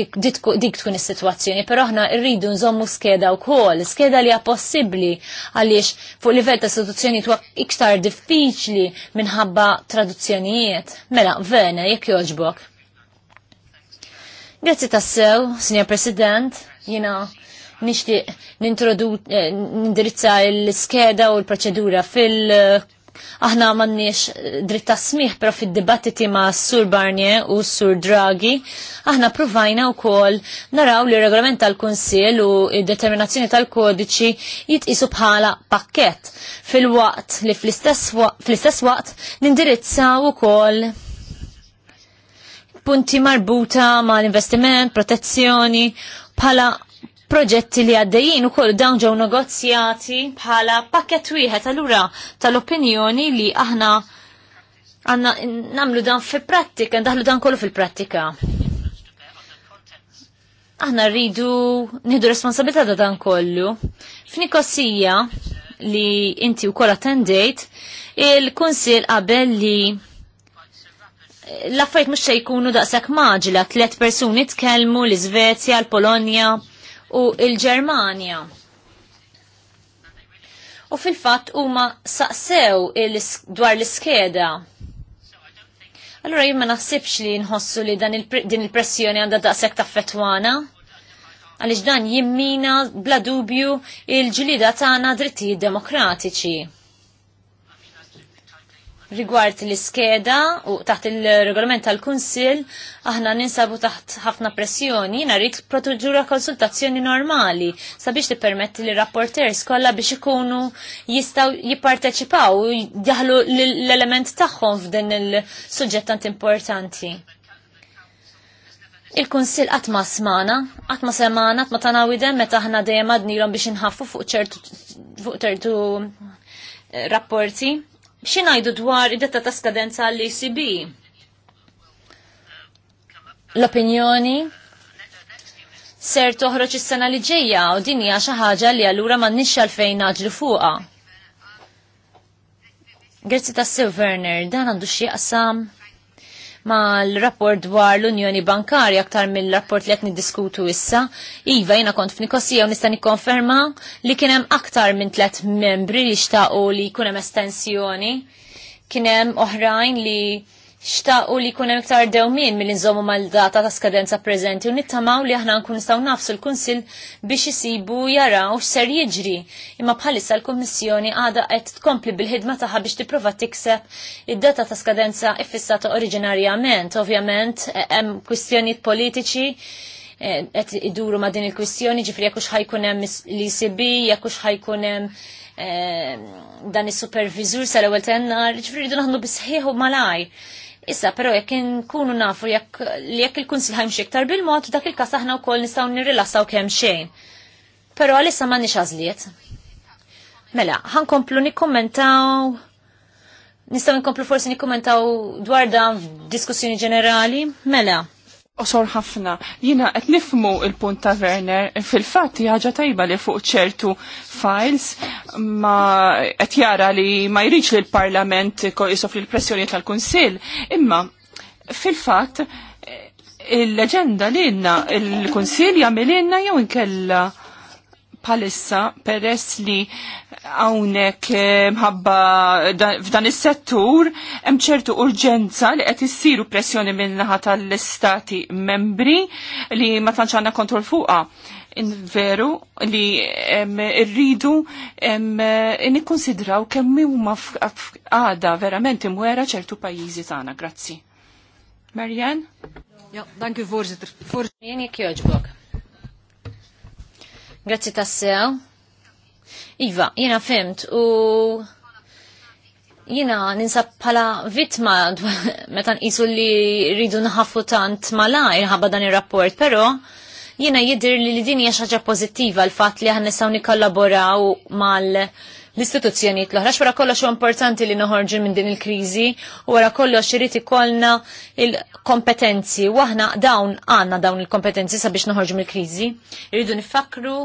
dik tkun is-sitwazzjoni, però aħna rridu nżommu skeda wkoll, skeda li hija possibbli għaliex fuq livell ta' istituzzjoni huwa iktar diffiċli minħabba traduzzjonijiet. Mela, vene, jekk jogħġbok. Grazzi tassew, Signor President, jina nixtieq eh, nindirizza l-skeda u l-proċedura fil- Aħna m'għandniex eh, dritta smih, però fid-dibattiti ma' Sur Barnier u Sur Draghi, aħna provajna wkoll naraw li regolament tal-Kunsill u determinazzjoni tal-kodiċi jitqisu bħala pakkett fil-waqt li fl-istess waqt nindirizzaw kol punti marbuta ma' l-investiment, protezzjoni, bħala proġetti li għaddejjin u koll dawn ġew negozjati bħala pakket wieħed allura tal-opinjoni li aħna għanna namlu dan fi prattika, ndaħlu dan kollu fil-prattika. Aħna rridu nidu responsabilità da dan kollu. F'nikossija li inti u koll attendejt, il-kunsil qabel li l-affajt mux jkunu daqsak ma'ġila tlet persuni tkellmu l-Svezja, l-Polonja, u il-Ġermanja. U fil-fatt huma saqsew dwar l-iskeda. Allora jien ma naħsibx li nħossu li dan din il-pressjoni għandha daqshekk fetwana. Għaliex dan jimmina bla dubju il-ġlida tagħna drittijiet demokratiċi rigward l-iskeda u taħt il-regolament tal-Kunsil, aħna ninsabu taħt ħafna pressjoni, narit protuġura konsultazzjoni normali sabiex li permetti li rapporters kolla biex ikunu jistaw jipparteċipaw u jaħlu l-element tagħhom f'din il-suġġett tant importanti. Il-Kunsil qatt ma smana, qatt ma semana, qatt ma tana widem meta aħna dejjem għadnilhom biex inħaffu fuq ċertu eh, rapporti xinajdu dwar id-detta ta' skadenza għall-ECB? L-opinjoni ser toħroġ is-sena li ġejja u din hija xi ħaġa li allura m'għandniex għalfejn naġlu fuqha. Grazzi ta' Silverner, dan għandu xi qasam mal-rapport dwar l-Unjoni Bankarja aktar mill-rapport li qed niddiskutu issa. Iva jiena kont f'Nikosija u nista' nikkonferma li kien hemm aktar minn tliet membri li xtaqu li jkun hemm estensjoni. Kien hemm oħrajn li xtaqu li kunem iktar dewmin mill-inżommu mal-data ta' skadenza prezenti u nittamaw li aħna nkun staw nafsu l-Kunsil biex jisibu jaraw x'ser jiġri. Imma bħalissa l-Kummissjoni għada qed tkompli bil-ħidma tagħha biex tipprova tikseb id-data ta' skadenza iffissata oriġinarjament. Ovvjament e, hemm kwistjonijiet politiċi e, qed iduru ma' din il-kwistjoni ġifri jekk ħajkunem hemm l-ICB, jekk ħajkun e, dan is supervizur sal-ewwel tennar, ġifri rridu naħdmu bisħieħ u malaj Issa, pero jekk nkunu nafu jekk jekk il-kunsil ħajmxie iktar bil-mod, dak il-kas aħna wkoll nistgħu nirrilassaw kemm xejn. Però għalissa m'għandniex għażliet. Mela, komplu nikkommentaw nistgħu nkomplu forsi nikkommentaw dwar dan f'diskussjoni ġenerali. Mela, osor ħafna. Jina qed nifmu il-punt ta' Werner fil-fatt ħaġa tajba li fuq ċertu files ma qed jara li ma jridx li l-Parlament jisof li l-pressjoni tal-Kunsill. Imma fil-fatt il-leġenda li jenna il-Kunsill jagħmel jew inkella palissa peress li Hawnhekk eh, mħabba f'dan is-settur hemm ċertu urġenza li qed issiru pressjoni min-naħa tal-istati membri li ma tantx għandna kontroll fuqha. Veru li rridu eh, nikkonsidraw kemm huma għada verament imwera ċertu pajjiżi tagħna. Grazzi. Marjan? Ja, danki voorzitter. Voorzitter, jeni kjoġbok. Grazzi tassew Iva, jina fimt u jina ninsab pala vitma meta nqisu li rridu nħaffu tant malajr ħabba dan ir-rapport, però jina jidir li li din hija pozittiva l-fatt li aħna nistgħu nikkollaboraw mal l-istituzzjonijiet l-oħra. Wara kollox importanti li noħorġu minn din il-kriżi u wara kollox irid ikollna il-kompetenzi u aħna dawn għandna dawn il-kompetenzi sabiex noħorġu mill-kriżi. Irridu nifakru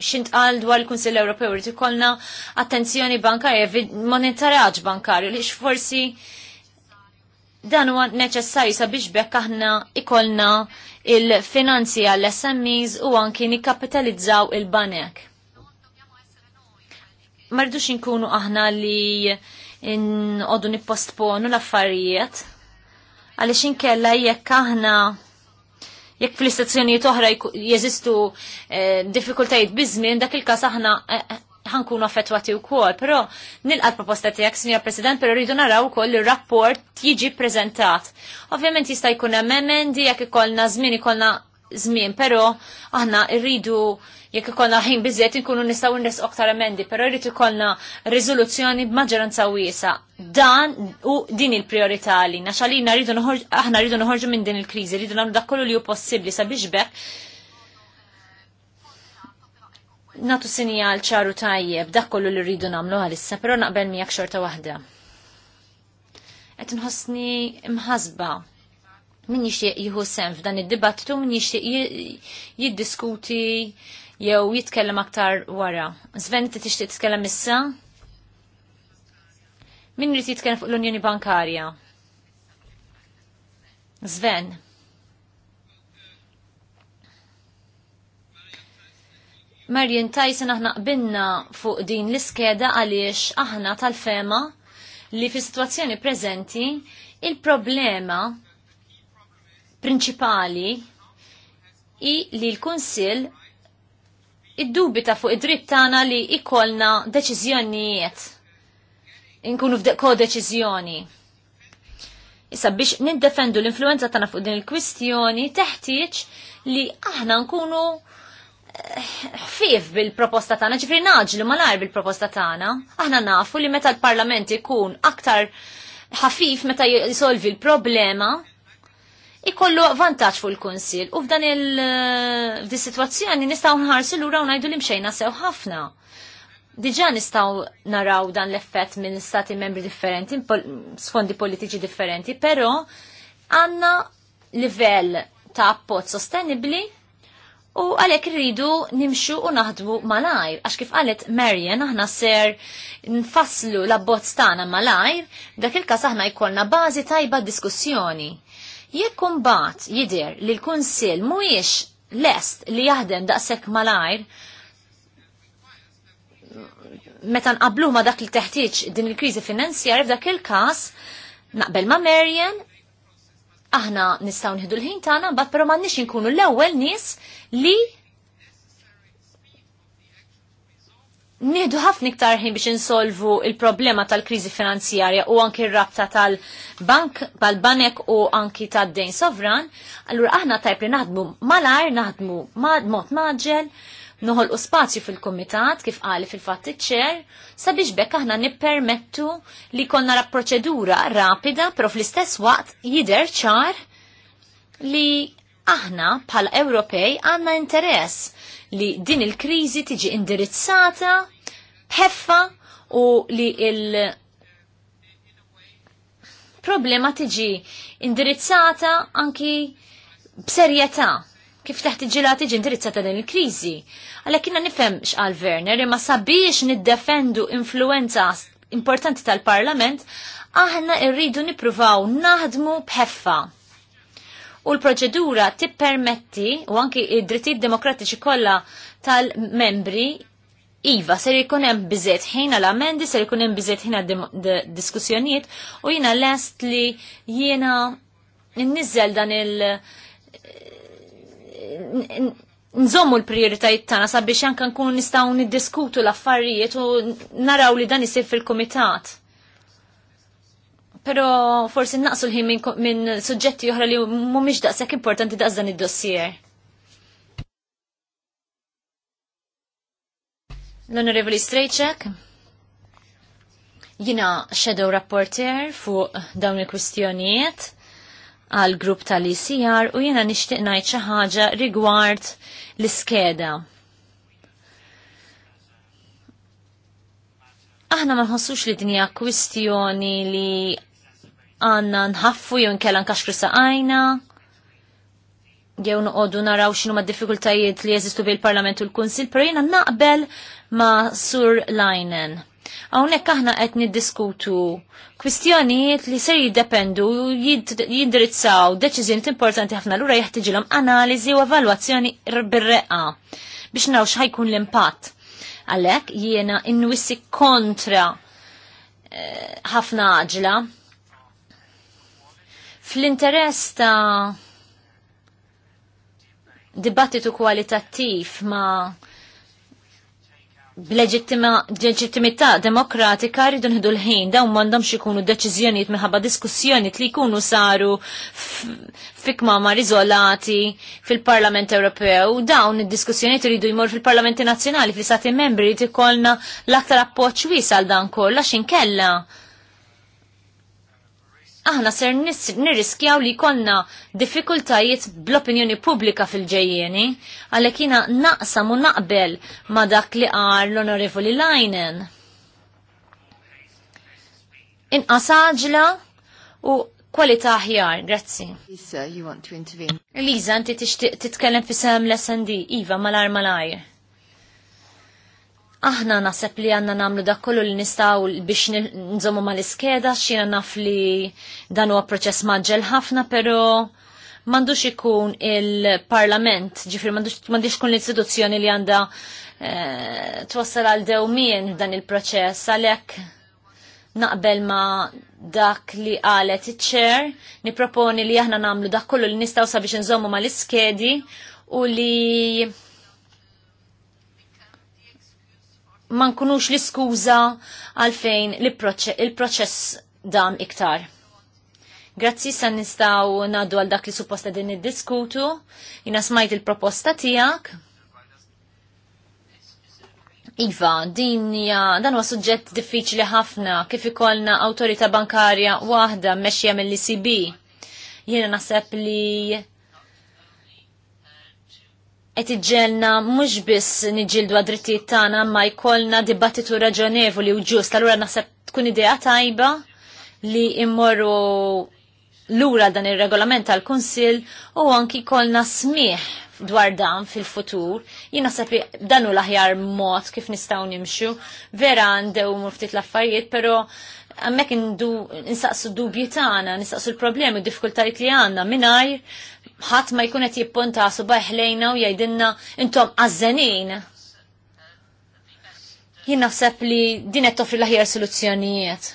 xintqal dwar il-Kunsill Ewropew rrid ikollna attenzjoni bankarja, monitoraġġ bankarju li forsi dan huwa neċessarju sabiex bekk aħna ikollna il-finanzi għall-SMEs u anki nikkapitalizzaw il-banek. Mardux inkunu aħna li nqodu nippostponu l-affarijiet għaliex inkella jekk aħna jekk fl-istazzjonijiet oħra jeżistu eh, diffikultajiet bizmin, dak il-każ aħna eh, eh, ħankunu affettwati wkoll, però nilqa l-proposta tiegħek, Sinjor President, però rridu naraw ukoll ir-rapport jiġi prezentat. Ovvjament jista' jkun hemm emendi jekk ikollna żmien ikollna żmien, però aħna rridu jekk ikollna ħin biżiet inkunu nistgħu nres aktar emendi, però rrid ikollna riżoluzzjoni b'maġġoranza wiesa. Dan u din il-priorità għalina xalina rridu aħna rridu noħorġu minn din il-kriżi, rridu nagħmlu dak kollu li hu possibbli sabiex bekk natu sinjal ċaru tajjeb, dak kollu li rridu nagħmlu għalissa, però naqbel miegħek xorta waħda. Qed inħossni mħasba min jixtieq jieħu sen f'dan id-dibattitu min jixtieq jiddiskuti jew jitkellem aktar wara. Zven ti tixtieq titkellem issa? Min rrit jitkellem fuq l-Unjoni Bankarja? Zven. Marjen Tyson aħna qbinna fuq din l-iskeda għaliex aħna tal-fema li fi situazzjoni preżenti il-problema prinċipali i li l-Kunsill iddubita fuq id-dritt tagħna li ikollna deċiżjonijiet inkunu f'deqko deċiżjoni. Issa biex niddefendu l-influenza tagħna fuq din il-kwistjoni teħtieġ li aħna nkunu eh, ħfif bil-proposta tagħna, ġifri naġlu malajr bil-proposta tagħna. Aħna nafu li meta l-Parlament ikun aktar ħafif meta jisolvi l-problema, ikollu vantaġġ fuq il-Kunsil u f'dan il-situazzjoni eh, nistgħu nħarsu lura u ngħidu li mxejna sew ħafna. Diġà nistgħu naraw dan l-effett minn stati membri differenti, sfondi politiċi differenti, però għandna livell ta' appoġġ sostenibbli U għalek rridu nimxu u naħdmu malajr, għax kif għalet Marian aħna ser nfasslu la bozz tagħna malajr, dak il-każ aħna jkollna bażi tajba diskussjoni. Jekk imbagħad jidher li l-Kunsill mhuwiex lest li jaħdem daqshekk malajr meta nqabluh ma dak li teħtieġ din il-kriżi finanzjarja f'dak il-każ naqbel ma' Marian aħna nistgħu nieħdu l-ħin tagħna mbagħad però m'għandniex inkunu l-ewwel nies li nieħdu ħafna iktar ħin biex insolvu il-problema tal-kriżi finanzjarja u anki r-rabta tal-bank, tal-banek u anki tad-dejn sovran, allura aħna tajb li naħdmu malar, naħdmu mod maġel, noħol u spazju fil-komitat kif qali fil-fatt iċ-ċer, sabiex bekk aħna nippermettu li konna ra proċedura rapida, però fl-istess waqt jider ċar li aħna bħala Ewropej għandna interess li din il-kriżi tiġi indirizzata b'ħeffa u li il- problema tiġi indirizzata anki b'serjetà kif taħt iġila tiġi indirizzata din il-kriżi. Għalhekk kina nifem x'qal Werner ma sabiex niddefendu influenza importanti tal-Parlament aħna rridu nippruvaw naħdmu bħeffa u l-proċedura tippermetti u anki id-drittijiet demokratiċi kollha tal-membri Iva, ser jkun hemm biżiet ħin l amendi, ser jkun hemm biżiet ħina għal diskussjonijiet u jiena lest li jiena nizzel dan il nżommu l-prioritajiet tagħna sabiex anke nkun nistgħu niddiskutu l-affarijiet u naraw li dan isir fil-kumitat. Pero forsi naqsu l-ħin minn min suġġetti oħra li mhumiex daqshekk importanti daqs dan id-dossier. L-Onorevoli Strejček, jina shadow rapporter fuq dawn il-kwistjonijiet għal grupp tal-ICR u jina nishtiq ngħid xi ħaġa rigward l-iskeda. Aħna ma nħossux li dinja kwistjoni li għanna nħaffu jew nkella nkaxkru saqajna jew noqogħdu naraw x'inhuma d-diffikultajiet li jeżistu bil-Parlament u l-Kunsill, però jiena naqbel ma' Sur Lajnen. Hawnhekk aħna qed niddiskutu kwistjonijiet li se jiddependu jindirizzaw deċiżjonijiet importanti ħafna lura jeħtieġilhom analiżi u evalwazzjoni bir-reqqa biex naraw x'ħajkun l-impatt. Għalhekk jiena nwissi kontra eh, ħafna e, Fl-interess ta' dibattitu kwalitattiv ma' b'leġittimità demokratika rridu nħidu l-ħin dawn m'għandhomx ikunu deċiżjonijiet minħabba diskussjonijiet li jkunu saru fikma ma iżolati fil-Parlament Ewropew. Dawn id-diskussjonijiet iridu jmor fil-Parlamenti Nazzjonali fl-Stati Membri jrid ikollna l-aktar appoġġ wies għal dan kollha x'inkella. kella aħna ser nirriskjaw li konna diffikultajiet bl-opinjoni pubblika fil-ġejjeni, għalek jina naqsam u naqbel ma dak li għar l-onorevoli Lajnen. Inqas u kwalità aħjar, grazzi. Lisa, you want to intervene? Lisa, inti tixtieq titkellem fi sem l-SND, Iva, malar malajr. Aħna naħseb li għanna namlu da kollu li nistaw biex nżommu mal-iskeda, xina naf li dan huwa proċess maġġel ħafna, pero mandux ikun il-parlament, ġifir mandux ikun l-istituzzjoni li għanda e, eh, twassal għal dewmien dan il-proċess, għalek naqbel ma dak li għalet iċ niproponi li aħna namlu da kollu li nistaw sabiex nżomu ma l-iskedi u li ma nkunux l-iskuża għalfejn il-proċess dam iktar. Grazzi san nistaw naddu għal dak li supposta din id-diskutu, jina smajt il-proposta tijak. Iva, din ja, dan huwa suġġett diffiċli ħafna kif ikollna awtorità bankarja waħda mexxija mill-ECB. Jiena naħseb li et iġġelna mux biss niġildu għadrittijiet tagħna ma jkollna dibattitu raġonevoli u ġust. Allura naħseb tkun idea tajba li immorru lura dan ir-regolament tal-Kunsill u anki kollna smih dwar dan fil-futur. Jina sepi danu l-aħjar mod kif nistaw nimxu. Vera għandew muftit l-affarijiet, pero għammek nsaqsu dubji tagħna, nsaqsu l-problemi, diffikultajiet li għandna mingħajr ħadd ma jkun qed jippunta subaħ lejna u jgħidilna intom għażenin. Jien naħseb li din qed toffri l-aħjar soluzzjonijiet.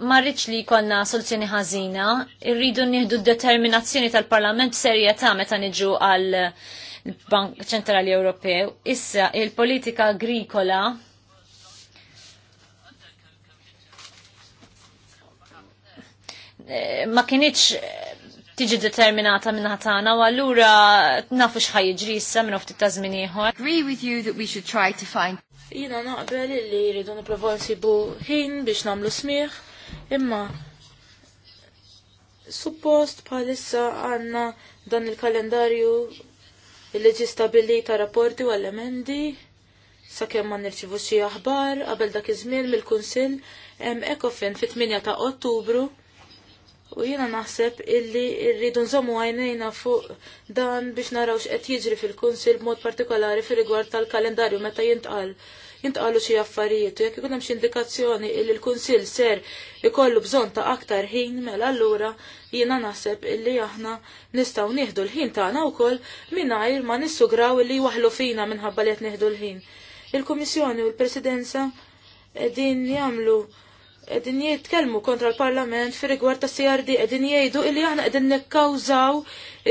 Ma rridx li jkollna soluzzjoni ħażina, irridu nieħdu determinazzjoni tal-Parlament serjetà meta niġu għal Bank Ċentrali Ewropew. Issa il-politika agrikola Eh, ma kienieċ eh, tiġi determinata minna ħatana u allura nafu xħaj jiġri issa minn ftit ta' żmien ieħor. Agree with you that we should try to find. Jiena naqbel li jridu nipprovaw nsibu ħin biex nagħmlu smieħ, imma suppost bħalissa għandna dan il-kalendarju li stabili ta' rapporti u emendi sakemm ma nirċivu xie aħbar qabel dak iż-żmien mill-Kunsill hemm Ecofin fit-8 ta' Ottubru U jiena naħseb illi rridu nżommu għajnejna fuq dan biex naraw x'qed jiġri fil-Kunsil b'mod partikolari fir-rigward tal-kalendarju meta jintqal jintqalu xi affarijiet u jekk ikun hemm xi indikazzjoni illi l-Kunsil ser ikollu bżonn ta' aktar ħin mela allura jiena naħseb illi aħna nistgħu nieħdu l-ħin tagħna wkoll mingħajr ma nissugraw illi waħlu fina minħabba li qed nieħdu l-ħin. Il-Kummissjoni u l-Presidenza qegħdin jagħmlu edin jitkellmu kontra l-Parlament fi rigward ta' CRD edin jgħidu illi aħna edin nikkawżaw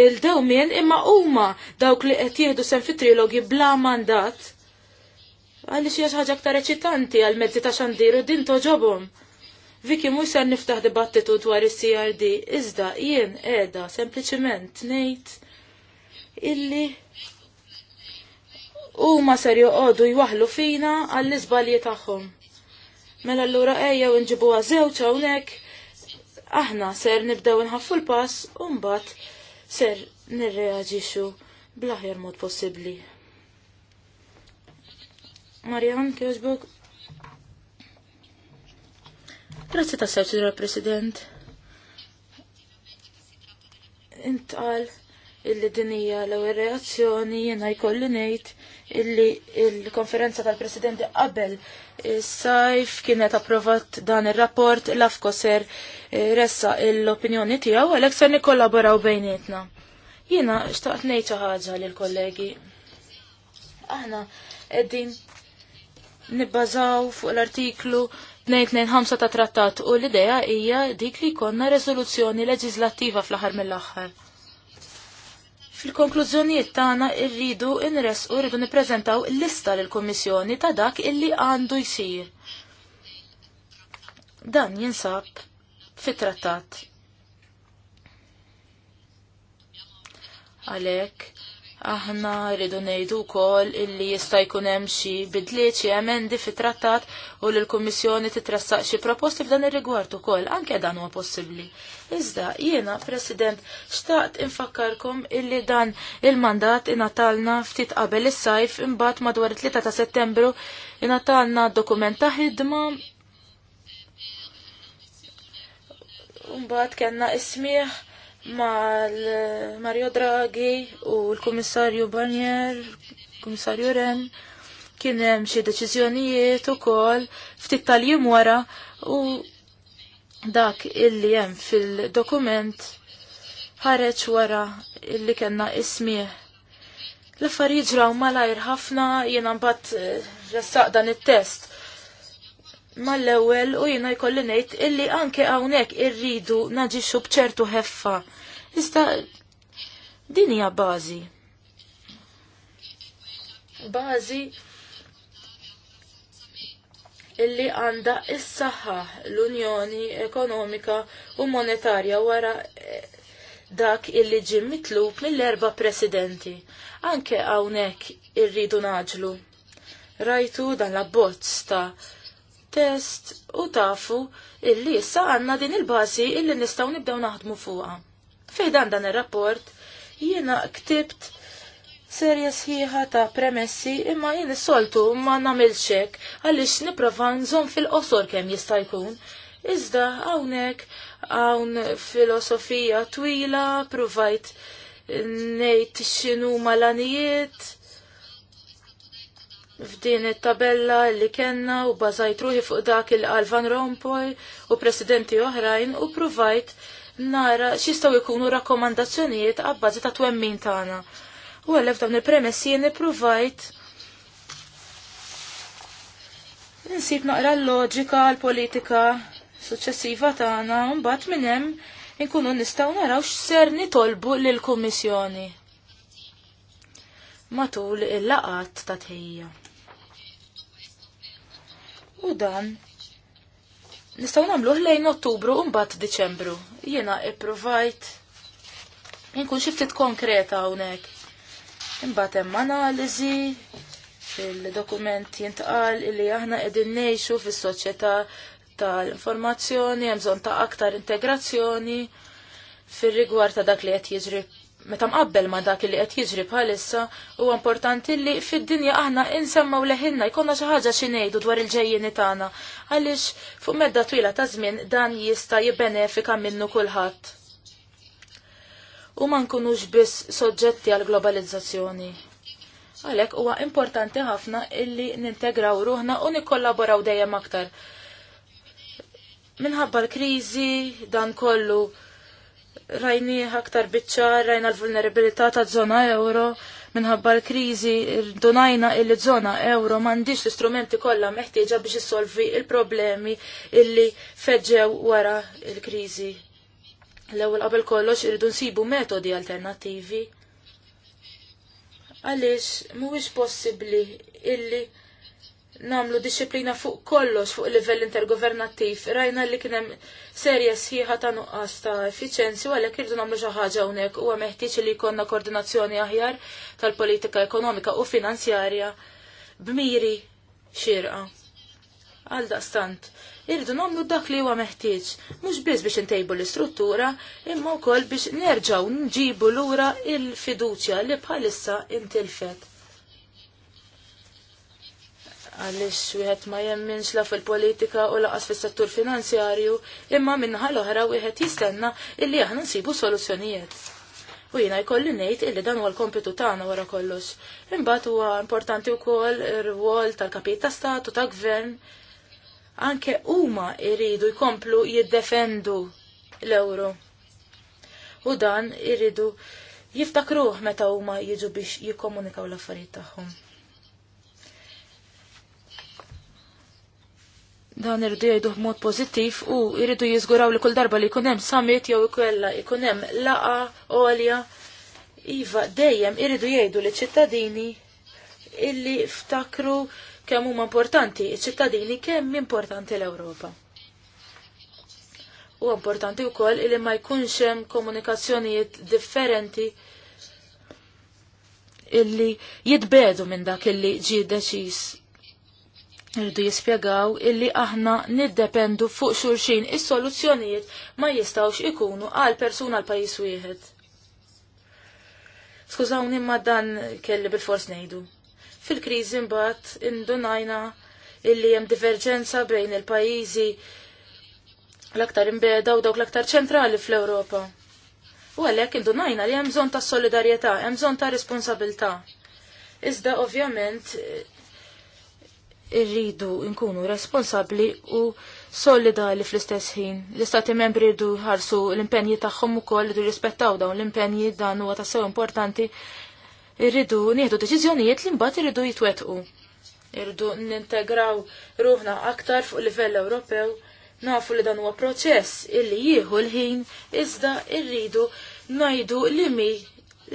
il-dewmien imma huma dawk li qed jieħdu sem fit trilogi bla mandat. Għaliex hija ħaġa aktar eċitanti għal mezzi ta' xandiru din toġobhom. Viki mhux ser niftaħ dibattitu dwar is-CRD, iżda jien qiegħda sempliċiment ngħid illi huma ser joqogħdu jwaħlu fina għall-iżbalji tagħhom Mela allura ejja u nġibu għazewċ hawnhekk aħna ser nibdaw nħaffu l-pass u mbagħad ser nirreaġixxu bl-aħjar mod possibbli. Marjan, kjoġbuk? Grazzi ta' sew, Signor President. Intqal illi dinija l-ewwel reazzjoni jiena jkolli ngħid illi l-konferenza tal-Presidenti qabel sajf kienet approvat dan il-rapport l ser eh, ressa l-opinjoni tijaw għalek ser nikollaboraw bejnietna. Jina xtaqt nejċa ħagġa l-kollegi. Aħna eddin nibbażaw fuq l-artiklu 225 ta' trattat u l-ideja hija dik li konna rezoluzzjoni leġislattiva fl-aħħar mill-aħħar. Fil-konklużjonijiet tagħna rridu inres u rridu nippreżentaw lista lill kummissjoni ta' dak illi għandu jsir. Dan jinsab fit-trattat. Għalhekk Aħna rridu ngħidu wkoll illi jista' jkun hemm xi bidliet xi emendi fit-trattat u l kummissjoni titressaq xi proposti f'dan ir-rigward ukoll anke dan huwa possibbli. Iżda jiena, President, xtaqt infakkarkom illi dan il-mandat inatalna ftit qabel is-sajf imbagħad madwar 3 ta' Settembru inatalna dokument ta' ħidma Umbat kena ismiħ mal-Mario Draghi u l kommissarju Barnier, l l-Kommissarju Ren, kien hemm xi deċiżjonijiet ukoll ftit tal jum wara u dak illi hemm fil-dokument ħareċ wara illi kellna ismih. L-affarijiet malajr ħafna jiena mbagħad eh, ressaq dan it-test mal-ewwel u jiena jkolli ngħid illi anke hawnhekk irridu naġixxu bċertu heffa. Ista din hija bażi. Bażi illi għanda is-saħħa l-Unjoni Ekonomika u Monetarja wara eh, dak illi ġim mitlub mill-erba presidenti. Anke hawnhekk irridu naġlu. Rajtu dan l-abbozz ta' test u tafu illi issa għanna din il-bazi illi nistaw nibdew naħdmu fuqa. Fiħdan dan il-rapport jiena ktibt serja sħiħa ta' premessi imma jien soltu ma namil hekk għaliex nipprova nżomm fil-qosor kemm jista' jkun. Iżda hawnhekk hawn filosofija twila provajt ngħid xinu malanijiet f'din it-tabella li kenna u bażajt ruħi fuq dak il-qal Van Rompuy u presidenti oħrajn u provajt nara x'istgħu jkunu rakkomandazzjonijiet għabbażi ta' twemmin tagħna. U għallef dawn il-premessi provajt Nsib naqra l-loġika, l-politika suċċessiva tagħna, mbagħad minn hemm inkunu nistgħu naraw x'ser nitolbu lill-Kummissjoni matul il-laqat ta' tħejja. U dan nistgħu namlu lejn Ottubru u mbagħad Diċembru. Jiena e inkun xi ftit konkreta hawnhekk. Imbagħad hemm analiżi fil-dokument jintqal illi aħna qegħdin ngħixu fis-soċjetà tal-informazzjoni, hemm bżonn ta' aktar integrazzjoni fir rigward ta' dak li qed jiġri meta mqabbel ma dak li qed jiġri bħalissa huwa importanti li fid-dinja aħna insemmaw leħinna jkollna xi ħaġa xi ngħidu dwar il-ġejjieni tagħna għaliex fuq medda twila ta' żmien dan jista' jibbenefika minnu kulħadd. U ma nkunux biss soġġetti għal globalizzazzjoni. Għalhekk huwa importanti ħafna illi nintegraw ruħna u nikkollaboraw dejjem aktar. Minħabba l-kriżi dan kollu rajni aktar bitċar, rajna l-vulnerabilità ta' zona euro, minħabba l-krizi, donajna il zona euro mandiġ l-istrumenti kollha meħtieġa biex issolvi il-problemi illi feġġew wara il-krizi. L-ewwel qabel kollox irridu nsibu metodi alternattivi. Għaliex mhuwiex possibbli illi namlu disciplina fuq kollox fuq livell intergovernattiv. Rajna li kienem serja sħiħa ta' nuqqas ta' efficienzi, u għalek irdu namlu ħaġa unek u għameħtiċ li konna koordinazzjoni aħjar tal-politika ekonomika u finanzjarja b'miri xirqa. Għalda stant, irdu namlu dak li huwa meħtieġ, mhux biss biex intejbu l-istruttura, imma wkoll biex nerġgħu nġibu lura il-fiduċja li bħalissa intilfet għalix wieħed ma jemminx la fil-politika u laqas fis-settur finanzjarju, imma minnaħa l-oħra wieħed jistenna illi aħna nsibu soluzzjonijiet. U jiena jkolli ngħid illi dan huwa l-kompitu tagħna wara kollox. Imbagħad huwa importanti wkoll ir-rwol tal-kapit ta' statu ta' gvern anke huma jridu jkomplu jiddefendu l-euro. U dan irridu jiftakruh meta huma jiġu biex jikkomunikaw l-affarijiet tagħhom. Dan irridu jgħidu b'mod pożittiv u jridu jiżguraw li kull darba li jkun hemm summit jew ikolla ikunem hemm laqa għolja. Iva, dejjem irridu jgħidu li ċittadini illi ftakru kemm huma importanti, iċ-ċittadini kemm importanti l-Ewropa. U importanti wkoll illi ma jkunx hemm komunikazzjonijiet differenti illi jitbedu minn dak illi ġie deċiż Irdu jispiegaw illi aħna niddependu fuq xulxin is-soluzzjonijiet ma jistawx ikunu għal persuna l pajis wieħed. Skużawni ma dan kelli bil-fors nejdu. Fil-kriżi mbagħad indunajna illi hemm diverġenza bejn il-pajjiżi l-aktar imbeda u dawk l-aktar ċentrali fl-Ewropa. U għalhekk indunajna li hemm bżonn ta' solidarjetà, hemm bżonn ta' responsabilità. Iżda ovvjament irridu nkunu responsabli u solidali fl-istess ħin. L-istati membri rridu ħarsu l-impenji tagħhom ukoll rridu rispettaw dawn l-impenji dan huwa tassew importanti. Irridu nieħdu deċiżjonijiet li mbagħad irridu jitwetqu. Irridu nintegraw ruħna aktar fuq livell Ewropew nafu li dan huwa proċess illi jieħu l-ħin iżda irridu ngħidu li mi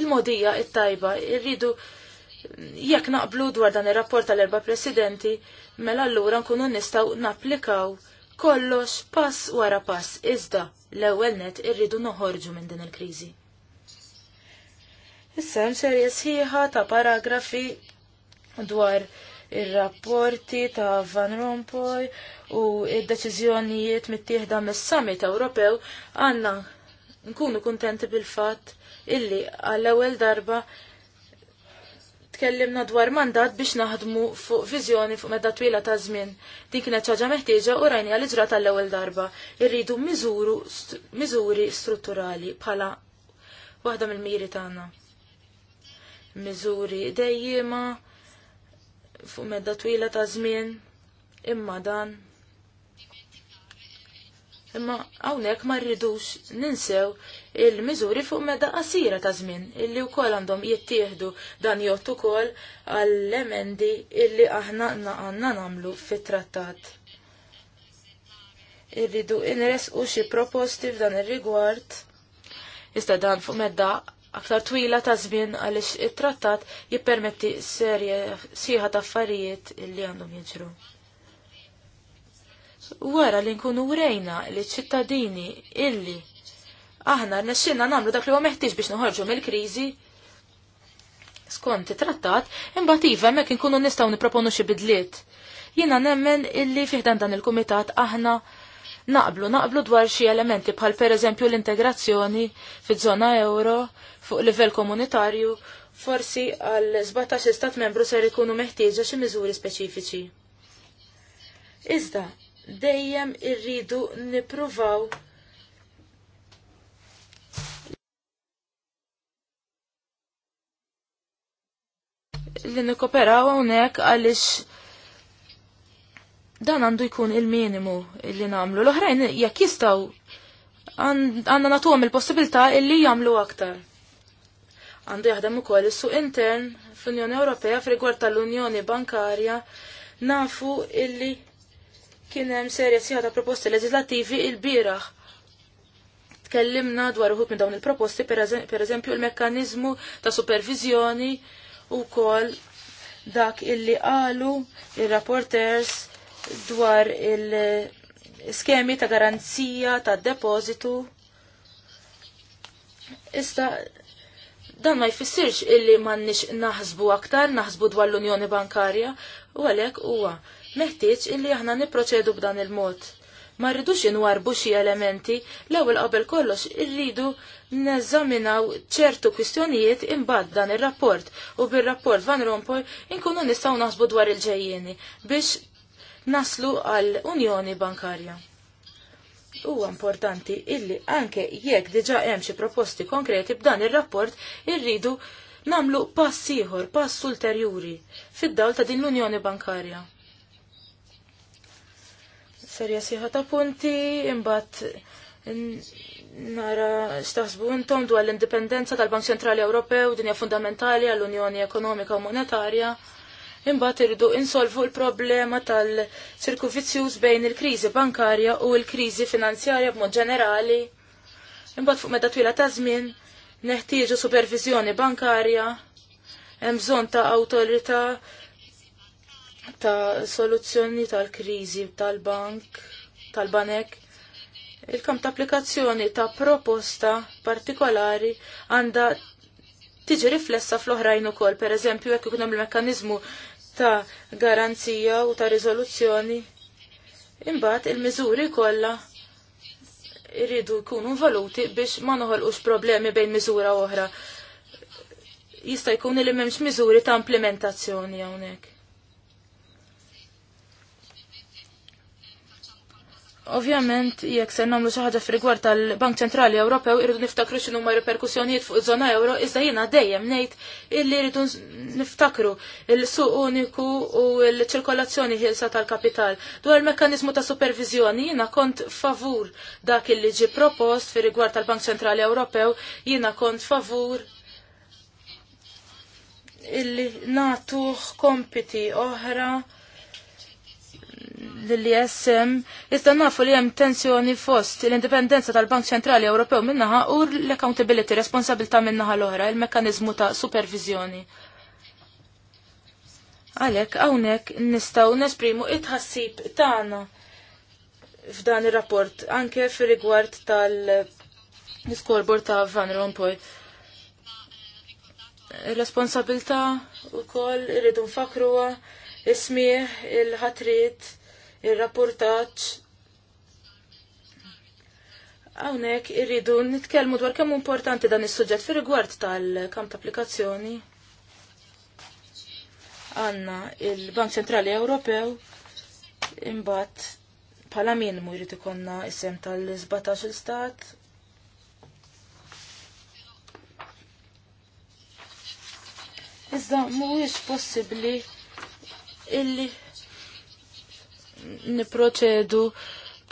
l-modija it-tajba, irridu jekk naqblu dwar dan ir-rapport tal-erba' presidenti, mela allura nkunu nistgħu napplikaw kollox pass wara pass iżda l-ewwel net irridu noħorġu minn din il-kriżi. Issa hemm serje sħiħa ta' paragrafi dwar ir-rapporti ta' Van Rompuy u id-deċiżjonijiet mittieħda mis-Summit Ewropew għandna nkunu kuntenti bil-fatt illi għall-ewwel darba tkellimna dwar mandat biex naħdmu fuq viżjoni fuq medda twila ta' żmien. Din kienet ċaġa meħtieġa u rajni għal ġra tal-ewwel darba. Irridu miżuri strutturali bħala waħda mill-miri tagħna. Miżuri dejjima fuq medda twila ta' żmien imma dan imma hawnhekk ma rridux ninsew il-miżuri fuq meda qasira ta' żmien illi wkoll għandhom jittieħdu dan jgħod ukoll għall-emendi illi aħna għandna nagħmlu fit-trattat. Irridu inres u xi proposti f'dan ir-rigward. Iżda dan fuq medda aktar twila ta' żmien għaliex it-trattat jippermetti serje sieħa ta' affarijiet illi għandhom jiġru wara li nkunu urejna li ċittadini illi aħna rnexxinna nagħmlu dak li huwa meħtieġ biex noħorġu mill-kriżi skont it-trattat, imbagħad iva hemmhekk inkunu nistgħu nipproponu xi bidliet. Jiena nemmen illi fiħdan dan il-kumitat aħna naqblu naqblu dwar xi elementi bħal pereżempju l-integrazzjoni fiż-żona euro fuq livell komunitarju, forsi għal 17 stat membru ser ikunu meħtieġa xi miżuri speċifiċi. Iżda, dejjem irridu nipruvaw li nikoperaw hawnhekk għaliex dan għandu jkun il-minimu li namlu. L-oħrajn jekk jistgħu għandna nagħtuhom il-possibilità illi jagħmlu aktar. Għandu jaħdem ukoll is-suq intern fl-Unjoni Ewropea f'rigward tal-Unjoni Bankarja nafu illi Kien hemm serja sieħa ta' proposti leġislattivi il-bieraħ. Tkellimna dwar uħud minn dawn il-proposti, per eżempju il-mekkaniżmu ta' supervizjoni u kol dak illi qalu il-rapporters dwar il-skemi ta' garanzija ta' depozitu. Ista' dan ma jfissirx illi mannix naħsbu aktar, naħsbu dwar l-Unjoni Bankarja, u għalek huwa meħtieġ illi aħna nipproċedu b'dan il-mod. Ma rridux inwarbu xi elementi l-ewwel qabel kollox irridu neżaminaw ċertu kwistjonijiet imbagħad dan ir-rapport u bir-rapport Van Rompuy inkunu nistgħu naħsbu dwar il-ġejjieni biex naslu għal Unjoni Bankarja. Huwa importanti illi anke jekk diġà hemm xi proposti konkreti b'dan ir-rapport irridu namlu pass ieħor, pass ulterjuri fid-dawl ta' din l-Unjoni Bankarja serja sieħa ta' punti, imbagħad nara x'taħsbu intom dwar l-indipendenza tal-Bank Centrali Ewropew dinja fundamentali għall-Unjoni Ekonomika u Monetarja. Imbagħad irridu insolvu l-problema tal-sirku vizzjuż bejn il-kriżi bankarja u l-kriżi finanzjarja b'mod ġenerali. Imbagħad fuq meta twila ta' żmien neħtieġu supervizjoni bankarja, hemm bżonn ta' awtorità ta' soluzzjoni tal-krizi tal-bank, tal-banek. Il-kamp ta' applikazzjoni ta' proposta partikolari għanda tiġi riflessa fl-oħrajn ukoll, per eżempju, jekk ikun hemm il-mekkaniżmu ta' garanzija u ta' riżoluzzjoni. Imbagħad il-miżuri kollha jridu jkunu valuti biex ma noħolqux problemi bejn miżura oħra. Jista' jkun li m'hemmx miżuri ta' implementazzjoni hawnhekk. Ovvjament, jekk se nagħmlu xi ħaġa f'rigward tal-Bank Ċentrali Ewropew irridu niftakru xinu ma reperkussjonijiet fuq zona żona euro, iżda jiena dejjem ngħid illi irridu niftakru il-suq uniku u l-ċirkolazzjoni ħilsa tal-kapital. Dwar il-mekkaniżmu ta' supervizjoni jiena kont favur dak illi ġi propost fir tal-Bank Centrali Ewropew, jiena kont favur illi natuħ kompiti oħra lill ism iżda nafu li hemm tensjoni fost l-indipendenza tal-Bank Ċentrali Ewropew minnaħa u l-accountability, responsabilta minnaħa l-oħra, il mekanizmu ta' supervizjoni. Għalek, għawnek nistaw nesprimu itħassib ħassib tagħna f'dan ir-rapport, anke fir-rigward tal-scoreboard ta' Van Rompuy responsabilta u kol irridu nfakruwa ismiħ, il-ħatrit, il-rapportaċ. Hawnhekk irridu nitkellmu dwar kemm importanti dan is-suġġett fir-rigward tal-kamp ta' applikazzjoni. Għanna il-Bank Centrali Ewropew imbagħad bħala min mu jrid konna isem tal-17 il-stat Iżda mhuwiex possibbli illi niproċedu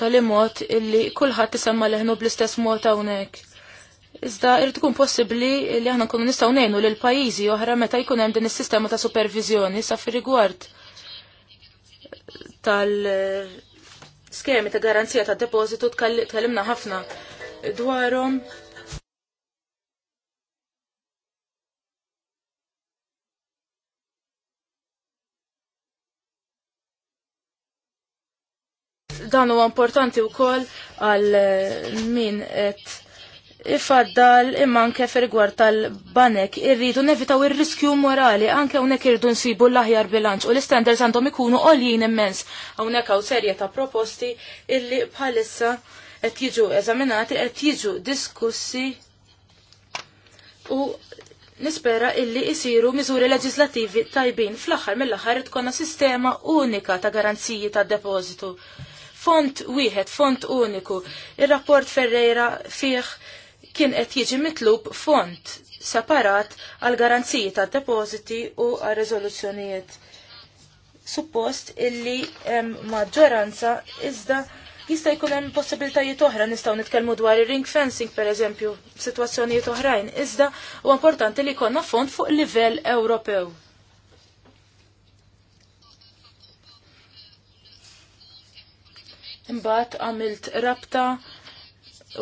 tal-imot illi kullħat tisemma leħnu bl-istess mod hawnhekk. Iżda irrid ikun possibbli li aħna nkunu nistgħu ngħinu lil pajjiżi oħra meta jkun hemm din is-sistema ta' supervizjoni sa fi rigward tal-skemi ta' garanzija ta' depożitu tkellimna ħafna dwarhom dan huwa importanti wkoll għal eh, min qed ifaddal imma anke fil tal-banek irridu nevitaw ir-riskju morali anke hawnhekk irridu nsibu l-aħjar bilanċ u l-istenders għandhom ikunu għoljin immens hawnhekk hawn serje ta' proposti illi bħalissa qed jiġu eżaminati qed jiġu diskussi u nispera illi isiru miżuri leġislativi tajbin fl-aħħar mill-aħħar tkollna sistema unika ta' garanziji tad depożitu font wieħed, font uniku. Ir-rapport Ferreira fih kien qed jiġi mitlub font separat għal garanziji tad depositi u għal rezoluzzjonijiet. Suppost illi hemm maġġoranza iżda jista' jkun hemm possibiltajiet oħra nistgħu nitkellmu dwar ir-ring fencing pereżempju, f'sitwazzjonijiet oħrajn, iżda huwa importanti li jkollna fond fuq livell Ewropew. Imbagħad għamilt rabta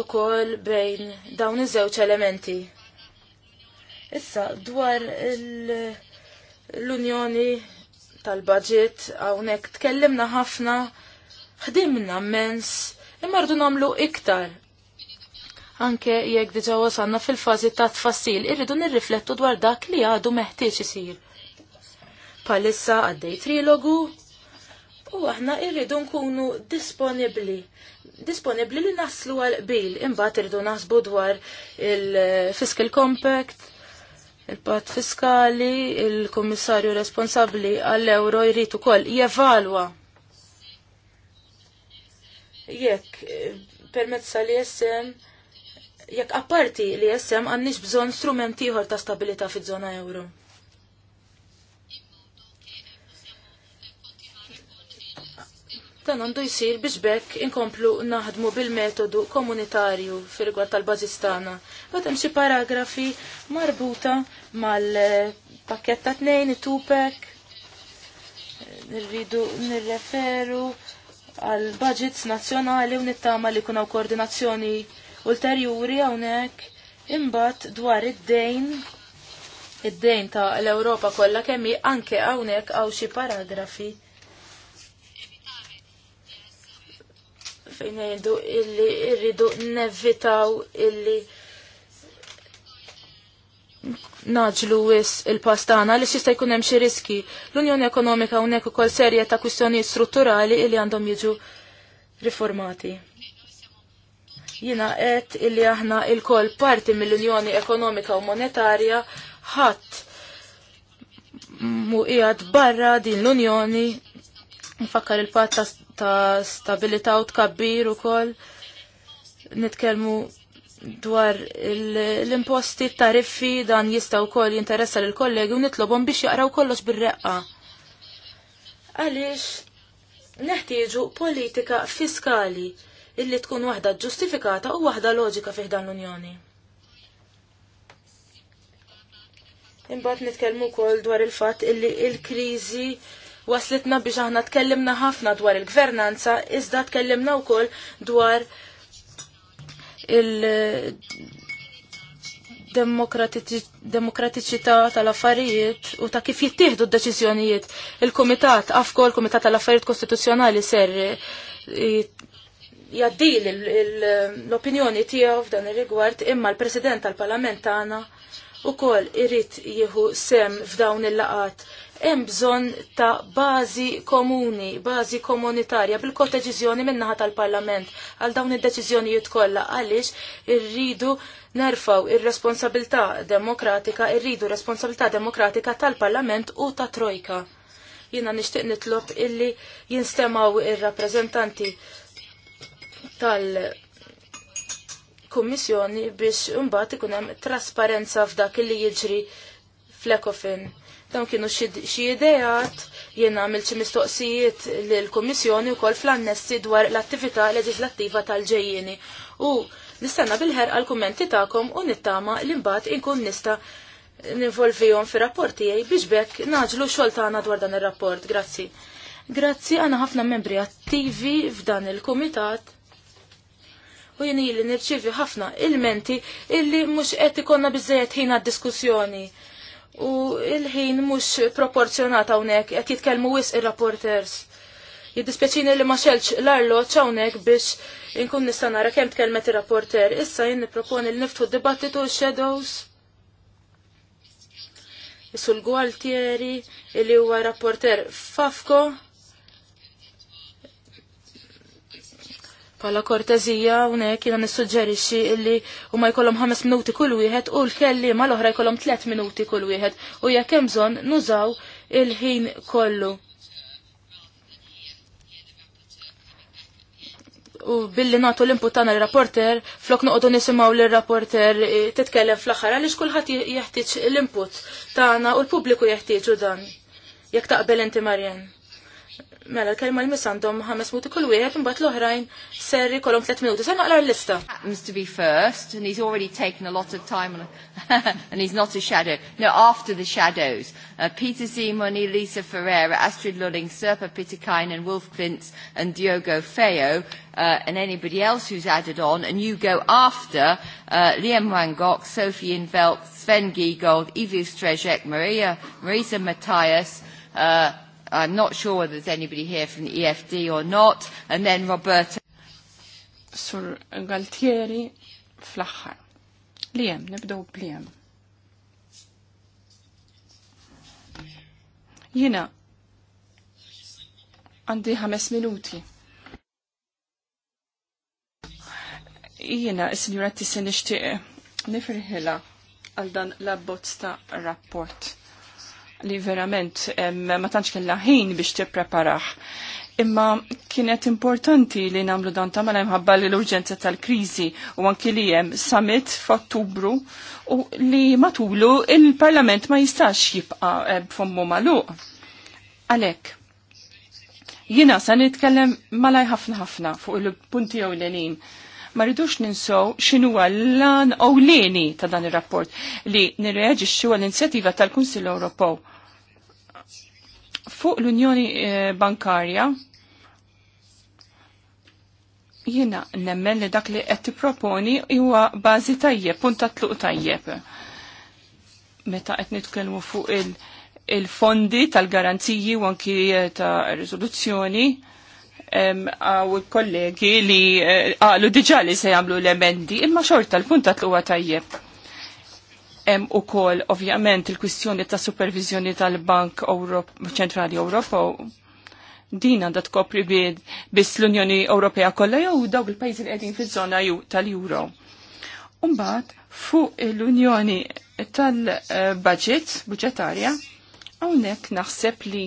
ukoll bejn dawn iż-żewġ elementi. Issa dwar l-Unjoni tal-Budget hawnhekk tkellimna ħafna, ħdimna mens, imma rdu nagħmlu iktar anke jekk diġa wasanna fil-fazi ta' tfassil, irridu nirriflettu dwar dak li għadu meħtieġ isir. Palissa għaddej trilogu U aħna irridu nkunu disponibli. Disponibli li naslu għal bil, imbagħad irridu nasbu dwar il-Fiscal Compact, il-Pat Fiskali, il-Kummissarju Responsabbli għall-Euro jrid ukoll jevalwa jekk permezz li jessem jekk apparti li jessem għannix bżonn strumenti ieħor ta' stabilita fiż-żona euro. Dan għandu jisir biex bekk inkomplu naħdmu bil-metodu komunitarju fil-rigward tal-Bazistana. Għatem xi paragrafi marbuta mal-pakketta tnejn, it-tupek, nirridu nirreferu għal budgets nazzjonali u nittama li kunaw koordinazzjoni ulterjuri hawnhekk imbagħad dwar id-dejn id-dejn ta' l-Ewropa kollha kemm anke hawnhekk hawn xi paragrafi fejn illi rridu nevitaw illi naġlu wis il-pastana li xista jkun hemm xi riski. L-Unjoni Ekonomika hawnhekk ukoll serje ta' kwistjonijiet strutturali illi għandhom jiġu riformati. Jina qed illi aħna l koll parti mill-Unjoni Ekonomika u Monetarja ħadd mu qiegħed barra din l-Unjoni nfakkar il-patt ta' stabilità u tkabbir ukoll. Nitkellmu dwar l-imposti tariffi dan jista' wkoll jinteressa lill kollegi u nitlobhom biex jaqraw kollox bir-reqqa. Għaliex neħtieġu politika fiskali illi tkun waħda ġustifikata u waħda loġika fiħdan l-Unjoni. Imbagħad nitkellmu wkoll dwar il-fatt illi il-kriżi waslitna biex aħna tkellimna ħafna dwar il-gvernanza, iżda tkellimna wkoll dwar il-demokratiċità tal-affarijiet u ta' kif jittieħdu d-deċiżjonijiet. Il-Kumitat, afkol Kumitat tal-Affarijiet Kostituzzjonali ser jaddil l-opinjoni tiegħu f'dan ir-rigward imma l-President tal-Parlament tagħna u kol irrit sem f'dawn il-laqat hemm bżonn ta' bażi komuni, bażi komunitarja bil-kodeċiżjoni min-naħa tal-Parlament għal dawn id-deċiżjonijiet kollha għaliex irridu nerfaw ir-responsabilità demokratika, irridu responsabilità demokratika tal-Parlament u ta' Trojka. Jiena nixtieq nitlob illi jinstemaw ir-rappreżentanti tal- kummissjoni biex imbagħad ikun hemm trasparenza f'dak li jiġri fl-ECOFIN Dawn kienu xi ideat jien għamil xi mistoqsijiet lill-Kummissjoni wkoll fl-annessi dwar l-attività leġislattiva tal-ġejjieni. U nistenna bil-ħerqa l-kummenti tagħkom u nittama li mbagħad inkun nista' ninvolvihom fir-rapport tiegħi biex bekk naġlu xogħol tagħna dwar dan ir-rapport. Grazzi. Grazzi għana ħafna membri attivi f'dan il-kumitat u jien li nirċivi ħafna ilmenti illi mhux qed ikonna biżejjed ħina għad-diskussjoni u il-ħin mhux proporzjonat hawnhekk qed jitkellmu wisq ir-rapporters. Jiddispjaċini li ma xelx l-arloġġ hawnhekk biex inkun nista' nara kemm tkellmet ir-rapporter. Issa jien nipproponi li niftu d-dibattitu shadows. Isul l il li huwa rapporter Fafko Pala kortezija unek jina nissuġġerixi illi u ma jkollhom ħames minuti kull wieħed u l-kelli ma l-oħra jkollhom tliet minuti kull wieħed u jekk hemm bżonn nużaw il-ħin kollu. U billi nagħtu l-input tagħna l-rapporter, flok noqogħdu nisimgħu lir-rapporter eh, titkellem fl-aħħar għaliex kulħadd jeħtieġ l-input tagħna u l-pubbliku jeħtieġu dan. Jekk taqbel inti Marjan. Mela, l-kelma l-miss ħames minuti kull wieħed imbagħad l-oħrajn serri ikollhom tliet minuti. Sa naqra l-lista. Happens to be first and he's already taken a lot of time and he's not a shadow. No, after the shadows. Uh, Peter Zimoni, Lisa Ferreira, Astrid Lulling, Serpa Pitikainen, Wolf Klintz and Diogo Feo uh, and anybody else who's added on and you go after uh, Liam Wangok, Sophie Invelt, Sven Giegold, Ivy Strejek, Maria, Marisa Matthias, uh, I'm not sure whether there's anybody here from the EFD or not. And then Roberta. Sur Galtieri fl Liam, Lijem, Liam. Jina, għandi ħames minuti. Jina, s-signora tisen nishtiq nifrihila għal dan l-abbozz ta' rapport li verament ma tantx kellha ħin biex tippreparaħ. Imma kienet importanti li namlu dan ta' mela ħabba li l-urġenza tal-kriżi u anki li hemm summit f'Ottubru u li matulu il-Parlament ma jistax jibqa' b'fommu eh, magħluq. Għalhekk. Jiena se nitkellem malaj ħafna ħafna fuq il-punti ewlenin ma rridux ninsow u l-leni ta' dan ir-rapport li nirreġixxu għall inzjativa tal-Kunsill Ewropew fuq l-Unjoni eh, Bankarja jiena nemmen li dak li qed tipproponi huwa bażi tajjeb, punta tluq tajjeb. Meta qed nitkellmu fuq il-fondi il tal garanziji u anki ta' Rizoluzzjoni għaw kollegi li eh, għalu diġa li se jamlu l-emendi, imma xorta l-puntat l-huwa tajjeb. u kol, ovvjament, il-kwistjoni ta' supervizjoni tal-Bank Ċentrali Ewropew din għandha tkopri biss l-Unjoni Ewropea kollha jew dawk il-pajjiżi li qegħdin fiż-żona tal-Euro. Umbagħad fuq l-Unjoni tal-Budget, eh, budgetarja hawnhekk naħseb li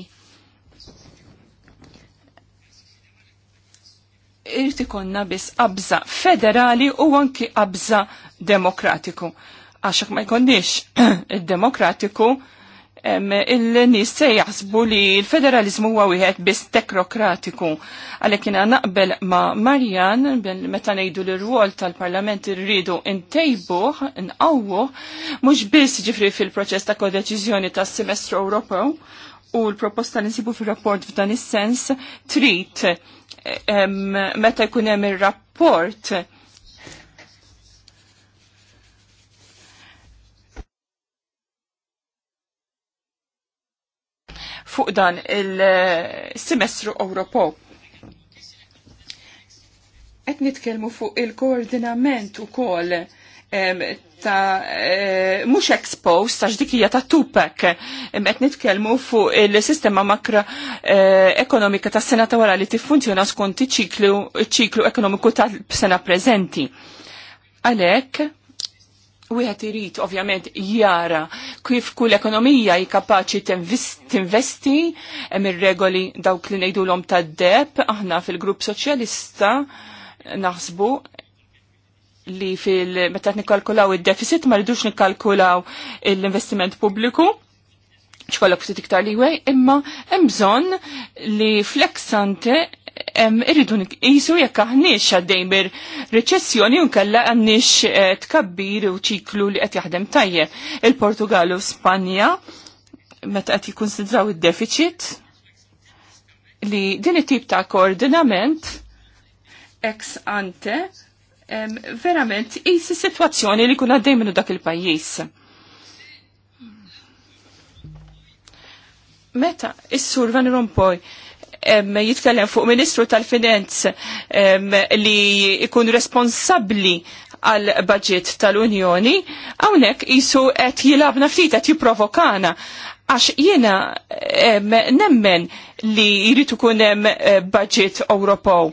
irrid ikonna biss qabża federali u anki qabża demokratiku. Għaxek ma jkondix id-demokratiku il-nis se jaħsbu li l-federalizmu huwa wieħed biss tekrokratiku. Għalhekk jiena naqbel ma' Marjan meta ngħidu l rwol tal-Parlament irridu ntejbuh, nqawwuh, mhux biss ġifri fil-proċess ta' kodeċiżjoni tas-Semestru Ewropew u l-proposta li nsibu fil-rapport f'dan is-sens trid meta jkun hemm ir-rapport fuq dan il-semestru Ewropew. Qed nitkellmu fuq il-koordinament ukoll ta' eh, mux exposed ta' ġdikija ta' tupek qed nitkellmu fuq il-sistema makra eh, ekonomika ta' sena ta' wara li tiffunzjona skont ċiklu ekonomiku ta' sena preżenti. Għalhekk wieħed irid ovvjament jara kif kull ekonomija hi kapaċi tinvesti hemm regoli dawk li ngħidulhom tad-deb aħna fil-grupp soċjalista naħsbu li fil meta nikkalkulaw id-deficit ma rridux nikkalkulaw l-investiment pubbliku ċkollok ftit iktar li għaj, imma hemm bżonn li flexante irridu nqisu jekk aħniex għaddejn bir reċessjoni u nkella għandniex eh, tkabbir u ċiklu li qed jaħdem tajjeb. Il-Portugal u Spanja meta qed jikkunsidraw id-deficit li din it-tip ta' koordinament ex ante verament jisi situazzjoni li kuna dejjem minnu dak il-pajjiż. Meta is-sur Van rompoj, jitkellem fuq Ministru tal-Finanz li ikun responsabbli għal budget tal-Unjoni, hawnhekk isu qed jilabna ftit qed jipprovokana għax jiena nemmen li jrid ikun hemm budget Ewropew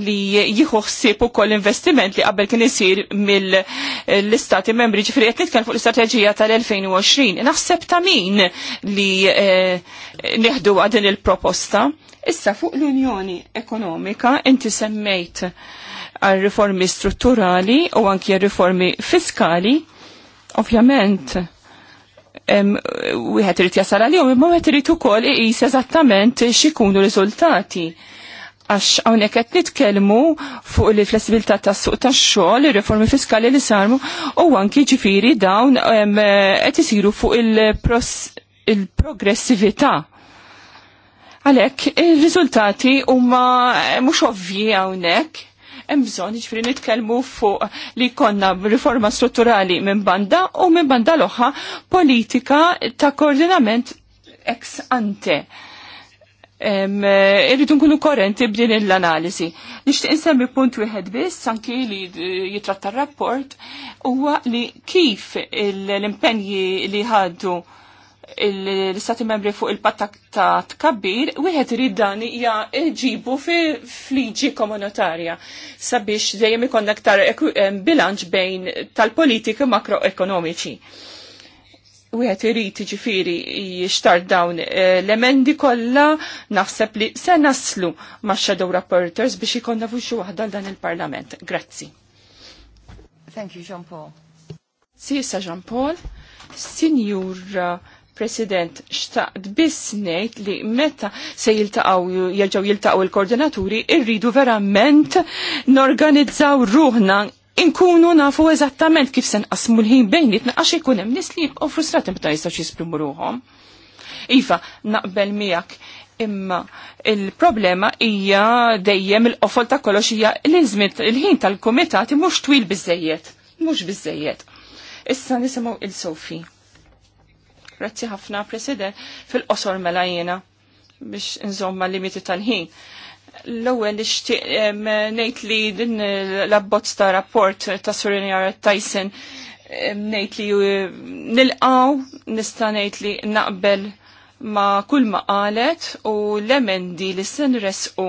li jieħu ħsieb ukoll investiment li qabel kien isir mill-istati membri ġifri qed nitkellem fuq l-istrateġija tal-2020. Naħseb ta' min li eh, neħdu għadin din il-proposta. Issa fuq l-Unjoni Ekonomika inti semmejt għal riformi strutturali u anki għal riformi fiskali, ovvjament wieħed irid jasal għalihom, imma wieħed irid ukoll iqis eżattament x'ikunu riżultati għax għonek qed nitkellmu fuq li flessibilità tas suq tax-xogħol, ir-reformi fiskali li sarmu u anki ġifiri dawn qed isiru fuq il-progressività. Il Għalhekk ir-riżultati huma mhux ovvji hawnhekk hemm bżonn jiġifieri nitkellmu fuq li konna riforma strutturali minn banda u minn banda l-oħra politika ta' koordinament ex ante Eh, irridu nkunu korrenti b'din l-analisi. Nixtieq insemmi punt wieħed biss anki li eh, jitratta r-rapport huwa li kif l-impenji li ħaddu l-istati membri fuq il-pattak ta' tkabbir, wieħed irid dan hija ġibu fliġi komunitarja sabiex dejjem ikonna aktar bilanċ bejn tal-politiki makroekonomiċi u għet irrit ġifiri jishtar dawn eh, l-emendi kolla naħseb li se naslu ma' Shadow Rapporters biex ikonna vuxu waħda dan il-parlament. Grazzi. Thank you, Jean-Paul. Sisa Jean-Paul, Signor President, xtaqt biss ngħid li meta se jiltaqgħu jerġgħu jiltaqgħu il-koordinaturi irridu verament norganizzaw ruħna inkunu nafu eżattament kif se nqasmu l-ħin bejnietna għax ikun hemm nies li jibqgħu frustrati meta jistgħux jisprimu ruhom. Iva, naqbel miegħek imma il-problema hija dejjem il-qofol ta' kollox hija l il-ħin tal-kumitati mhux twil biżejjed, mhux biżejjed. Issa nisimgħu il-Sofi. Grazzi ħafna, President, fil-qosor mela jiena biex nżomma limiti tal-ħin. L-ewwel nixtieq ngħid li din l-abbozz ta' rapport ta' Surinjar Tyson ngħid li nilqaw nista' ngħid li naqbel ma' kull ma qalet u l-emendi li se nresqu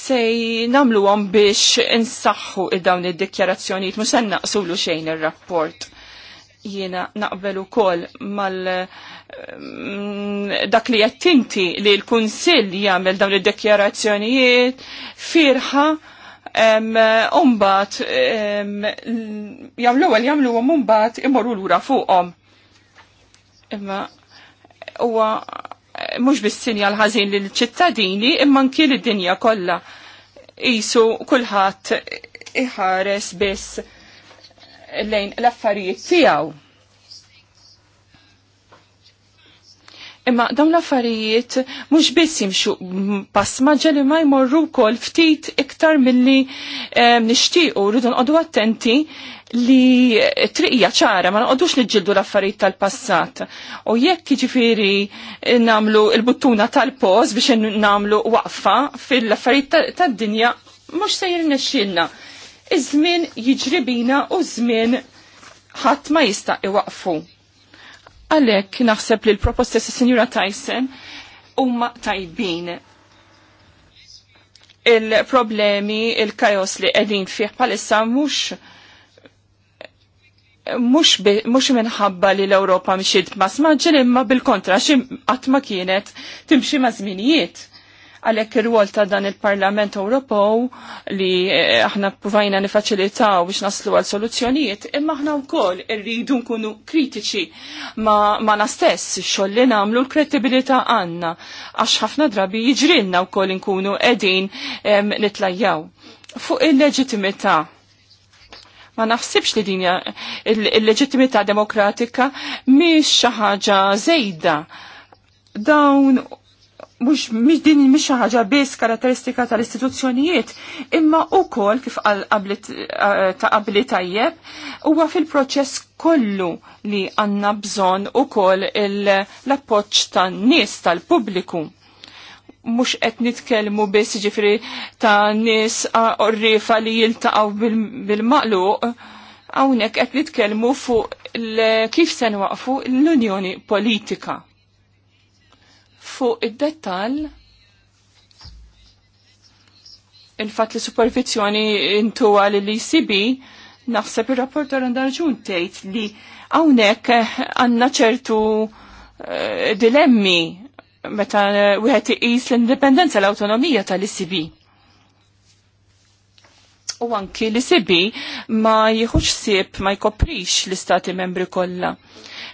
sej nagħmluhom biex insaħħu id-dawn id dikjarazzjonijiet mhux se' naqsulu xejn ir rapport jiena naqbel ukoll mal mm, dak li jattinti li l-Kunsill jagħmel dawn id-dekjarazzjonijiet firħa umbat jagħmluhom jagħmluhom umbat imorru lura fuqhom. Imma huwa mhux bis-sinjal ħażin lill-ċittadini imma anki lid-dinja kollha. Isu kulħadd iħares biss lejn l-affarijiet tiegħu. Imma dawn l-affarijiet mhux biss jimxu pass ġeli ma jmorru wkoll ftit iktar milli eh, nixtiequ rridu nqogħdu attenti li triqija ċara ma nqogħdux niġġieldu l-affarijiet tal-passat. U jekk jiġifieri namlu l-buttuna tal poz biex namlu waqfa fil-affarijiet tad-dinja mhux se jirnexxielna iż-żmien jiġri bina u żmien ħadd ma jista' iwaqfu. Għalhekk naħseb li l-proposta sa' Sinjura Tyson huma tajbin il-problemi, il-kajos li qegħdin fih bħalissa mhux mux, mux minħabba li l-Europa mxid ma smaġġel imma bil-kontra xim għatma kienet timxi ma zminijiet. Għalhekk ir-rwol ta' dan il-Parlament Ewropew li eh, aħna provajna nifaċilitaw biex naslu għal soluzzjonijiet, imma aħna wkoll irridu nkunu kritiċi ma, ma na stess xogħol nagħmlu l-kredibilità għandna għax ħafna drabi jiġrilna wkoll nkunu qegħdin nitlajjaw. Fuq il-leġitimità ma naħsibx li dinja il-leġittimità demokratika miex xi ħaġa żejda. Dawn mux mux din mux ħaġa biss karatteristika tal-istituzzjonijiet, imma u kol kif eh, ta' qabli tajjeb, huwa fil-proċess kollu li għanna bżon u kol l-appoċ tan nis tal-publiku. Mux qed nitkellmu biss ġifri ta' nis orrifa li jiltaqaw bil-maqluq, hawnhekk qed nitkellmu fuq kif se nwaqfu l-Unjoni Politika Fuq id-dettal il-fat li supervizjoni intu għal l-ECB naħseb il-rapportor għandarġun tgħid li hawnhekk għandna ċertu eh, dilemmi meta wieħed iqis l-indipendenza l-awtonomija tal-ECB u anki li sibi ma jieħux sib ma jkoprix l-istati membri kollha.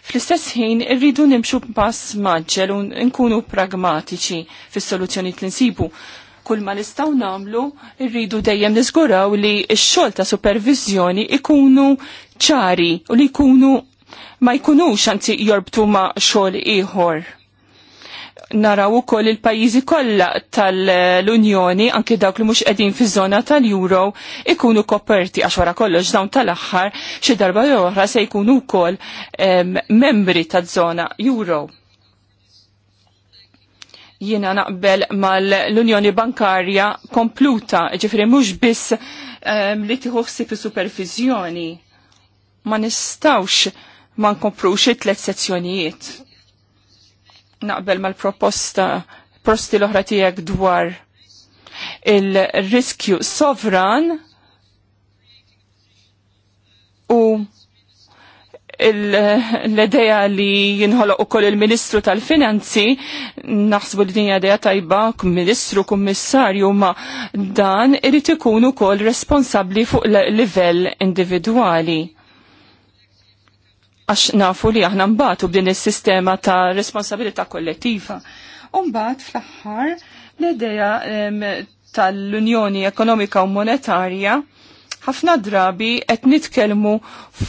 Fl-istess ħin irridu nimxu pass maġġel u nkunu pragmatiċi fis-soluzzjoni li nsibu. Kull ma nistaw nagħmlu rridu dejjem niżguraw li x-xogħol ta' supervizjoni ikunu ċari u li ikunu ma jkunux anzi jorbtu ma' xogħol ieħor naraw ukoll il-pajjiżi kollha tal-Unjoni anke dawk li mhux qegħdin fiż-żona tal-Euro ikunu koperti għax wara kollox dawn tal-aħħar xi darba oħra se jkunu wkoll membri taż-żona Euro. Jiena naqbel mal-Unjoni Bankarja kompluta, ġifri mhux biss li fi supervizjoni ma nistawx ma nkomprux it-tlet sezzjonijiet naqbel mal-proposta prosti l-oħra tijek dwar il-riskju sovran u l-ideja li jinħoloq u koll il-Ministru tal-Finanzi, naħsbu li dinja ideja tajba, Ministru, Kummissarju, ma dan irrit ikunu koll responsabli fuq livell individuali għax nafu li aħna mbatu b'din is-sistema ta' responsabilità kollettiva. mbagħad fl-aħħar l-idea tal-Unjoni Ekonomika u Monetarja ħafna drabi qed nitkellmu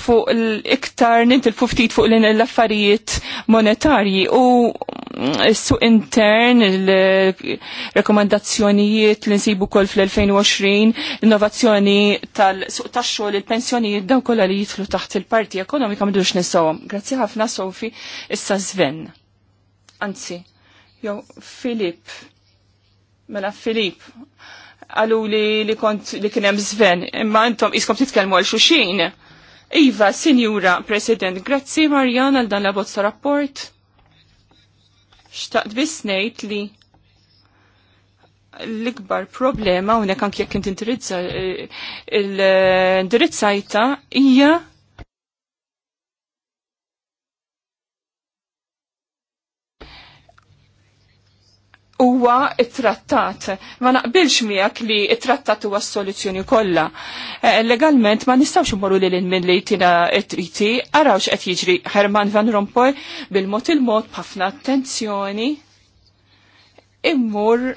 fuq l-iktar nintilfu ftit fuq l-affarijiet monetarji u Is-suq intern, il-rekomandazzjonijiet li nsibu kol fl-2020, innovazzjoni tal-suq tax-xogħol il-pensjonijiet dawn kollha li jidħlu taħt il-parti ekonomika m'dux nisawhom. Grazzi ħafna Sofi issa Sven. Anzi, jew Filip. Mela Filip għalu li li kont li kienem Sven, imma intom iskom titkelmu għal xuxin. Iva, Sinjura President, grazzi Marjan għal dan la bozza rapport Xtaqt biss ngħid li l-ikbar problema unek anki jekk inti eh, eh, indirizzajta hija huwa it-trattat. Ma naqbilx miegħek li it-trattat huwa s-soluzzjoni kollha. Eh, legalment ma nistgħux imorru lil min li jtina t-triti, arawx qed jiġri Herman Van Rompuy bil-mod il-mod b'ħafna attenzjoni immur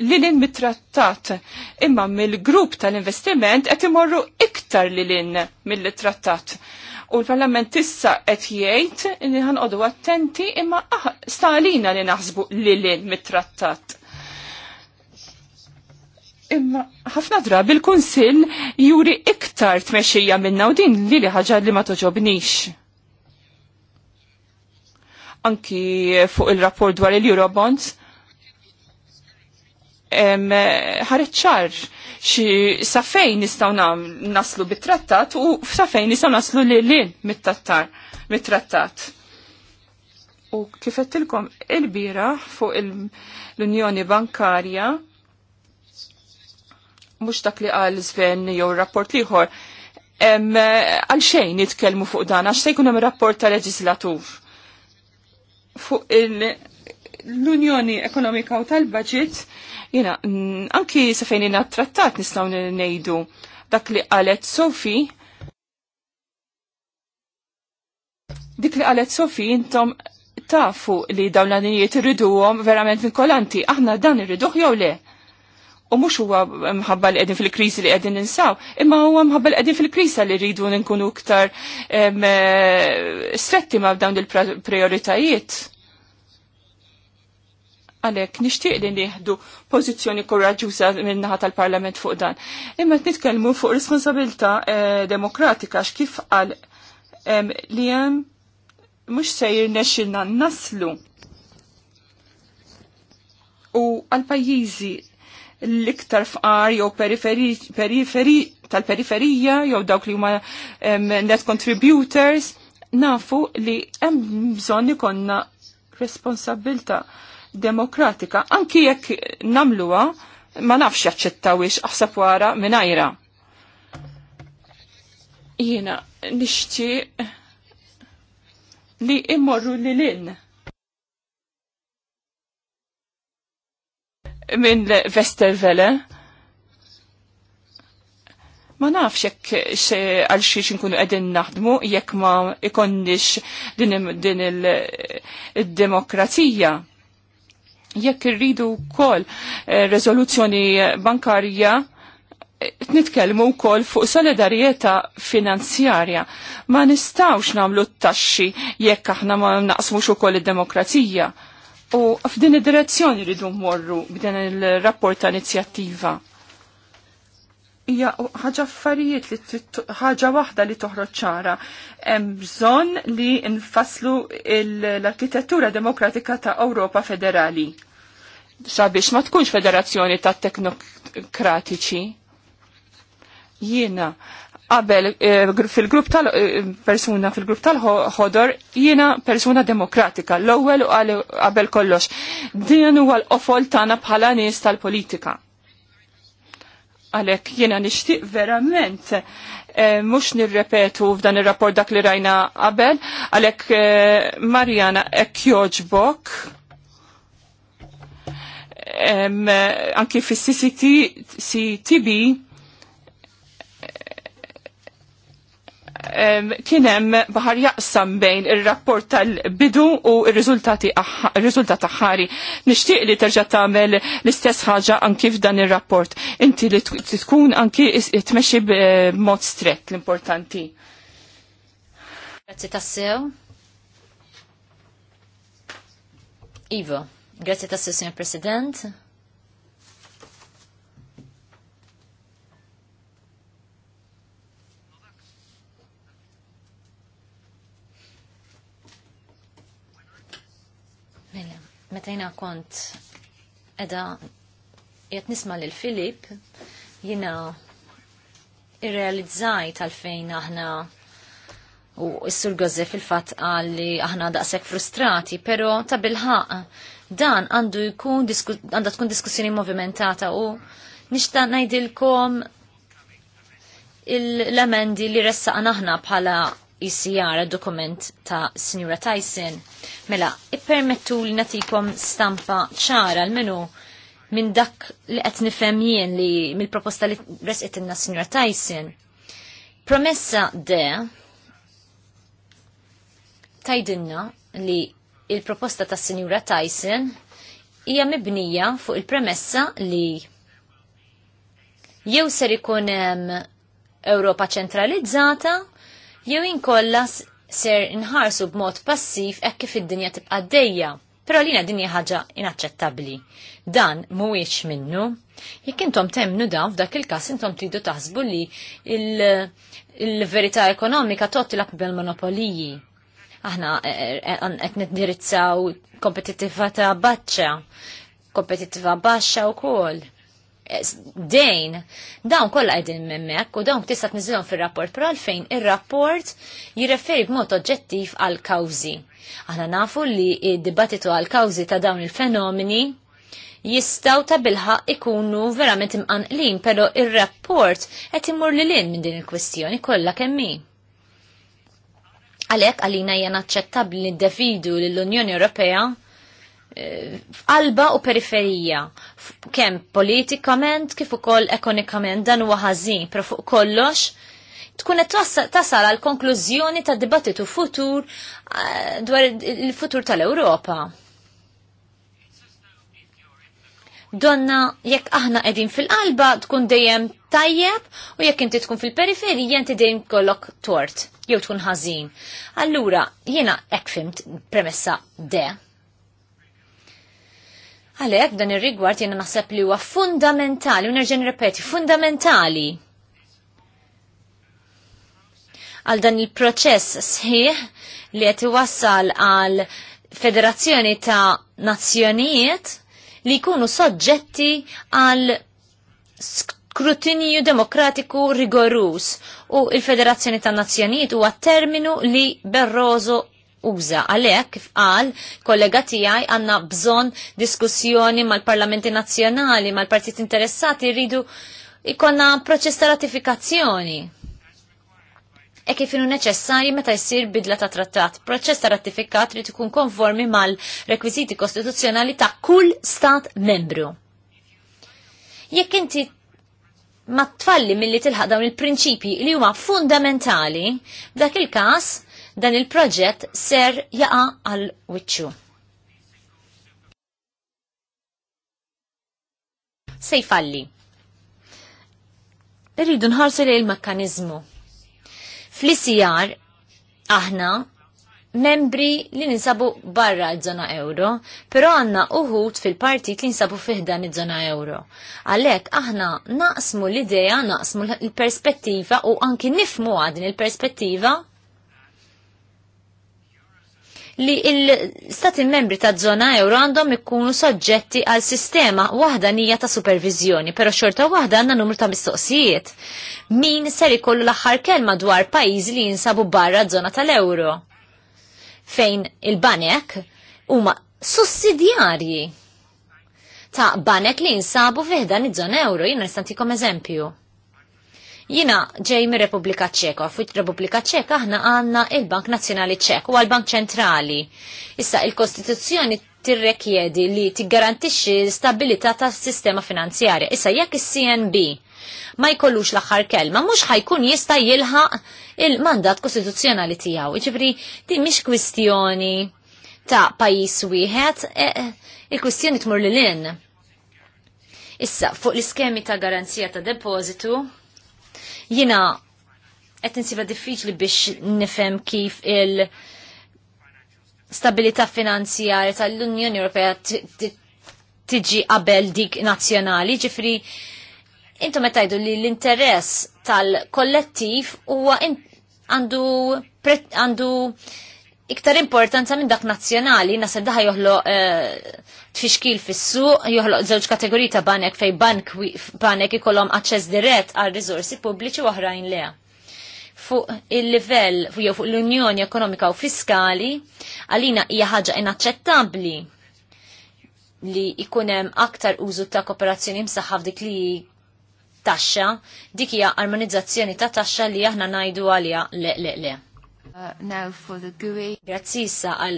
lilin mit-trattat imma mill-grupp tal-investiment qed imorru iktar lilin mill-trattat. U l-Parlament tissa qed jgħid li ħanqodu attenti imma ah, stalina li naħsbu lil mit-trattat. Imma ħafna drabi il kunsill juri iktar tmexxija minna u din li li ħaġa li ma toġobnix. Anki fuq il-rapport dwar il-Eurobonds, ħareċċar xi safejn nistgħu naslu bit-trattat u safejn nistgħu naslu lil lil mit-tattar mit-trattat. U kifettilkom il-bira fuq l-Unjoni Bankarja mhux dak li qal Sven jew rapport ieħor għal xejn nitkellmu fuq dan għax se jkun hemm rapport ta' leġislatur fuq il- l-Unjoni Ekonomika u tal-Budget, jena, mm, anki fejn jena trattat nistaw nejdu dak li għalet Sofi, dik li għalet Sofi intom tafu li dawn l-għanijiet irriduhom verament vinkolanti, aħna dan irriduħ jew le. U mux huwa mħabba li għedin fil-krizi li għedin ninsaw, imma huwa mħabba li għedin fil-kriza li rridu nkunu ktar eh, stretti ma' dawn il-prioritajiet għalek nishtiq li nieħdu pozizjoni korraġuża minnaħa tal-Parlament fuq dan. Imma nitkellmu fuq responsabilità eh, demokratika x'kif qal li hemm mhux sejr nexxilna naslu. U għal pajjiżi l-iktar fqar jew periferi tal-periferija jew dawk li huma net contributors nafu li hemm bżonn ikonna responsabilta' demokratika, anki jekk namluwa ma nafx jaċċettawix aħsab wara minajra. Jina, nixti li immorru li lin. minn Vestervele. Ma nafx jekk għal xiex nkunu qegħdin naħdmu jekk ma ikonnix din il-demokrazija. Jekk irridu wkoll eh, rezoluzzjoni bankarja, eh, nitkellmu wkoll fuq solidarjetà finanzjarja. Ma nistawx nagħmlu t-taxxi jekk aħna ma naqsmux ukoll id-demokrazija. U f'din id-direzzjoni rridu mmorru b'din il-rapport ta' inizjattiva hija ħaġa affarijiet li ħaġa waħda li toħroġ ċara. Hemm bżonn li nfasslu l-arkitettura demokratika ta' Ewropa Federali. Sabiex ma tkunx federazzjoni ta' teknokratiċi. Jiena qabel eh, fil-grupp tal-persuna eh, fil-grupp tal-ħodor jiena persuna demokratika l-ewwel qabel kollox. Din huwa l-qofol tagħna bħala nies tal-politika għalek jena nishtiq verament eh, mux nirrepetu f'dan il-rapport dak li rajna qabel, għalek eh, Marjana ek joġbok eh, anki fis CCTV kien hemm baħar jaqsam bejn ir-rapport tal-bidu u r-riżultati riżultat aħħari. Nixtieq li terġa' tagħmel l-istess ħaġa anki f'dan ir-rapport. Inti li tkun anki t tmexxi b'mod strett l-importanti. Grazzi tassew. Ivo, grazzi tassew, Signor President. Metajna kont edha jett nisma lil Filip jina tal-fejn aħna u s-sur gozze fil-fat għalli aħna daqsek frustrati, pero ta' bilħaq dan għandu jkun għandu tkun diskussjoni movimentata u nishta najdilkom l-emendi li ressaqna aħna bħala jisijara e dokument ta' Signora Tyson. Mela, ippermettu li natikom stampa ċara l-menu minn dak li qed nifhem jien li mill-proposta li resqet inna Signora Tyson. Promessa de tajdinna li il-proposta ta' Signora Tyson hija mibnija fuq il-premessa li jew ser ikun hemm Ewropa ċentralizzata jew inkolla ser inħarsu b'mod passiv hekk kif id-dinja tibqa' dejja. Però lina dinja ħaġa inaċċettabbli. Dan mhuwiex minnu. Jekk intom temnu dan f'dak il-każ intom tridu taħsbu li l verità ekonomika totti l monopoliji. Aħna e, e, qed nindirizzaw kompetittiva ta' baċċa, kompetittiva baxxa wkoll Eh, dejn. Dawn kollha qegħdin memmek u dawn tista' t-nizilom fir-rapport, pero għalfejn ir-rapport jirreferi b'mod oġġettiv għal kawżi. Aħna nafu li d-dibattitu għal kawżi ta' dawn il-fenomeni jistaw ta' bilħa ikunu verament imqanqlin, pero ir-rapport qed imur li lin minn din il-kwestjoni kollha kemm hi. Għalhekk għalina hija naċċettabbli individu lill unjoni Ewropea f'qalba u periferija, kemm politikament kif ukoll ekonomikament dan huwa ħażin, però fuq kollox tkun qed tasal għal konklużjoni ta' dibattitu futur eh, dwar il-futur tal-Ewropa. Donna, jekk aħna qegħdin fil-qalba tkun dejjem tajjeb u jekk inti tkun fil-periferija inti dejjem kollok tort jew tkun ħażin. Allura, jiena hekk fimt premessa de Għalek, dan ir-rigward jena naħseb li huwa fundamentali, u nerġa' nirrepeti, fundamentali. Għal dan il-proċess sħiħ li qed iwassal għal federazzjoni ta' nazzjonijiet li jkunu soġġetti għal skrutinju demokratiku rigorus u il-Federazzjoni ta' Nazzjonijiet huwa terminu li Berroso uża. Għalhekk kif qal kollega tiegħi għandna bżonn diskussjoni mal-Parlamenti Nazzjonali, mal-partit interessati rridu ikonna proċess ta' ratifikazzjoni. E kif inu neċessarji meta jsir bidla ta' trattat. Proċess ta' ratifikat rrid ikun konformi mal-rekwiżiti kostituzzjonali ta' kull stat membru. Jekk inti ma tfalli milli tilħaq dawn il-prinċipji li huma fundamentali, b'dak il-każ dan il-proġett ser jaqa għal wiċċu. Sej falli. Irridu nħarsu li l-mekkanizmu. Fl-ICR, aħna, membri li ninsabu barra l żona euro, pero għanna uħut fil-partit li ninsabu fiħdan iż-żona euro. Għalek aħna naqsmu l-ideja, naqsmu l-perspettiva u anki nifmu għadin il-perspettiva li l-stati membri ta' zona euro għandhom ikkunu soġġetti għal sistema waħda nija ta' supervizjoni, pero xorta waħda għanna numru ta' mistoqsijiet. Min ser ikollu l-aħħar kelma dwar pajjiżi li jinsabu barra zona tal-euro? Fejn il-banek huma sussidjarji ta' banek li jinsabu fiħdan iż-żona euro, jina nistantikom eżempju Jina ġej mir Repubblika Ċeka, fuq Republika Ċeka aħna għanna il-Bank Nazzjonali Ċek u għal-Bank Ċentrali. Issa il-Kostituzzjoni tirrekjedi li tiggarantixxi stabilità tas-sistema finanzjarja. Issa jekk is-CNB ma jkollux l-aħħar kelma, mhux ħajkun jista' jilħaq il-mandat kostituzzjonali tiegħu. Jiġifieri din mhix kwistjoni ta' pajjiż wieħed, e, e, il-kwistjoni tmur lil Issa fuq l-iskemi ta' garanzija ta' depożitu, Jina qed insibha diffiċli biex nifhem kif il stabilità finanzjarja tal-Unjoni Ewropea tiġi qabel dik nazzjonali, ġifri intom qed tgħidu li l-interess tal-kollettiv huwa għandu iktar importanza minn dak nazzjonali, nasib daħ joħlo eh, tfixkil fis-suq, joħloq żewġ kategoriji ta' banek fej bank banek ikollhom aċċess dirett għal rizorsi pubbliċi u oħrajn leha. Fuq il-livell fuq l-Unjoni Ekonomika u Fiskali, għalina hija ħaġa inaċċettabbli li ikunem aktar użu ta' kooperazzjoni msaħħa dik li taxxa, dik hija armonizzazzjoni ta' taxxa li aħna ngħidu għalija le le le. Uh, now for the GUE. Grazzi issa għal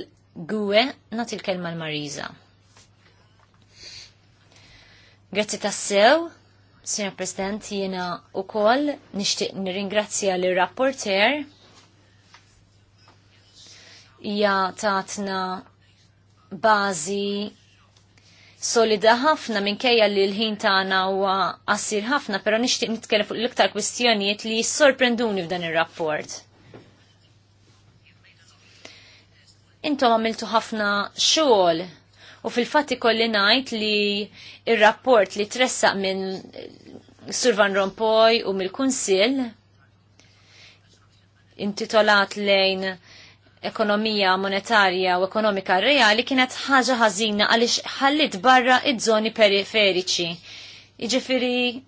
GUE, not il-kelma l-Mariza. Grazzi tassew, Sr. President, jena u koll nishtiq nir-ingrazzja l-rapporter ja taħtna bazi solida ħafna minkejja li l-ħin tagħna u għassir ħafna, però nixtieq nitkellem fuq l-iktar kwistjonijiet li jissorprenduni f'dan ir-rapport. intom għamiltu ħafna xogħol u fil-fatt ikolli ngħid li ir-rapport li tressaq minn eh, Sur Van Rompuy u mill-Kunsill intitolat lejn ekonomija monetarja u ekonomika reali kienet ħaġa ħażina għaliex ħallit barra id-żoni periferiċi. Iġifiri,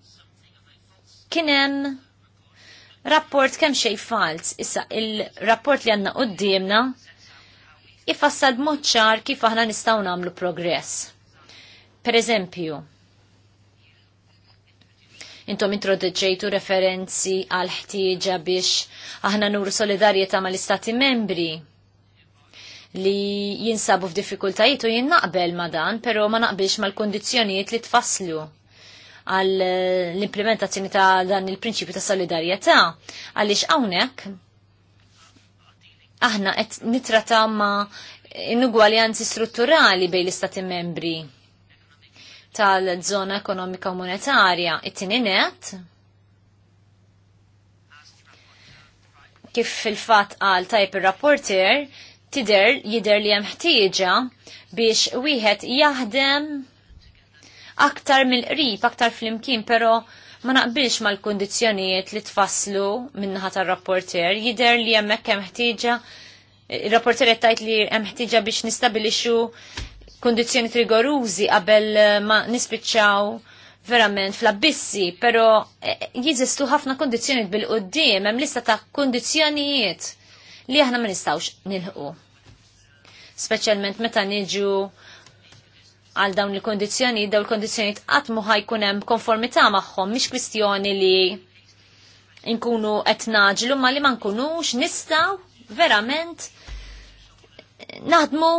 hemm rapport kemm xejn fals. Issa, il-rapport li għandna qudiemna ifassal b'mod ċar kif aħna nistgħu nagħmlu progress. Per eżempju, intom introduċejtu referenzi għal ħtieġa biex aħna nuru solidarjetà mal-istati membri li jinsabu f'diffikultajiet u jinnaqbel ma dan, pero ma naqbilx mal-kondizjonijiet li tfasslu għall l-implementazzjoni ta' dan il-prinċipju ta' solidarjetà. Għaliex hawnhekk aħna qed nitrata ma' inugwaljanzi strutturali bejn l-istati membri tal-żona ekonomika monetarja. It-tieni net kif fil-fatt għal tajp ir-rapporter tider jider li hemm ħtieġa biex wieħed jaħdem aktar mill-qrib, aktar fl-imkien, pero ma naqbilx mal-kondizjonijiet li tfasslu minnaħat tar-rapporter, jider li hemmhekk hemm ħtieġa il-rapporter qed tgħid li hemm ħtieġa biex nistabilixxu kondizjoni rigorużi qabel eh, ma nispiċċaw verament fl pero però eh, jiżistu ħafna kondizjonijiet bil-qoddim, hemm lista ta' kondizjonijiet li aħna ma nistgħux nilħu. Speċjalment meta niġu għal dawn il-kondizjoni, dawn il-kondizjoni għatmu ħajkun hemm konformità magħhom, mhix kwistjoni li nkunu qed naġlu ma li ma nkunux nistgħu verament naħdmu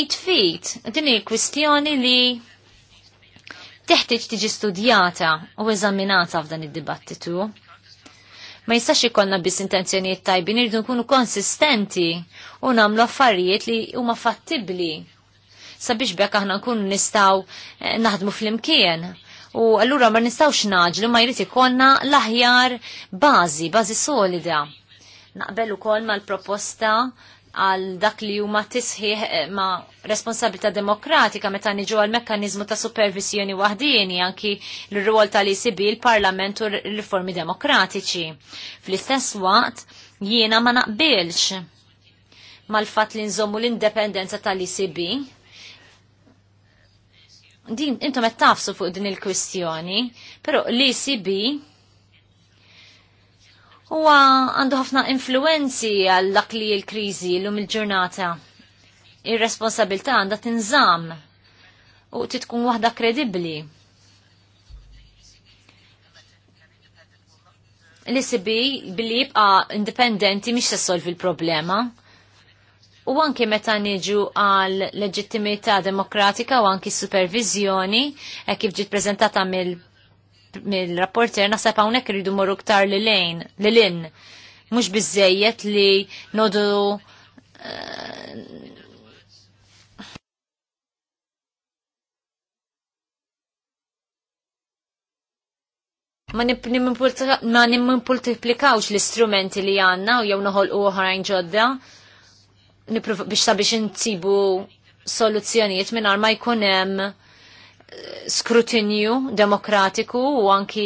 it feet. Din hi kwistjoni li teħtieġ tiġi studjata u eżaminata f'dan id-dibattitu ma jistax ikollna biss intenzjonijiet tajbin, irridu nkunu konsistenti u nagħmlu affarijiet li huma fattibbli sabiex bekk aħna nkun nistaw eh, naħdmu fl-imkien. U allura ma nistawx naġlu ma jrid ikonna l-aħjar bażi, bażi solida. Naqbel ukoll mal-proposta għal dak li huma tisħiħ eh, ma' responsabilità demokratika meta niġu għal mekkaniżmu ta' supervisjoni waħdieni anki l-rwol tal-ECB il-Parlament u l-riformi demokratiċi. Fl-istess waqt jiena ma naqbilx mal-fat li nżommu l-indipendenza tal-ECB din intom qed tafsu fuq din il-kwistjoni, però l-ECB huwa għandu ħafna influenzi għal dak li l-kriżi llum il-ġurnata. Ir-responsabilità għandha tinżamm u titkun waħda kredibbli. l-ECB billi jibqa indipendenti miex se solvi l-problema u anki meta niġu għal leġittimità demokratika u anki supervizjoni, e kif ġiet prezentata mill-rapporter, mil nasab hawnhekk irridu morru ktar li lejn, li lin. Mhux biżejjed li nodu uh, ma nimmultiplikawx l-istrumenti li għanna u jew noħol uħrajn ġodda biex sabiex intibu soluzzjonijiet mingħajr ma jkun hemm eh, skrutinju demokratiku u anki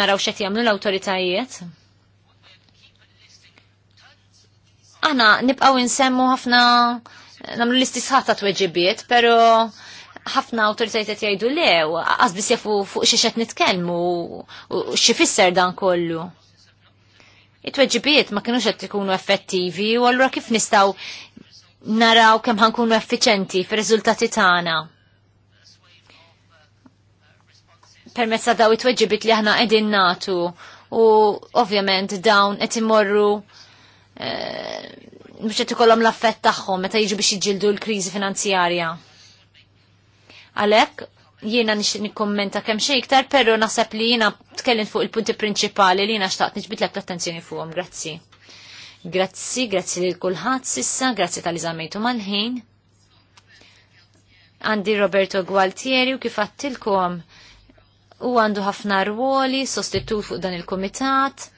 naraw xet jamlu l-autoritajiet? Aħna nibqaw insemmu ħafna eh, namlu l-istisħat ta' tweġibiet, pero ħafna autoritajiet jgħidu lew, għazbis jafu fuq xiexet nitkelmu u xifisser dan kollu it-tweġibiet ma kienux qed ikunu effettivi u allura kif nistgħu naraw kemm ħankunu effiċenti fir-riżultati tagħna. Permezz ta' daw it-tweġibiet li aħna qegħdin natu u ovvjament dawn qed imorru biex eh, qed ikollhom l-affett tagħhom meta jiġu biex jiġġieldu l-kriżi finanzjarja. Għalhekk jiena nix nikkommenta kemm xejn iktar, però naħseb li jiena tkellim fuq il-punti prinċipali li jiena xtaqt niġbitlek l-attenzjoni fuqhom. Grazzi. Grazzi, grazzi lil kulħadd sissa, grazzi tal-iżamejtu mal-ħin. Għandi Roberto Gualtieri u kif għattilkom u għandu ħafna rwoli, sostitut fuq dan il-komitat,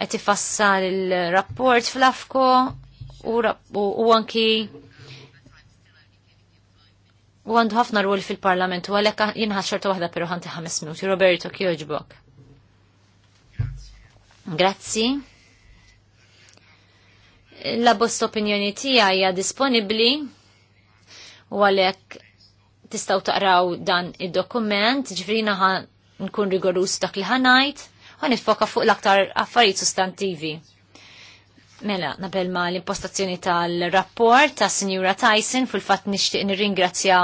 qed ifassar il-rapport fl-afko u, u anki u għandu ħafna rwol fil-parlament u għalek jinħas xorta wahda pero ħanti ħames minuti. Roberto, ġbok. Grazzi. La bost opinjoni tija hija disponibli u għalek tistaw taqraw dan id-dokument, ġifrina ħan nkun rigorus dak li ħanajt, għan nifoka fuq l-aktar affarijiet sustantivi. Mela, nabelma ma l-impostazzjoni tal-rapport ta' Signora Tyson fil-fat nishtiq nirringrazzja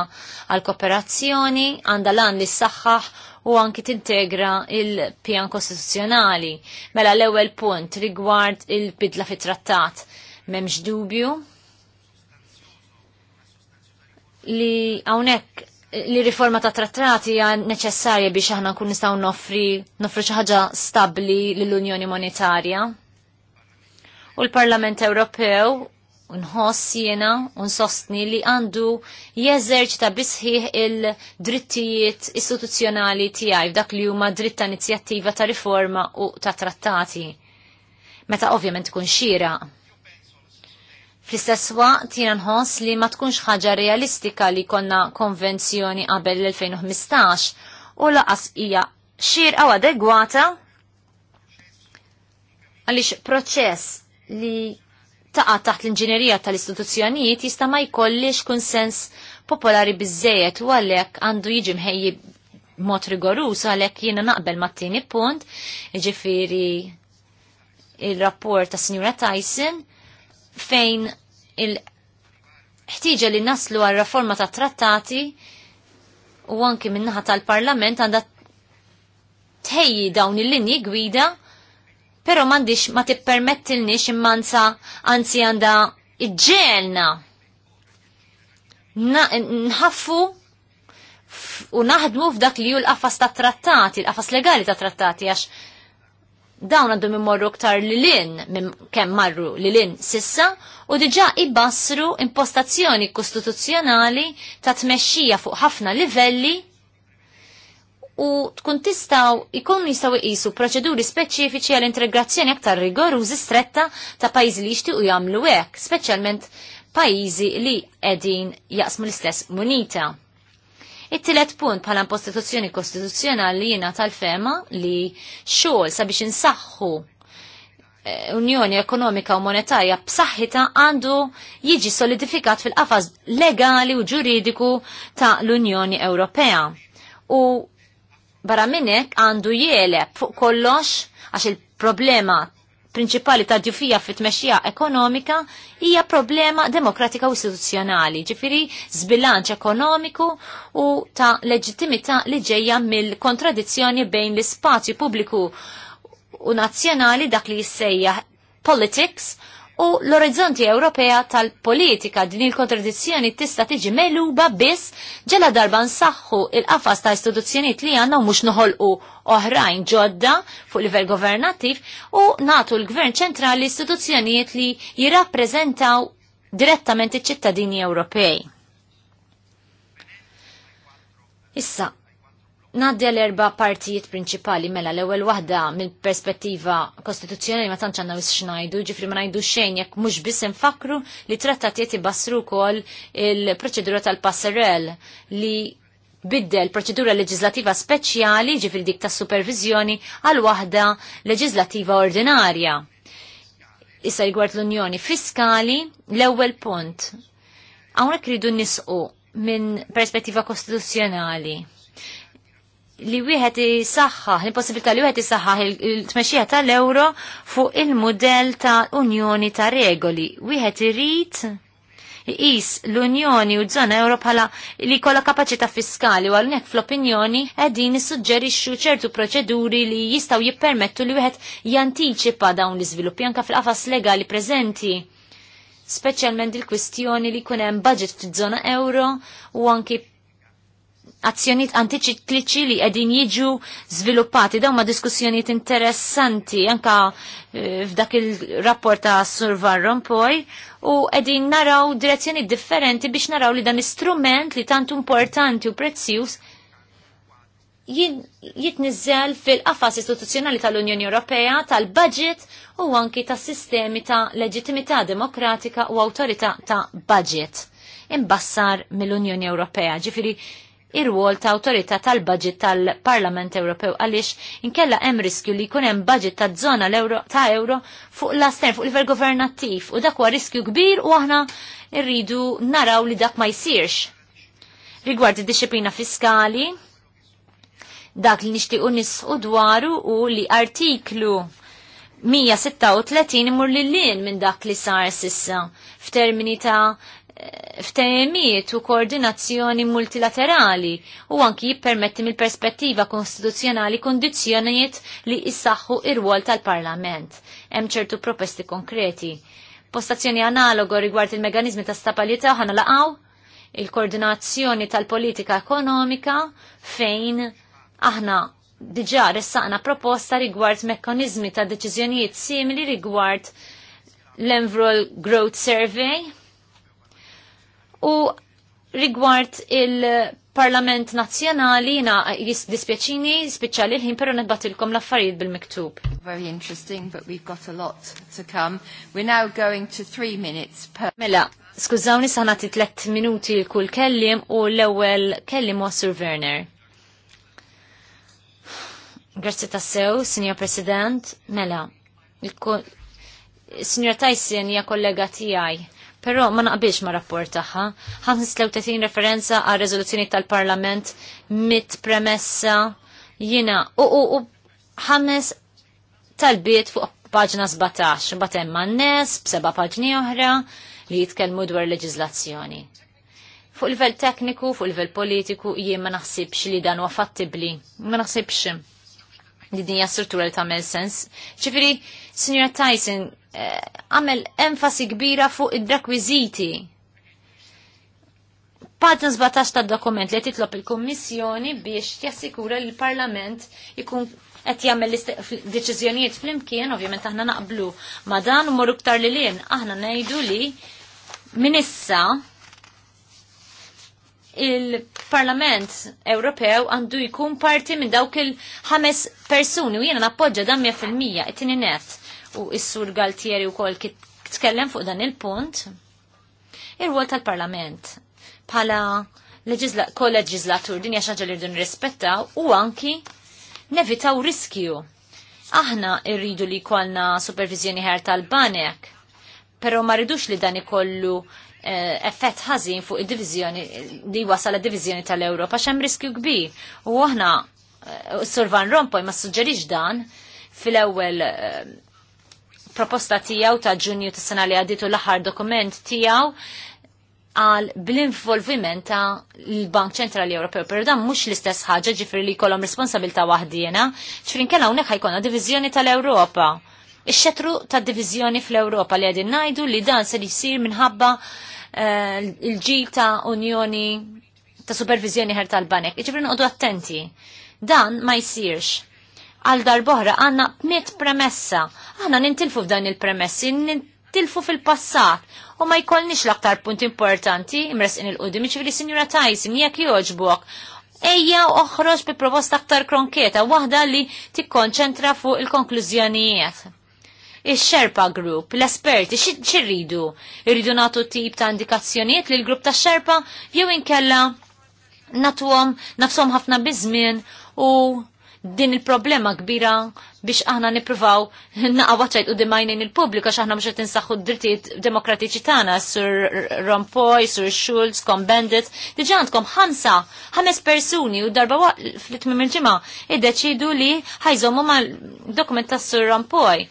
għal-kooperazzjoni għanda lan li s saxħax u anki tintegra il-pjan kostituzzjonali. Mela l-ewel punt rigward il-bidla fit-trattat. Memx dubju li għawnek li riforma ta' trattati hija neċessarja biex aħna nkun nistgħu noffri noffri xi ħaġa stabbli lill-Unjoni Monetarja u l-Parlament Ewropew nħoss jena unsostni li għandu jeżerġ ta' bisħiħ il-drittijiet istituzzjonali tiegħi f'dak li huma dritt ta' inizjattiva ta' riforma u ta' trattati. Meta ovvjament tkun xira. Fl-istess waqt jiena nħoss li ma tkunx ħaġa realistika li konna konvenzjoni qabel l-2015 u laqas hija xirqa u adegwata għaliex proċess li taqa' taħt l-inġinerija tal-istituzzjonijiet jista' ma jkollix kunsens popolari biżejjed u għalhekk għandu jiġi mħejji mod rigorus għalhekk jiena naqbel mat-tieni punt, jiġifieri il-rapport ta' Sinjura Tyson fejn il ħtieġa li naslu għal reforma ta' trattati u anki minnaħa tal-Parlament għandha tħejji dawn il-linji gwida pero mandiċ ma tippermettilniex immanza anzi għanda iġġelna. Nħaffu u naħdmu f'dak li ju l-qafas ta' trattati, l-qafas legali ta' trattati, għax dawn għandhom imorru ktar li l-in, kemm marru li l-in sissa u diġa ibassru impostazzjoni kostituzzjonali ta' tmexxija fuq ħafna livelli u tkun tistaw ikun jistaw iqisu proċeduri speċifiċi għal integrazzjoni aktar rigorużi stretta ta' pajjiżi li jixtiequ jagħmlu hekk, speċjalment pajjiżi li qegħdin jaqsmu l-istess munita. It-tielet punt bħala impostituzzjoni kostituzzjonali jiena tal-fema li xogħol sabiex insaħħu eh, Unjoni Ekonomika u Monetarja b'saħħitha għandu jiġi solidifikat fil-qafas legali u ġuridiku ta' l-Unjoni Ewropea. U barra minnek għandu jieleb fuq kollox għax il-problema prinċipali ta' djufija fit tmexxija ekonomika hija problema demokratika u istituzzjonali, ġifiri zbilanċ ekonomiku u ta' leġittimità li ġejja mill-kontradizzjoni bejn l-ispazju pubbliku u nazzjonali dak li jissejja politics u l-orizzonti Ewropea tal-politika din il-kontradizzjoni tista' tiġi meluba biss ġela darba nsaħħu il-qafas ta' istituzzjonijiet li għanna u mhux noħolqu oħrajn ġodda fuq livell governattiv u natu l-Gvern ċentrali istituzzjonijiet li jirrappreżentaw direttament iċ-ċittadini Ewropej. Issa, Naddi l-erba partijiet prinċipali mela l-ewwel waħda mill-perspettiva kostituzzjonali ma tantx għandna xnajdu, ġifri ma ngħidu xejn jekk mhux biss infakru li trattatiet ibassru wkoll il-proċedura tal-passerell li biddel proċedura leġislativa speċjali ġifri dik ta' supervizjoni għal waħda leġislativa ordinarja. Issa jgwart l-Unjoni Fiskali, l-ewwel punt. Hawnhekk ridu nisqu minn perspettiva kostituzzjonali li wieħed isaħħaħ, l-possibilità li wieħed isaħħaħ il-tmexxija tal-euro fuq il-mudell ta' unjoni ta' regoli. Wieħed irid iqis l-Unjoni u żona Ewro bħala li kolla kapaċità fiskali u għalhekk fl-opinjoni qegħdin issuġġerixxu ċertu proċeduri li jistgħu jippermettu li wieħed jantiċipa dawn l-iżviluppi anka fil-qafas legali preżenti speċjalment il-kwistjoni li jkun hemm budget fiż-żona euro u anki azzjoniet antiċikliċi li qegħdin jiġu żviluppati dawn ma' diskussjonijiet interessanti anka eh, f'dak il-rapport ta' Sur Van u qegħdin naraw direzzjoni differenti biex naraw li dan istrument li tant importanti u prezzjuż jitnizzel fil-qafas istituzzjonali tal-Unjoni Ewropea, tal-budget u anki tas sistemi ta' leġitimità demokratika u awtorità ta' budget imbassar mill-Unjoni Ewropea. Ġifiri, ir-wol ta' autorità tal-budget tal-Parlament Ewropew għaliex inkella hemm riskju li jkun hemm budget ta' żona l-euro ta' euro fuq l-astern fuq livell governattiv u dak huwa riskju kbir u aħna rridu naraw li dak ma jsirx. Rigward id-disciplina fiskali, dak li nixtiequ nisqu dwaru u li artiklu 136 imur li lin minn dak li sar sissa f'termini ta' ftejemiet u koordinazzjoni multilaterali u anki jippermetti mill-perspettiva konstituzzjonali kondizjonijiet li jissaxħu ir wol tal-Parlament. Hemm ċertu proposti konkreti. Postazzjoni analogo rigward il-meganizmi ta' stabilità ħana laqaw il-koordinazzjoni tal-politika ekonomika fejn aħna diġà ressaqna proposta rigward mekkaniżmi ta' deċiżjonijiet simili rigward l-Envrol Growth Survey U rigward il-Parlament Nazzjonali na dispjaċini speċali l-ħin pero nedbatilkom l-affarijiet bil-miktub. Very interesting, but we've got a lot to come. We're now going to three minutes per... Mela, skużawni saħnati tlet minuti l-kull kellim u l-ewel kellim u Sir Werner. Grazie tassew, Signor President. Mela, Signor Tyson hija kollega tiegħi Però ma naqbilx ma rapport tagħha. 35 referenza għal rezoluzzjoni tal-Parlament mit premessa jina u u u ħames talbiet fuq paġna 17 imbagħad hemm n nes b'seba' paġni oħra li jitkellmu dwar leġiżlazzjoni. Fuq livell tekniku, fuq livell politiku, jien ma naħsibx li dan huwa fattibbli. Ma naħsibx li din hija struttura li tagħmel sens. Ġifieri, Signora Tyson, għamel enfasi kbira fuq id-rekwiziti. Patna 17 ta' dokument li titlob il-Kommissjoni biex jassikura li l-Parlament ikun qed jagħmel deċiżjonijiet flimkien, ovvjament aħna naqblu ma dan u morru ktar li lien, aħna ngħidu li minn issa il-Parlament Ewropew għandu jkun parti minn dawk il-ħames persuni u jiena nappoġġa dan 100% it-tieni u is-sur Galtieri wkoll tkellem fuq dan il-punt, ir-rwol tal-Parlament bħala kol leġizlatur din jaxħġa li rridu nirrispettaw u anki nevitaw riskju. Aħna rridu li jkollna supervizjoni ħer tal-banek, però ma rridux li dan ikollu eh, effett ħażin fuq id-divizjoni li wasal divizjoni tal-Ewropa x'hemm riskju kbir. U aħna eh, Sur Van Rompuy ma suġġerix dan fil-ewwel eh, proposta tijaw ta' ġunju ta' sena li għaditu l-aħħar dokument tijaw għal bl-involviment ta' l-Bank Ċentrali Ewropew, pero dan mhux l-istess ħaġa ġifri li kolom responsabilta waħdiena, ġifri kena hawnhekk ħajkona diviżjoni tal-Ewropa. Ix-xetru ta' divizjoni fl-Ewropa li għadin najdu li dan se jisir minħabba uh, eh, l-ġil ta' Unjoni ta' Supervizjoni ħer tal-Banek. Iġifri nqodu attenti. Dan ma jsirx għal darboħra għanna miet premessa. Għanna nintilfu f'dan il-premessi, nintilfu fil-passat. U ma jkollniex l-aktar punt importanti, imres in il-qudim, ċivili sinjura Tyson, jek joġbok. Ejja oħroġ bi proposta aktar kronketa, waħda li tikkonċentra fuq il-konklużjonijiet. Ix-Sherpa Group, l-esperti, xirridu? Irridu natu tip ta' indikazzjonijiet li l-grupp ta' Sherpa jew inkella natuhom nafsom ħafna bizmin u din il-problema kbira biex aħna nippruvaw naqgħu u dimajnin il-pubblika x'aħna mhux qed insaħħu d-drittijiet demokratiċi tagħna sur Rompoy, sur Schulz, kom Bandit. Diġà għandkom ħamsa, ħames persuni u darba fl-itmim il-ġimgħa deċidu li ħajżomu ma dokument tas sur Rompoy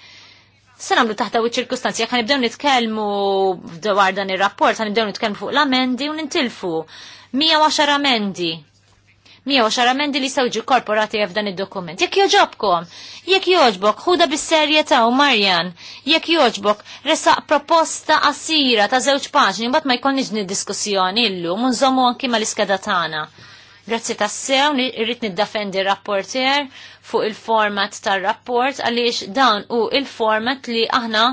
se namlu taħta u ċirkustanzi, għan nibdew nitkelmu dwar dan ir rapport għan nibdew nitkelmu fuq l-amendi u nintilfu. 110 amendi. Mija mendi li sawġu korporati f'dan id-dokument. Jekk joġobkom, jekk joġbok, ħuda bis-serjetà u Marjan, jekk joġbok, resaq proposta asira ta' żewġ paġni, mbagħad ma jkonniġni diskussjoni illum, unżommu anki mal-iskeda tagħna. Grazzi tassew, irrit niddafendi rapporter fuq il-format tar-rapport għaliex dan u il-format li aħna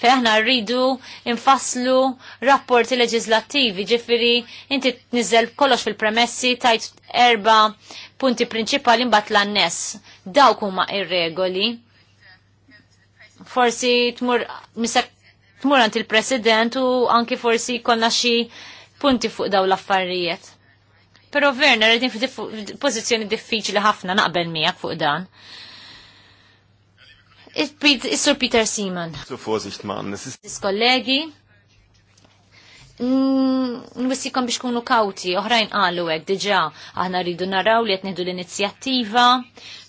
fej aħna rridu infaslu rapporti leġislattivi ġifiri inti nizzel kollox fil-premessi tajt erba punti prinċipali mbagħad l-annes. Dawk huma ir-regoli. Forsi tmur misak tmur għand il-president u anki forsi konna xi punti fuq daw l-affarijiet. Pero Verna rridin f'pożizzjoni diffiċli ħafna naqbel miegħek fuq dan. Is-Sur Peter Seaman. Is Vorsicht man, es ist. kollegi, nwissikom biex kunu kawti, oħrajn qalu hekk diġà, aħna rridu naraw li qed l-inizjattiva,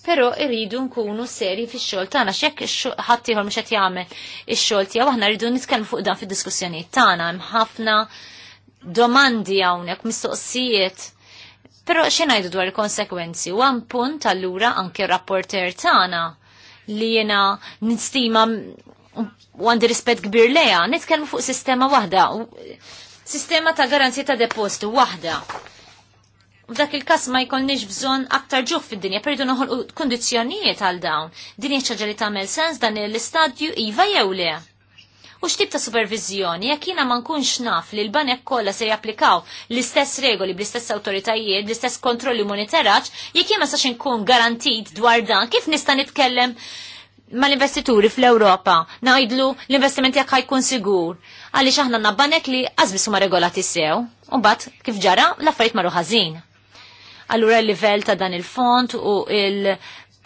però rridu nkunu seri fix-xogħol tagħna xek ħadd mux mhux qed jagħmel ix-xogħol aħna rridu nitkellmu fuq dan fid-diskussjonijiet tagħna hemm ħafna domandi hawnhekk mistoqsijiet Pero xinajdu dwar il-konsekwenzi, u għan punt allura anke rapporter tana li jena nistima u għandi rispet kbir leja, nitkellmu fuq sistema wahda, sistema ta' garanzija ta' depost wahda f'dak il-kas ma jkollniex bżonn aktar ġuħ fid-dinja, peridu noħolqu kondizjonijiet għal dawn. Dinja ċaġa li tagħmel sens dan l-istadju iva jew le. U x'tib ta' supervizjoni jekk jiena ma nkunx naf li l-banek kollha se japplikaw l-istess regoli bl-istess awtoritajiet, l-istess kontrolli monitoraġġ, jekk jien ma sax inkun garantit dwar dan, kif nista' nitkellem mal-investituri fl-Ewropa ngħidlu l investimenti jekk ħajkun sigur għaliex aħna nabbanek li għażbis huma regolati sew, u mbagħad kif ġara l-affarijiet marru ħażin. Allura l-livell ta' dan il-font u il-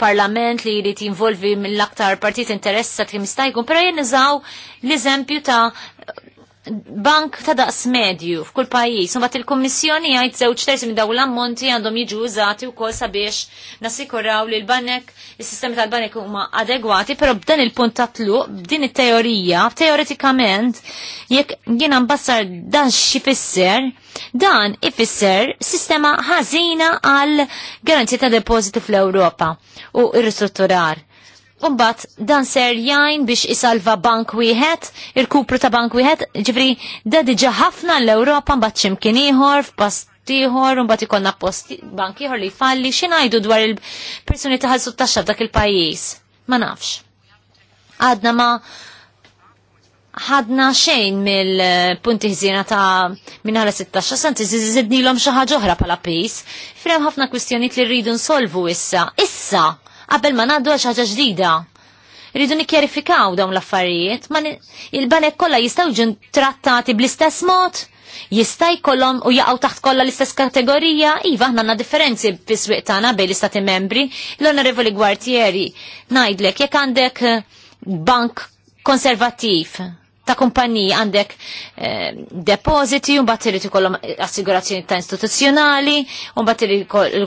parlament li jrid jinvolvi mill-aktar partit interessat kim jista' jkun, però jien niżaw l-eżempju ta' bank ta' daqs medju f'kull pajjiż, u bat il-Kommissjoni għajt żewġ terzi minn dawn l-ammonti għandhom jiġu użati wkoll sabiex nasikuraw li l-banek, is-sistemi tal-banek huma adegwati, però b'dan il-punt ta' tluq, b'din it-teorija, teoretikament, jekk jiena mbassar dan xifisser, dan ifisser sistema ħażina għal garanzija ta' depożiti fl-Ewropa u r-ristrutturar Umbat dan ser jajn biex isalva bank wieħed, il-kupru ta' bank wieħed, ġifri da diġa ħafna l-Ewropa mbagħad x'imkien ieħor f'past ieħor, mbagħad ikollna post bank ieħor li jfalli, x'ingħidu dwar il-persuni ta' ħalsu taxxa f'dak il-pajjiż. Ma nafx. Għadna ma ħadna xejn mill-punti ħzina ta' minħala 16 santi zidnilhom xi ħaġa oħra bħala pis. Frem ħafna kwistjonijiet li rridu nsolvu issa. Issa qabel ma ngħaddu ħaġa ġdida. Rridu nikkjarifikaw dawn l-affarijiet, ma il-banek kollha jistgħu ġin trattati bl-istess mod? Jista' jkollhom u jaqgħu taħt kollha l-istess kategorija, iva aħna għandna differenzi fis-swieq tagħna bejn l-istati membri. L-Onorevoli Gwartieri ngħidlek jekk għandek bank konservattiv ta' kumpanji għandek eh, depositi, un batteri ti ikollhom assigurazzjoni ta' istituzzjonali, un ti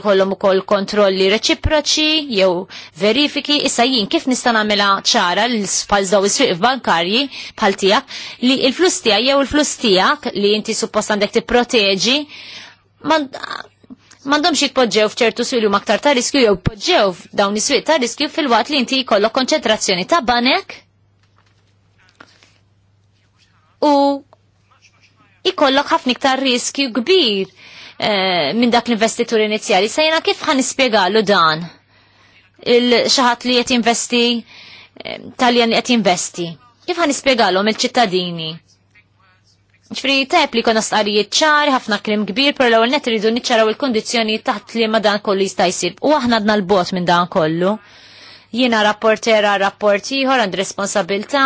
kollom ukoll kontrolli reċiproċi jew verifiki, issa jien kif nista' nagħmilha ċara l spalżaw daw bankarji bħal tiegħek li l-flus tijak, jew il flus tijak li inti suppost għandek tipproteġi mandomx podġew fċertu s huma aktar ta' riskju jew podġew dawn is-swieq ta' riskju fil wat li inti jkollok konċentrazzjoni ta' banek u ikollok ħafna iktar riskju kbir eh, minn dak l-investitur inizjali. Sejna kif ħan ispiegalu dan il-xaħat li jett investi eh, tal-jan li jett investi. Kif ħan ispiegalhom mill ċittadini ċfri tep li konna starijiet ċar, ħafna krim kbir, per l-għol net rridu nitċaraw il-kondizjoni taħt li ma dan kollu jista' jisib. U aħna dna l-bot minn dan kollu. Jiena rapportera rapport ieħor għand responsabilta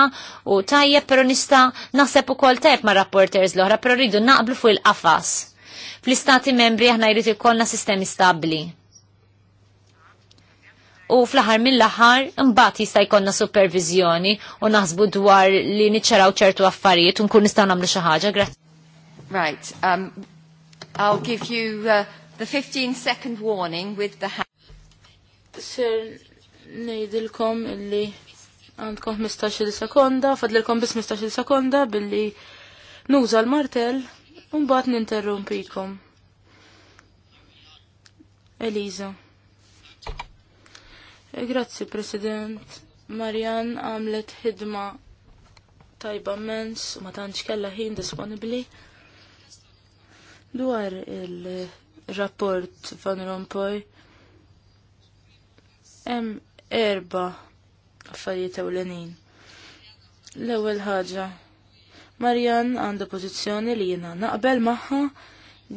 u tajjeb però nista naħseb ukoll tajjeb ma' rapporters l-oħra però rridu naqblu fuq il-qafas. Fl-istati membri aħna jrid ikollna sistemi stabbli. U fl-aħħar mill-aħħar imbagħad jista' jkollna supervizjoni u naħsbu dwar li niċċaraw ċertu affarijiet u nkun nistgħu nagħmlu xi ħaġa. Right. Um, I'll give you uh, the 15 second warning with the hand. Sir, Nejdilkom illi għandkom 15 sekonda, fadlilkom bis 15 sekonda billi nuża l-martel un bat ninterrumpikom. Eliza. Eh, grazzi, President. Marian għamlet ħidma tajba mens u ma tantx kella ħin disponibli. Dwar il-rapport Van Rompuy, hemm erba affarijiet ewlenin. L-ewwel ħaġa. Marjan għandha pożizzjoni li jiena naqbel magħha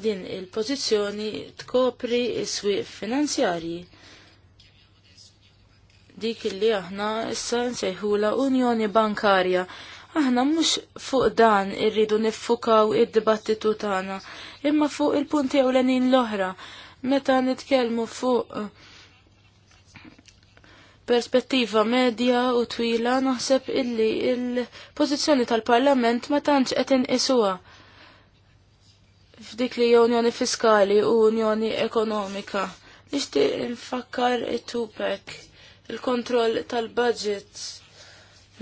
din il-pożizzjoni tkopri s-swieq finanzjarji dik illi aħna issa nsejħula Unjoni Bankarja. Aħna mhux fuq dan irridu niffukaw id-dibattitu tagħna, imma fuq il-punti ewlenin l-oħra. Meta nitkellmu fuq perspettiva medja u twila naħseb illi il-pożizzjoni tal-Parlament ma tantx qed inqisuha f'dik li unjoni fiskali u unjoni ekonomika. Nixtieq nfakkar it-tupek il-kontroll tal-budget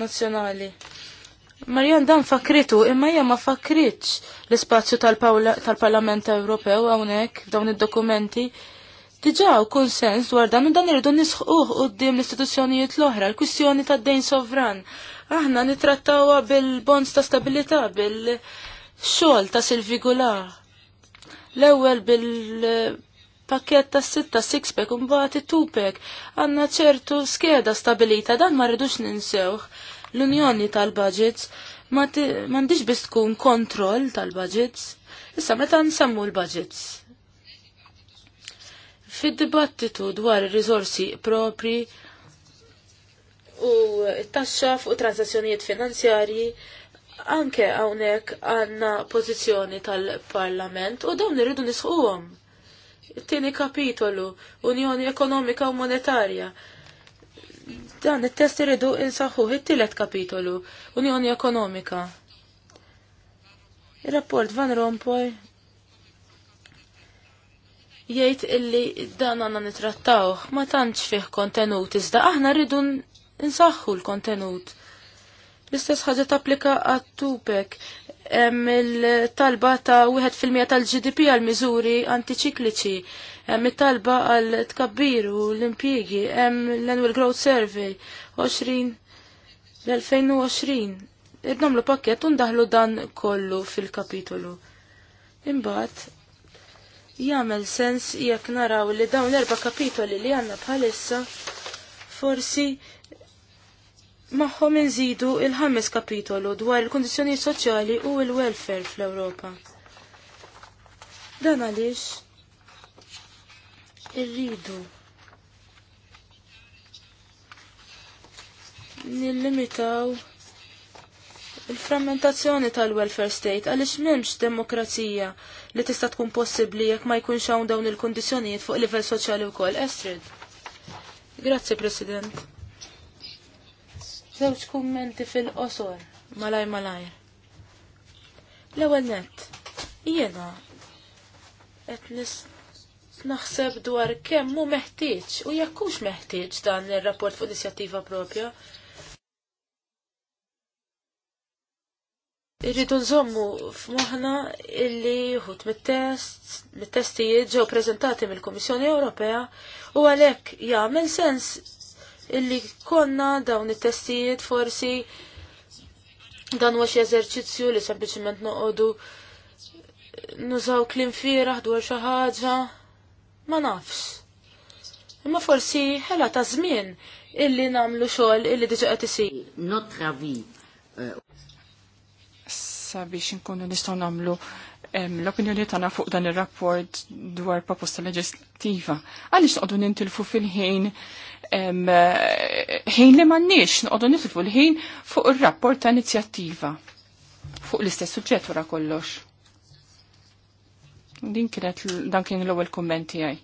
nazzjonali. Marjan dan fakritu, imma hija ma fakritx l-ispazju tal-Parlament tal Ewropew hawnhekk f'dawn id-dokumenti Diġaw kull konsens dwar dan u dan irridu nisħuħ u d l-istituzzjonijiet l-oħra, l-kwistjoni ta' d-dejn sovran. Aħna nitrattawa bil-bonds ta' stabilita, bil-xol ta' silvigular. L-ewel bil- pakket ta' sitta six-pack un bati two-pack. Għanna ċertu skeda stabilita dan ma rridux ninsewħ. L-unjoni tal-budgets mandiġ biss kontrol tal-budgets. Issa meta nsemmu l-budgets. Fid-dibattitu dwar ir rizorsi propri u t-taxxa fuq transazzjonijiet finanzjarji anke hawnhekk għandna pożizzjoni tal-Parlament u dawn irridu nisħuhom. Tieni kapitolu Unjoni Ekonomika u Monetarja dan it-test iridu insaħħu it-tielet kapitolu, Unjoni Ekonomika. Ir-rapport Van Rompuy jgħid illi dan għandna nitrattawh ma tantx fih kontenut iżda aħna rridu nsaħħu l-kontenut. L-istess ħaġa tapplika għat-tupek hemm il-talba ta' wieħed fil-mija tal-GDP għal miżuri antiċikliċi, hemm it-talba għal tkabbir u l-impjiegi, hemm l-Annual Growth Survey 20 l-2020. Irnomlu pakket undaħlu dan kollu fil-kapitolu. Imbagħad jagħmel sens jekk naraw li dawn l-erba' kapitoli li għandna bħalissa forsi magħhom inżidu il-ħames kapitolu dwar il-kondizzjoni soċjali u l-welfare fl-Ewropa. Dan għaliex irridu nillimitaw il-frammentazzjoni tal-welfare state għaliex m'hemmx demokrazija li tista' tkun possibbli jekk ma jkunx hawn dawn il-kundizzjonijiet fuq livell soċjali wkoll. Estrid. Grazzi, President. Żewġ kummenti fil-qosor. Malaj malaj. L-ewwel nett. Jiena qed naħseb dwar kemm hu meħtieġ u jekk hux meħtieġ dan ir-rapport fuq inizjattiva propja. Irridu nżommu f'moħħna illi ħut mit-test, mit-testijiet ġew preżentati mill-Kummissjoni Ewropea u għalhekk jagħmel sens illi konna dawn it-testijiet forsi dan huwa xi eżerċizzju li sempliċement noqogħdu nużaw klim fieraħ dwar xi ħaġa ma nafx. Imma forsi ħela ta' żmien illi nagħmlu xogħol illi diġa qed isir sabiex nkunu nistgħu nagħmlu l-opinjoni tagħna fuq dan ir-rapport dwar proposta leġislattiva. Għaliex noqogħdu nintilfu fil-ħin ħin li m'għandniex noqogħdu nitilfu l-ħin fuq ir-rapport ta' inizjattiva fuq l-istess suġġett wara kollox. Din kienet dan kien l-ewwel kumment tiegħi.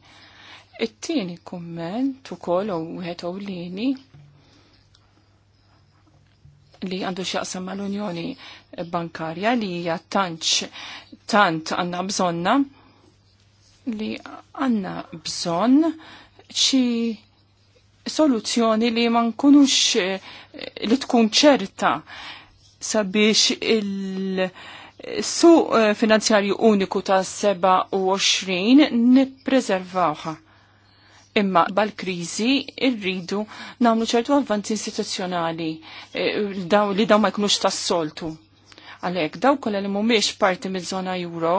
It-tieni kumment ukoll u wieħed ewlieni li għandu xaqsam mal unjoni Bankarja li hija tantx tant għandna bżonna li għandna bżonn xi soluzzjoni li ma nkunux li tkun ċerta sabiex il- su eh, finanzjarju uniku ta' 27 nippreservawha Imma bal-krizi irridu namlu ċertu avvanti istituzzjonali eh, li daw ma jkunux tas-soltu. Għalek, daw kolla li mumiex parti mill-zona euro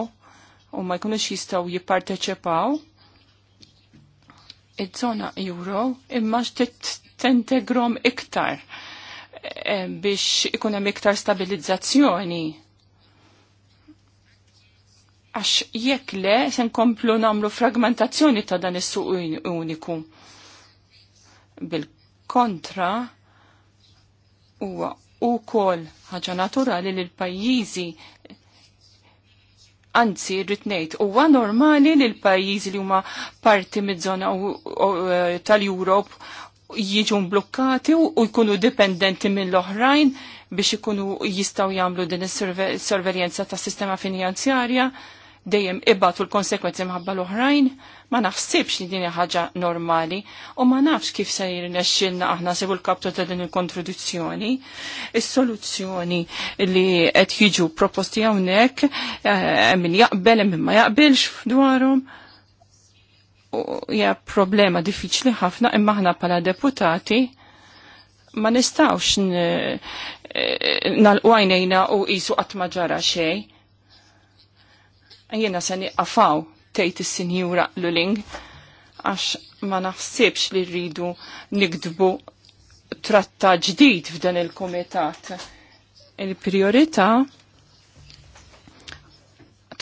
u ma jkunux jistaw jipparteċepaw il zona euro imma tentegrom iktar eh, biex ikun hemm iktar stabilizzazzjoni għax jekk le se nkomplu nagħmlu fragmentazzjoni ta' dan is-suq uniku. Bil-kontra huwa ukoll ħaġa naturali li l-pajjiżi anzi rrid ngħid huwa normali li l-pajjiżi li huma parti mid-żona tal-Europe jiġu mblukkati u jkunu dipendenti mill-oħrajn biex ikunu jistaw jagħmlu din is-sorveljenza tas-sistema finanzjarja dejjem ibbatu l-konsekwenzi mħabba l-oħrajn, ma naħsibx li din ħaġa normali u ma nafx kif se jirnexxilna aħna sebu l-kaptu ta' din il-kontradizzjoni. Is-soluzzjoni li qed jiġu proposti hawnhekk eh, min jaqbel hemm ma jaqbilx dwarhom hija problema diffiċli ħafna imma aħna bħala deputati ma nistawx eh, nalqwajnejna u qisu qatt ma ġara xejn Jiena se niqafaw tgħid is-sinjura Luling għax ma naħsibx li rridu nikdbu tratta ġdid f'dan il-kumitat. Il-priorità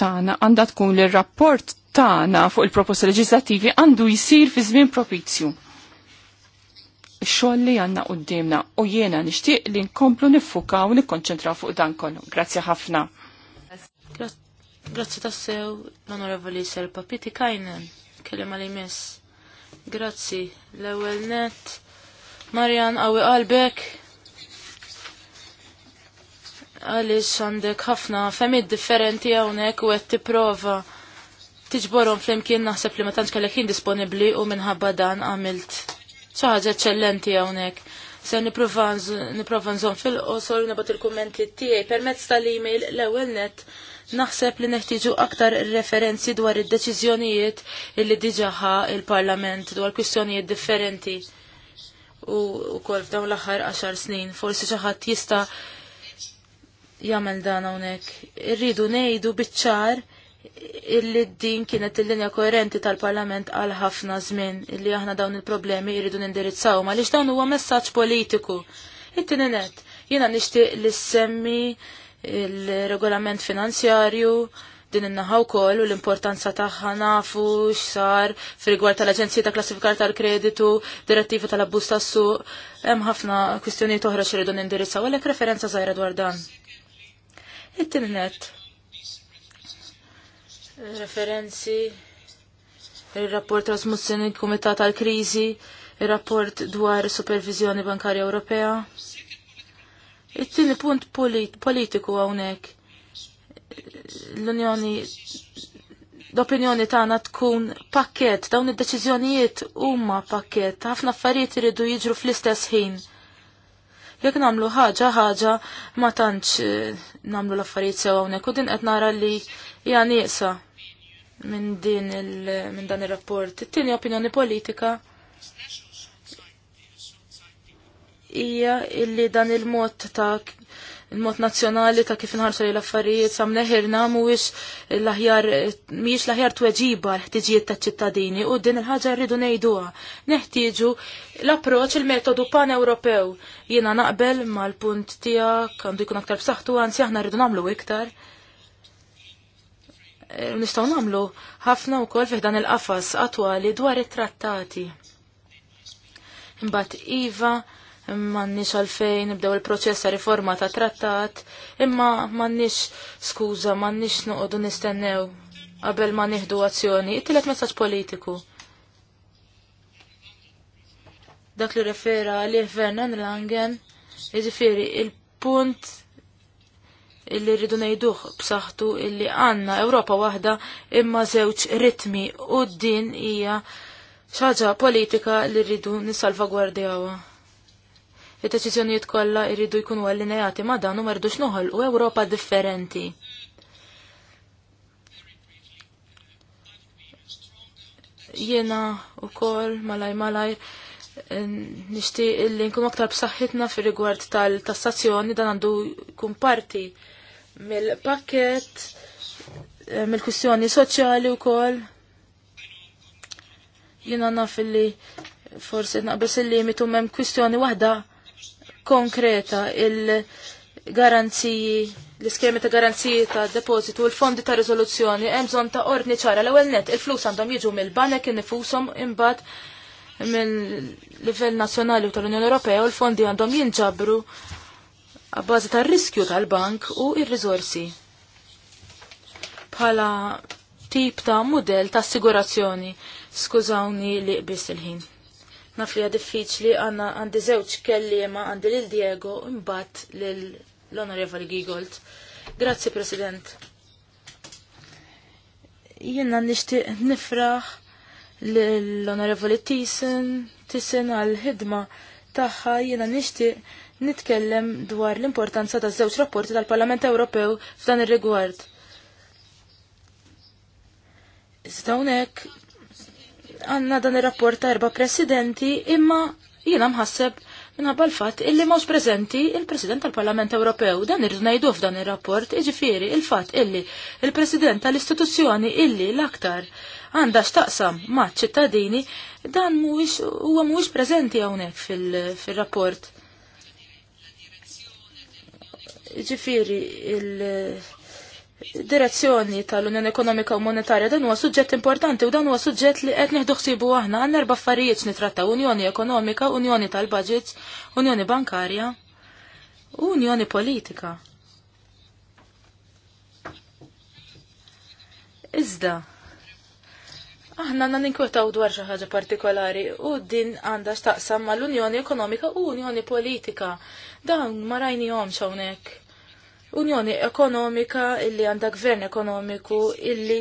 tagħna għandha tkun li r-rapport tagħna fuq il-proposti leġislattivi għandu jisir fi żmien propizju. Xolli xogħol li għandna qudiemna u jiena nixtieq li nkomplu niffukaw u nikkonċentraw fuq dan kollu. Grazzi ħafna. Grazzi tassew, l-onorevoli ser papiti Kajnen, kellem għal miss. Grazzi, l-ewel net, Marjan għawi qalbek, għalis għandek ħafna femid differenti għawnek u għed prova tiġborom flimkien naħseb li ma tantx kellek disponibli disponibbli u minħabba dan għamilt soħħaġ eċċellenti hawnhekk. Se nipprova nżomm fil-qosor nibgħat il-kummenti tiegħi permezz tal-email l-ewwel net Naħseb li neħtiġu aktar referenzi dwar id-deċiżjonijiet illi diġaħa il-Parlament dwar kwistjonijiet differenti u wkoll f'dawn l-aħħar 10 snin. Forsi xi ħadd jista' jagħmel dan hawnhekk. Irridu ngħidu biċ-ċar illi din kienet il-linja koerenti tal-Parlament għal ħafna żmien illi aħna dawn il-problemi jridu nindirizzaw għaliex dawn huwa messaġġ politiku. Inti nenet, jiena nixtieq li semmi il-regolament finanzjarju din innaħaw kol u l-importanza taħħa nafu x'sar fil-rigward tal-Aġenzija ta' Klassifikar tal-Kreditu, direttiva tal abbus tas-suq, hemm ħafna kwistjonijiet oħra x'ridu nindirizzaw għalhekk referenza żgħira dwar dan. It-tinnet. Referenzi il-rapport Rasmussen il-Kumitat tal-Kriżi, il-rapport dwar Supervizjoni Bankarja Ewropea Il-tini punt politiku għawnek. L-Unjoni l-opinjoni tagħna tkun pakket, dawn id-deċiżjonijiet huma pakket, ħafna affarijiet iridu jiġru fl-istess ħin. Jekk nagħmlu ħaġa ħaġa ma tantx eh, nagħmlu l-affarijiet sew hawnhekk u din qed nara li hija nieqsa minn din il, minn dan ir-rapport. It-tieni opinjoni politika hija illi dan il-mod ta' il-mod nazzjonali ta' kif inħarsu li l-affarijiet sam neħirna mhuwiex l-aħjar mhijiex l-aħjar tweġiba l-ħtiġijiet taċ-ċittadini u din il-ħaġa rridu ngħiduha. Neħtieġu l-approċċ il-metodu pan-Ewropew. Jiena naqbel mal-punt tiegħek għandu jkun aktar b'saħħtu anzi aħna rridu nagħmlu iktar. E, nistgħu nagħmlu ħafna wkoll fih dan il-qafas attwali dwar it-trattati. Imbagħad iva n-nix għalfejn nibdew il-proċess ta' riforma ta' trattat, imma ma' skuża, nix noqogħdu nistennew qabel ma nieħdu azzjoni. It-tielet messaċ politiku. Dak li refera li Vernon Langen, jiġifieri il-punt illi rridu ngħiduh b'saħħtu illi għandna Ewropa waħda imma żewġ ritmi u din hija xaġa politika li rridu nissalvagwardjawha id-deċiżjonijiet kollha jridu jkunu allineati ma' dan u ma noħol u Ewropa differenti. Jiena kol malaj malaj nixtieq illi nkun aktar b'saħħitna fir-rigward tal-tassazzjoni dan għandu jkun parti mill-pakket eh, mill-kwistjoni soċjali wkoll. Jiena naf illi forsi naqbes il-limitu mem kwistjoni waħda konkreta il-garanziji l-iskemi ta' garanziji ta' depozitu u l-fondi ta' rezoluzzjoni, hemm bżonn ta' ordni ċara l-ewwel net il-flus għandhom jiġu mill-banek innifushom imbagħad mill-livell nazzjonali u tal-Unjoni Ewropea u l-fondi għandhom jinġabru għabbażi tar-riskju tal-bank u ir rizorsi Bħala tip ta' model ta' assigurazzjoni. Skużawni li biss il-ħin naf li diffiċli għanna għandi zewċ ma għandi lil Diego imbat lil l-Onorevoli Gigold. Grazzi, President. Jenna nishti nifraħ l-Onorevoli Tisen, Tisen għal-ħidma taħħa jiena nishti nitkellem dwar l-importanza ta' żewġ rapporti tal-Parlament Ewropew f'dan ir-rigward. Iżda hawnhekk għanna dan ir-rapport ta' erba' presidenti imma jiena mħasseb minħabba l-fatt illi mawx prezenti il-President tal-Parlament Ewropew dan irdu ngħidu f'dan ir-rapport iġifiri il-fatt illi il-President tal-istituzzjoni illi l-aktar għandha x'taqsam ma' ċittadini dan mhuwiex huwa mhuwiex preżenti hawnhekk fil-rapport. Ġifieri il-, il direzzjoni tal-Unjoni Ekonomika u Monetarja dan huwa suġġett importanti u dan huwa suġġett li qed nieħdu ħsibu aħna għandna erba' affarijiet nitratta Unjoni Ekonomika, Unjoni tal-Budgets, Unjoni Bankarja u Unjoni Politika. Iżda, aħna għandna ninkwetaw dwar xi ħaġa partikolari u din għandha x'taqsam mal-Unjoni Ekonomika u Unjoni Politika. Dan ma rajnihomx hawnhekk unjoni ekonomika illi għandha gvern ekonomiku illi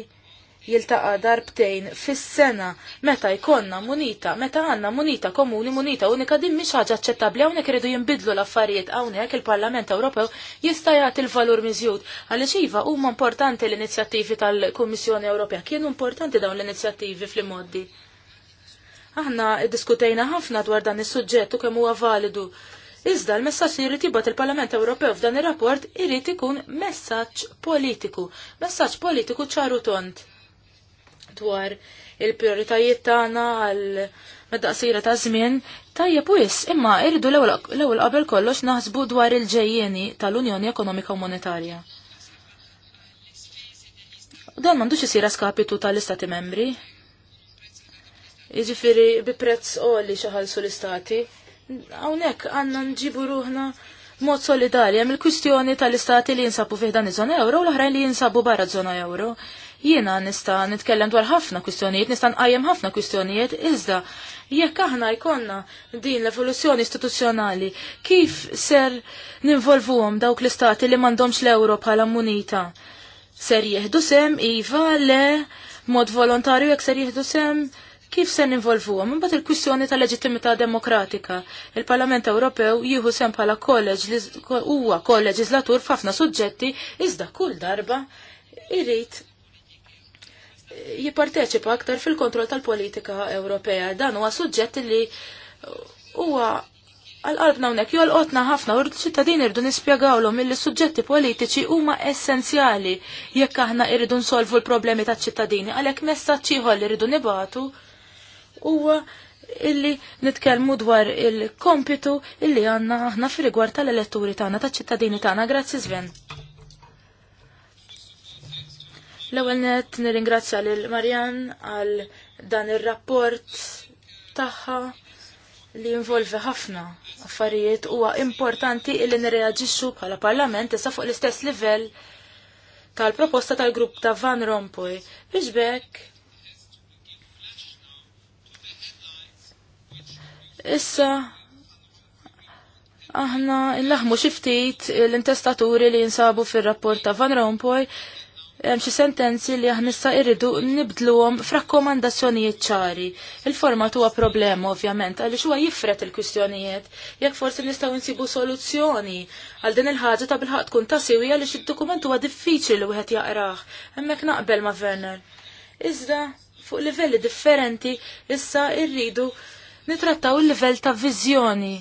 jiltaqa darbtejn fis-sena meta jkollna munita, meta għandna munita komuni, munita unika din mhix ħaġa aċċettabbli hawnhekk iridu jinbidlu l-affarijiet hawnhekk il-Parlament Ewropew jista' jagħti l-valur miżjud. Għaliex iva huma importanti l-inizjattivi tal-Kummissjoni Ewropea, kienu importanti dawn l-inizjattivi fl-immoddi. Aħna diskutejna ħafna dwar dan is-suġġett u kemm huwa validu Iżda l-messaġġ li jrid jibgħat il-Parlament Ewropew f'dan ir-rapport irid ikun messaġġ politiku, messaġġ politiku ċaru tont dwar il-prioritajiet tagħna għal meddaqsira ta' żmien tajjeb wis, imma irridu l-ewwel qabel kollox naħsbu dwar il-ġejjieni tal-Unjoni Ekonomika u Monetarja. Dan m'għandux isir skapitu tal-istati membri, Iġifiri, bi prezz oli xaħalsu l-istati, Hawnhekk għandna nġibu ruħna mod solidarja mill-kwistjoni tal-istati li jinsabu fih dan iż-żona euro u l-oħrajn li jinsabu barra żona euro. Jiena nista' nitkellem dwar ħafna kwistjonijiet, nista' nqajjem ħafna kwistjonijiet, iżda jekk aħna jkollna din l-evoluzzjoni istituzzjonali, kif ser ninvolvuhom dawk l-istati li m'għandhomx l-euro bħala munita? Ser jieħdu sem, iva, le, mod volontarju jekk ser jieħdu sem, Kif se għom, Imbagħad il-kwistjoni tal-leġittimità demokratika. Il-Parlament Ewropew jieħu sem bħala kolleġ huwa kolleġislatur f'ħafna suġġetti iżda kull darba irid jipparteċipa aktar fil-kontroll tal-politika Ewropea. Dan huwa suġġett li huwa għal-qalbna unek jolqotna ħafna u l-ċittadin irdu nispjegawlhom illi suġġetti politiċi huma essenzjali jekk aħna irridu nsolvu l-problemi taċ-ċittadini għalhekk messa ieħor li rridu nibatu huwa illi nitkellmu dwar il-kompitu illi għanna aħna fi rigward tal-elettori tagħna taċ-ċittadini tagħna. Grazzi Sven. L-ewwel net nirringrazzja lil Marjan għal dan ir-rapport tagħha li involvi ħafna affarijiet huwa importanti illi nirreaġixxu bħala parlament issa fuq l-istess livell tal-proposta tal-grupp ta' Van Rompuy biex Issa aħna il xi ftit l-intestaturi li jinsabu fir-rapport ta' Van Rompuy hemm xi sentenzi li aħna issa irridu nibdluhom f'rakkomandazzjonijiet ċari. Il-format huwa problema ovvjament għaliex huwa jifret il-kwistjonijiet. Jekk forsi nistgħu nsibu soluzzjoni għal din il-ħaġa ta' bilħaq tkun ta' siwi għaliex id-dokument huwa diffiċli li wieħed jaqrah. Hemmhekk naqbel ma' Werner. Iżda fuq livelli differenti issa irridu nitrattaw il-livell ta' viżjoni.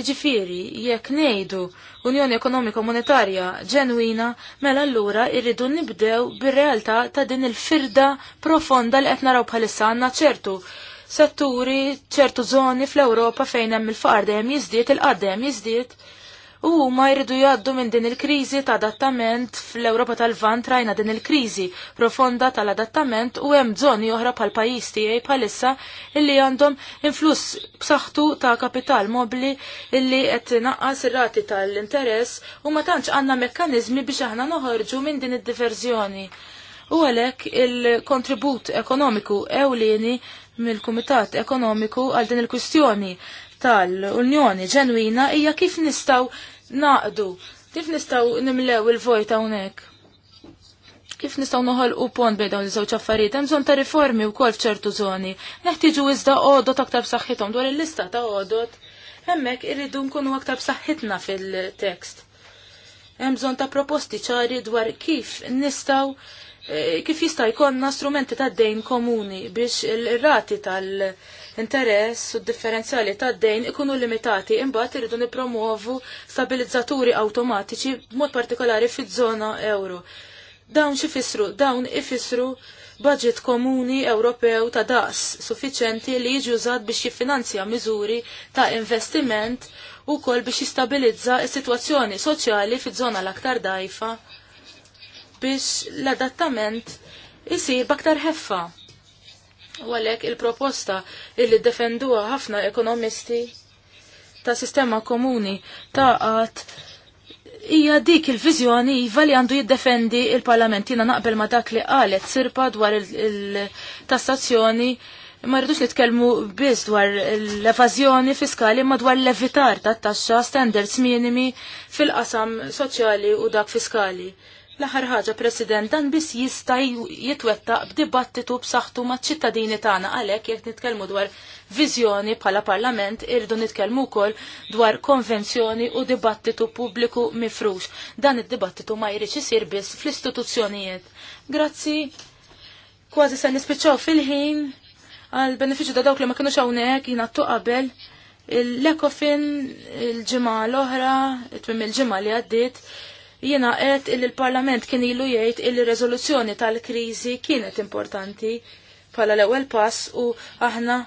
Iġifiri, jekk ngħidu Unjoni Ekonomika Monetarja ġenwina, mela allura irridu nibdew bir-realtà ta' din il-firda profonda li qed naraw bħalissa għandna ċertu setturi, ċertu zoni fl-Ewropa fejn hemm il-faqar dejjem jiżdied, il-qad dejjem jiżdied U ma jridu jgħaddu minn din il-kriżi ta' adattament fl-Ewropa tal-Vant rajna din il-kriżi profonda tal-adattament u hemm żoni oħra bħal pajjiż tiegħi bħalissa illi għandhom influss b'saħħtu ta' kapital mobli illi qed inaqqas ir-rati tal-interess u ma tantx għandna mekkaniżmi biex aħna noħorġu minn din id-diverżjoni. U għalhekk il-kontribut ekonomiku ewlieni mill-Kumitat Ekonomiku għal din il-kwistjoni tal-Unjoni ġenwina hija kif nistaw naqdu? Kif nistaw nimlew il-vojt hawnhekk? Kif nistaw noħol u pont bej dawn iż-żewġ affarijiet? Hemm bżonn ta' riformi wkoll f'ċertu żoni. Neħtieġu iżda għodot aktar b'saħħithom dwar il-lista ta' għodot. Hemmhekk irridu nkunu aktar b'saħħitna fil-tekst. Hemm bżonn ta' proposti ċari dwar kif nistaw eh, kif jista' jkollna strumenti ta' dejn komuni biex il-rati tal- interess u differenzjali ta' dejn ikunu limitati imbagħad iridu nipromuovu stabilizzaturi awtomatiċi b'mod partikolari fiż-żona euro. Dawn xifissru, dawn ifissru budget komuni Ewropew ta' daqs suffiċenti li jiġi użat biex jiffinanzja miżuri ta' investiment u kol biex jistabilizza s-situazzjoni soċjali fiż-żona l-aktar dajfa biex l-adattament isir baktar heffa. U għalhekk il-proposta illi defenduwa ħafna ekonomisti ta' sistema komuni ta' qatt hija dik il-viżjoni iva li għandu jiddefendi il-Parlament. naqbel ma' dak li qalet sirpa dwar il-tassazzjoni ma rridux nitkellmu biss dwar l-evażjoni fiskali ma dwar l evitar tat-taxxa standards minimi fil-qasam soċjali u dak fiskali. L-aħħar ħaġa, President, dan biss jista' jitwettaq b'dibattitu b'saħħtu maċ-ċittadini tagħna għalhekk jekk nitkellmu dwar viżjoni bħala Parlament irdu nitkellmu wkoll dwar konvenzjoni u dibattitu pubbliku mifrux. Dan id-dibattitu ma jridx isir biss fl-istituzzjonijiet. Grazzi. Kważi se nispiċċaw fil-ħin għal benefiċċju ta' dawk li ma kinux hawnhekk jingħattu qabel l-ekofin il-ġimgħa l-oħra, it it-twim il-ġimgħa li għaddiet, Jiena għed il l-Parlament kien ilu jgħid il riżoluzzjoni tal-kriżi kienet importanti bħala l-ewwel pass u aħna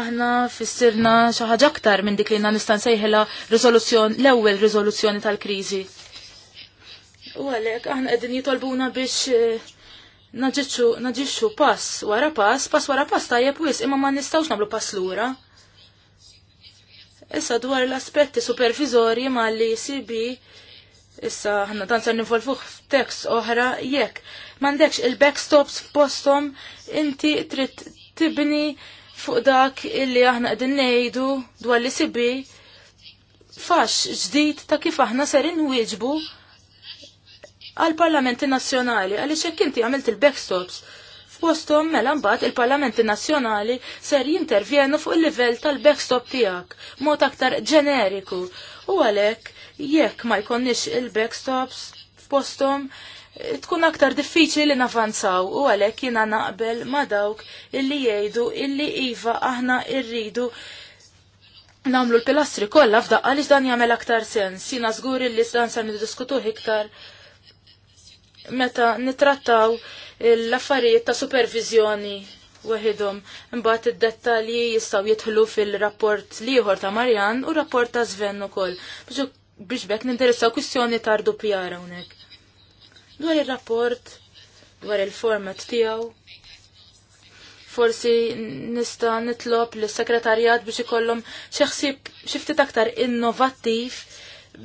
aħna fissirna xi ħaġa aktar minn dik li na nista' nsejħilha riżoluzzjoni l-ewwel riżoluzzjoni tal-kriżi. U għalhekk aħna qegħdin jitolbuna biex eh, naġiċu, pass wara pass, pass wara pass tajjeb wis, imma ma nistawx nagħmlu pass lura. Issa dwar l-aspetti supervizorji ma li sibi issa ħanna tan ser nivolfuħ f'tekst oħra jekk m'għandekx il-backstops f'posthom inti trid tibni fuq dak illi aħna qegħdin ngħidu dwar li sibi fax ġdid ta' kif aħna ser inwieġbu għal parlamenti nazzjonali għaliex hekk inti għamilt il-backstops f'postom mela mbagħad il-Parlamenti Nazzjonali ser jintervjenu fuq il-livell tal-backstop tiegħek mod aktar ġeneriku. U għalhekk jekk ma jkonniex il-backstops f'postom tkun aktar diffiċli li navanzaw u għalhekk jiena naqbel ma dawk illi jgħidu illi iva aħna rridu namlu l-pilastri kollha f'daqqa li dan jagħmel aktar sens. Jiena żgur illi dan ser niddiskutuh iktar meta nitrattaw l-affarijiet ta' supervizjoni weħidhom imbagħad id-dettalji jistgħu jidħlu fil-rapport liħor ta' Marjan u rapport ta' Sven ukoll biex bekk ninteressaw kwistjoni ta' ardu PR hawnhekk. Dwar ir-rapport, dwar il-format tiegħu, forsi nista nitlob l sekretarjat biex ikollhom xi ħsieb xi ftit aktar innovattiv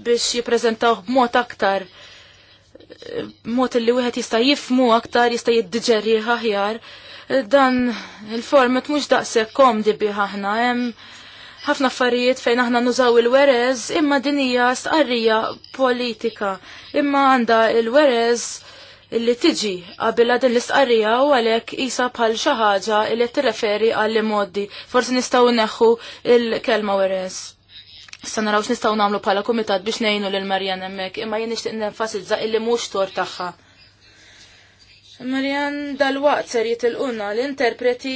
biex jippreżentaw b'mod aktar mod li wieħed jista' jifmu aktar jista' jiddiġeri aħjar. Dan il-format mhux daqshekk komdi bih aħna hemm ħafna affarijiet fejn aħna nużaw il-werez imma din hija stqarrija politika. Imma għandha il-werez illi tiġi qabilha din l-istqarrija u għalhekk qisha bħal xi ħaġa li tirreferi għall modi. Forsi nistgħu neħħu il-kelma werez. Sanna rawx nistaw nagħmlu bħala kumitat biex ngħinu lil Marjan hemmhekk, imma jien nixtieq nenfasizza illi mhux tor tagħha. Marjan dal-waqt il jitilquna l-interpreti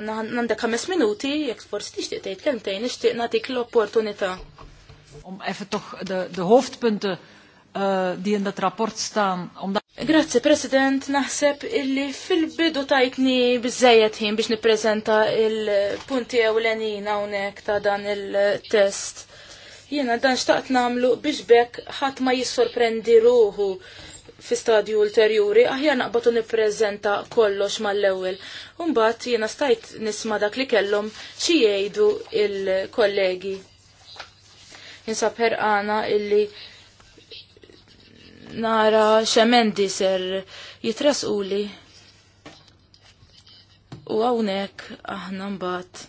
għandek ħames minuti, jekk forsi tixtieq tgħid kemmtejn nixtieq nagħtik l-opportunità. Om even de, Eh, die in rapport Grazie, President. Naħseb illi fil-bidu tajkni bizzejet ħin biex niprezenta il-punti ewlenina hawnhekk ta' dan il-test. Jiena dan xtaqt namlu biex bekk ħadd ma jissorprendi ruħu fi stadju ulterjuri, aħjar naqbatu niprezenta kollox mal-ewwel. Umbat jiena stajt nisma' dak li kellhom xi jgħidu il-kollegi. Jinsab herqana illi nara xemendi ser jitrasquli u għawnek aħna mbagħad.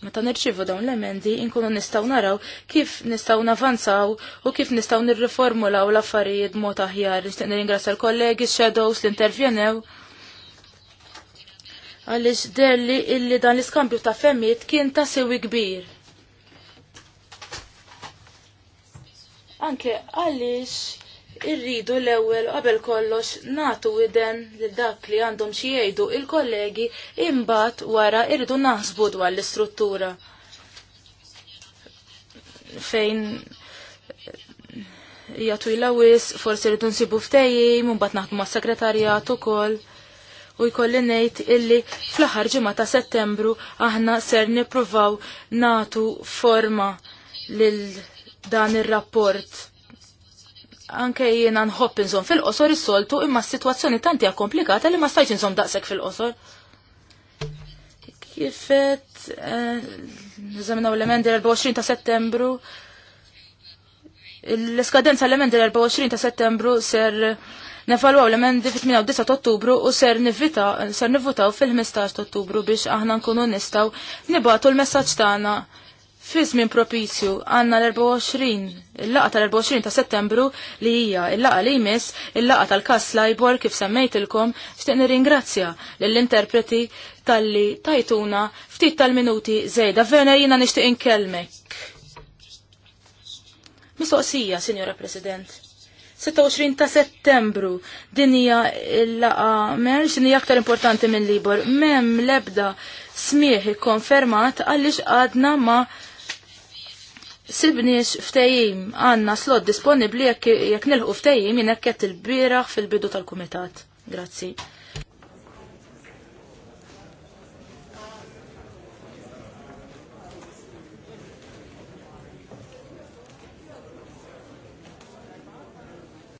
Meta nirċivu dawn l-emendi, inkunu nistaw naraw kif nistaw navanzaw u kif nistaw nirriformulaw l-affarijiet mod aħjar. Nixtieq nirringrazzja l-kollegi, shadows li intervjenew. Għaliex delli illi dan l-iskambju ta' femmit kien ta' sewi kbir. Anke għaliex irridu l-ewwel qabel kollox natu idem lil dak li għandhom xi jgħidu il-kollegi imbagħad wara irridu naħsbu dwar l-istruttura. Fejn hija twila wis, forsi rridu nsibu ftejji, mbagħad naħdmu mas-sekretarjat ukoll u jkolli ngħid illi fl-aħħar ġimgħa ta' Settembru aħna ser nippruvaw natu forma lil dan ir-rapport anke jiena nħobb inżom fil-qosor is-soltu imma s-sitwazzjoni tanti hija komplikata li ma stajt inżom daqshekk fil-qosor. Kifet eh, nżaminaw l-emendi l-24 ta' settembru. L-eskadenza l-emendi l-24 ta' settembru ser nefalwaw l-emendi fit-8 ta' ottubru u ser nivvita ser nivvutaw fil-15 ta' ottubru biex aħna nkunu nistaw nibatu l-messaġġ tagħna Fiż minn propizju għanna l-24, il-laqa tal-24 ta' settembru li hija il-laqa li jmiss, il-laqa tal-kas Lajbor kif semmejtilkom, ftiq nirringrazzja lill-interpreti tal-li tajtuna ftit tal-minuti zejda. Vener jina nixtieq inkelmek. Mistoqsija, Signora President. 26 ta' settembru din hija il-laqa merx din aktar importanti minn Libor. Mem lebda smieħ ikkonfermat għaliex għadna ma' sibniex ftejim għanna slot disponibli jekk nilħu ftejim jekk qed il-bieraħ fil-bidu tal-kumitat. Grazzi.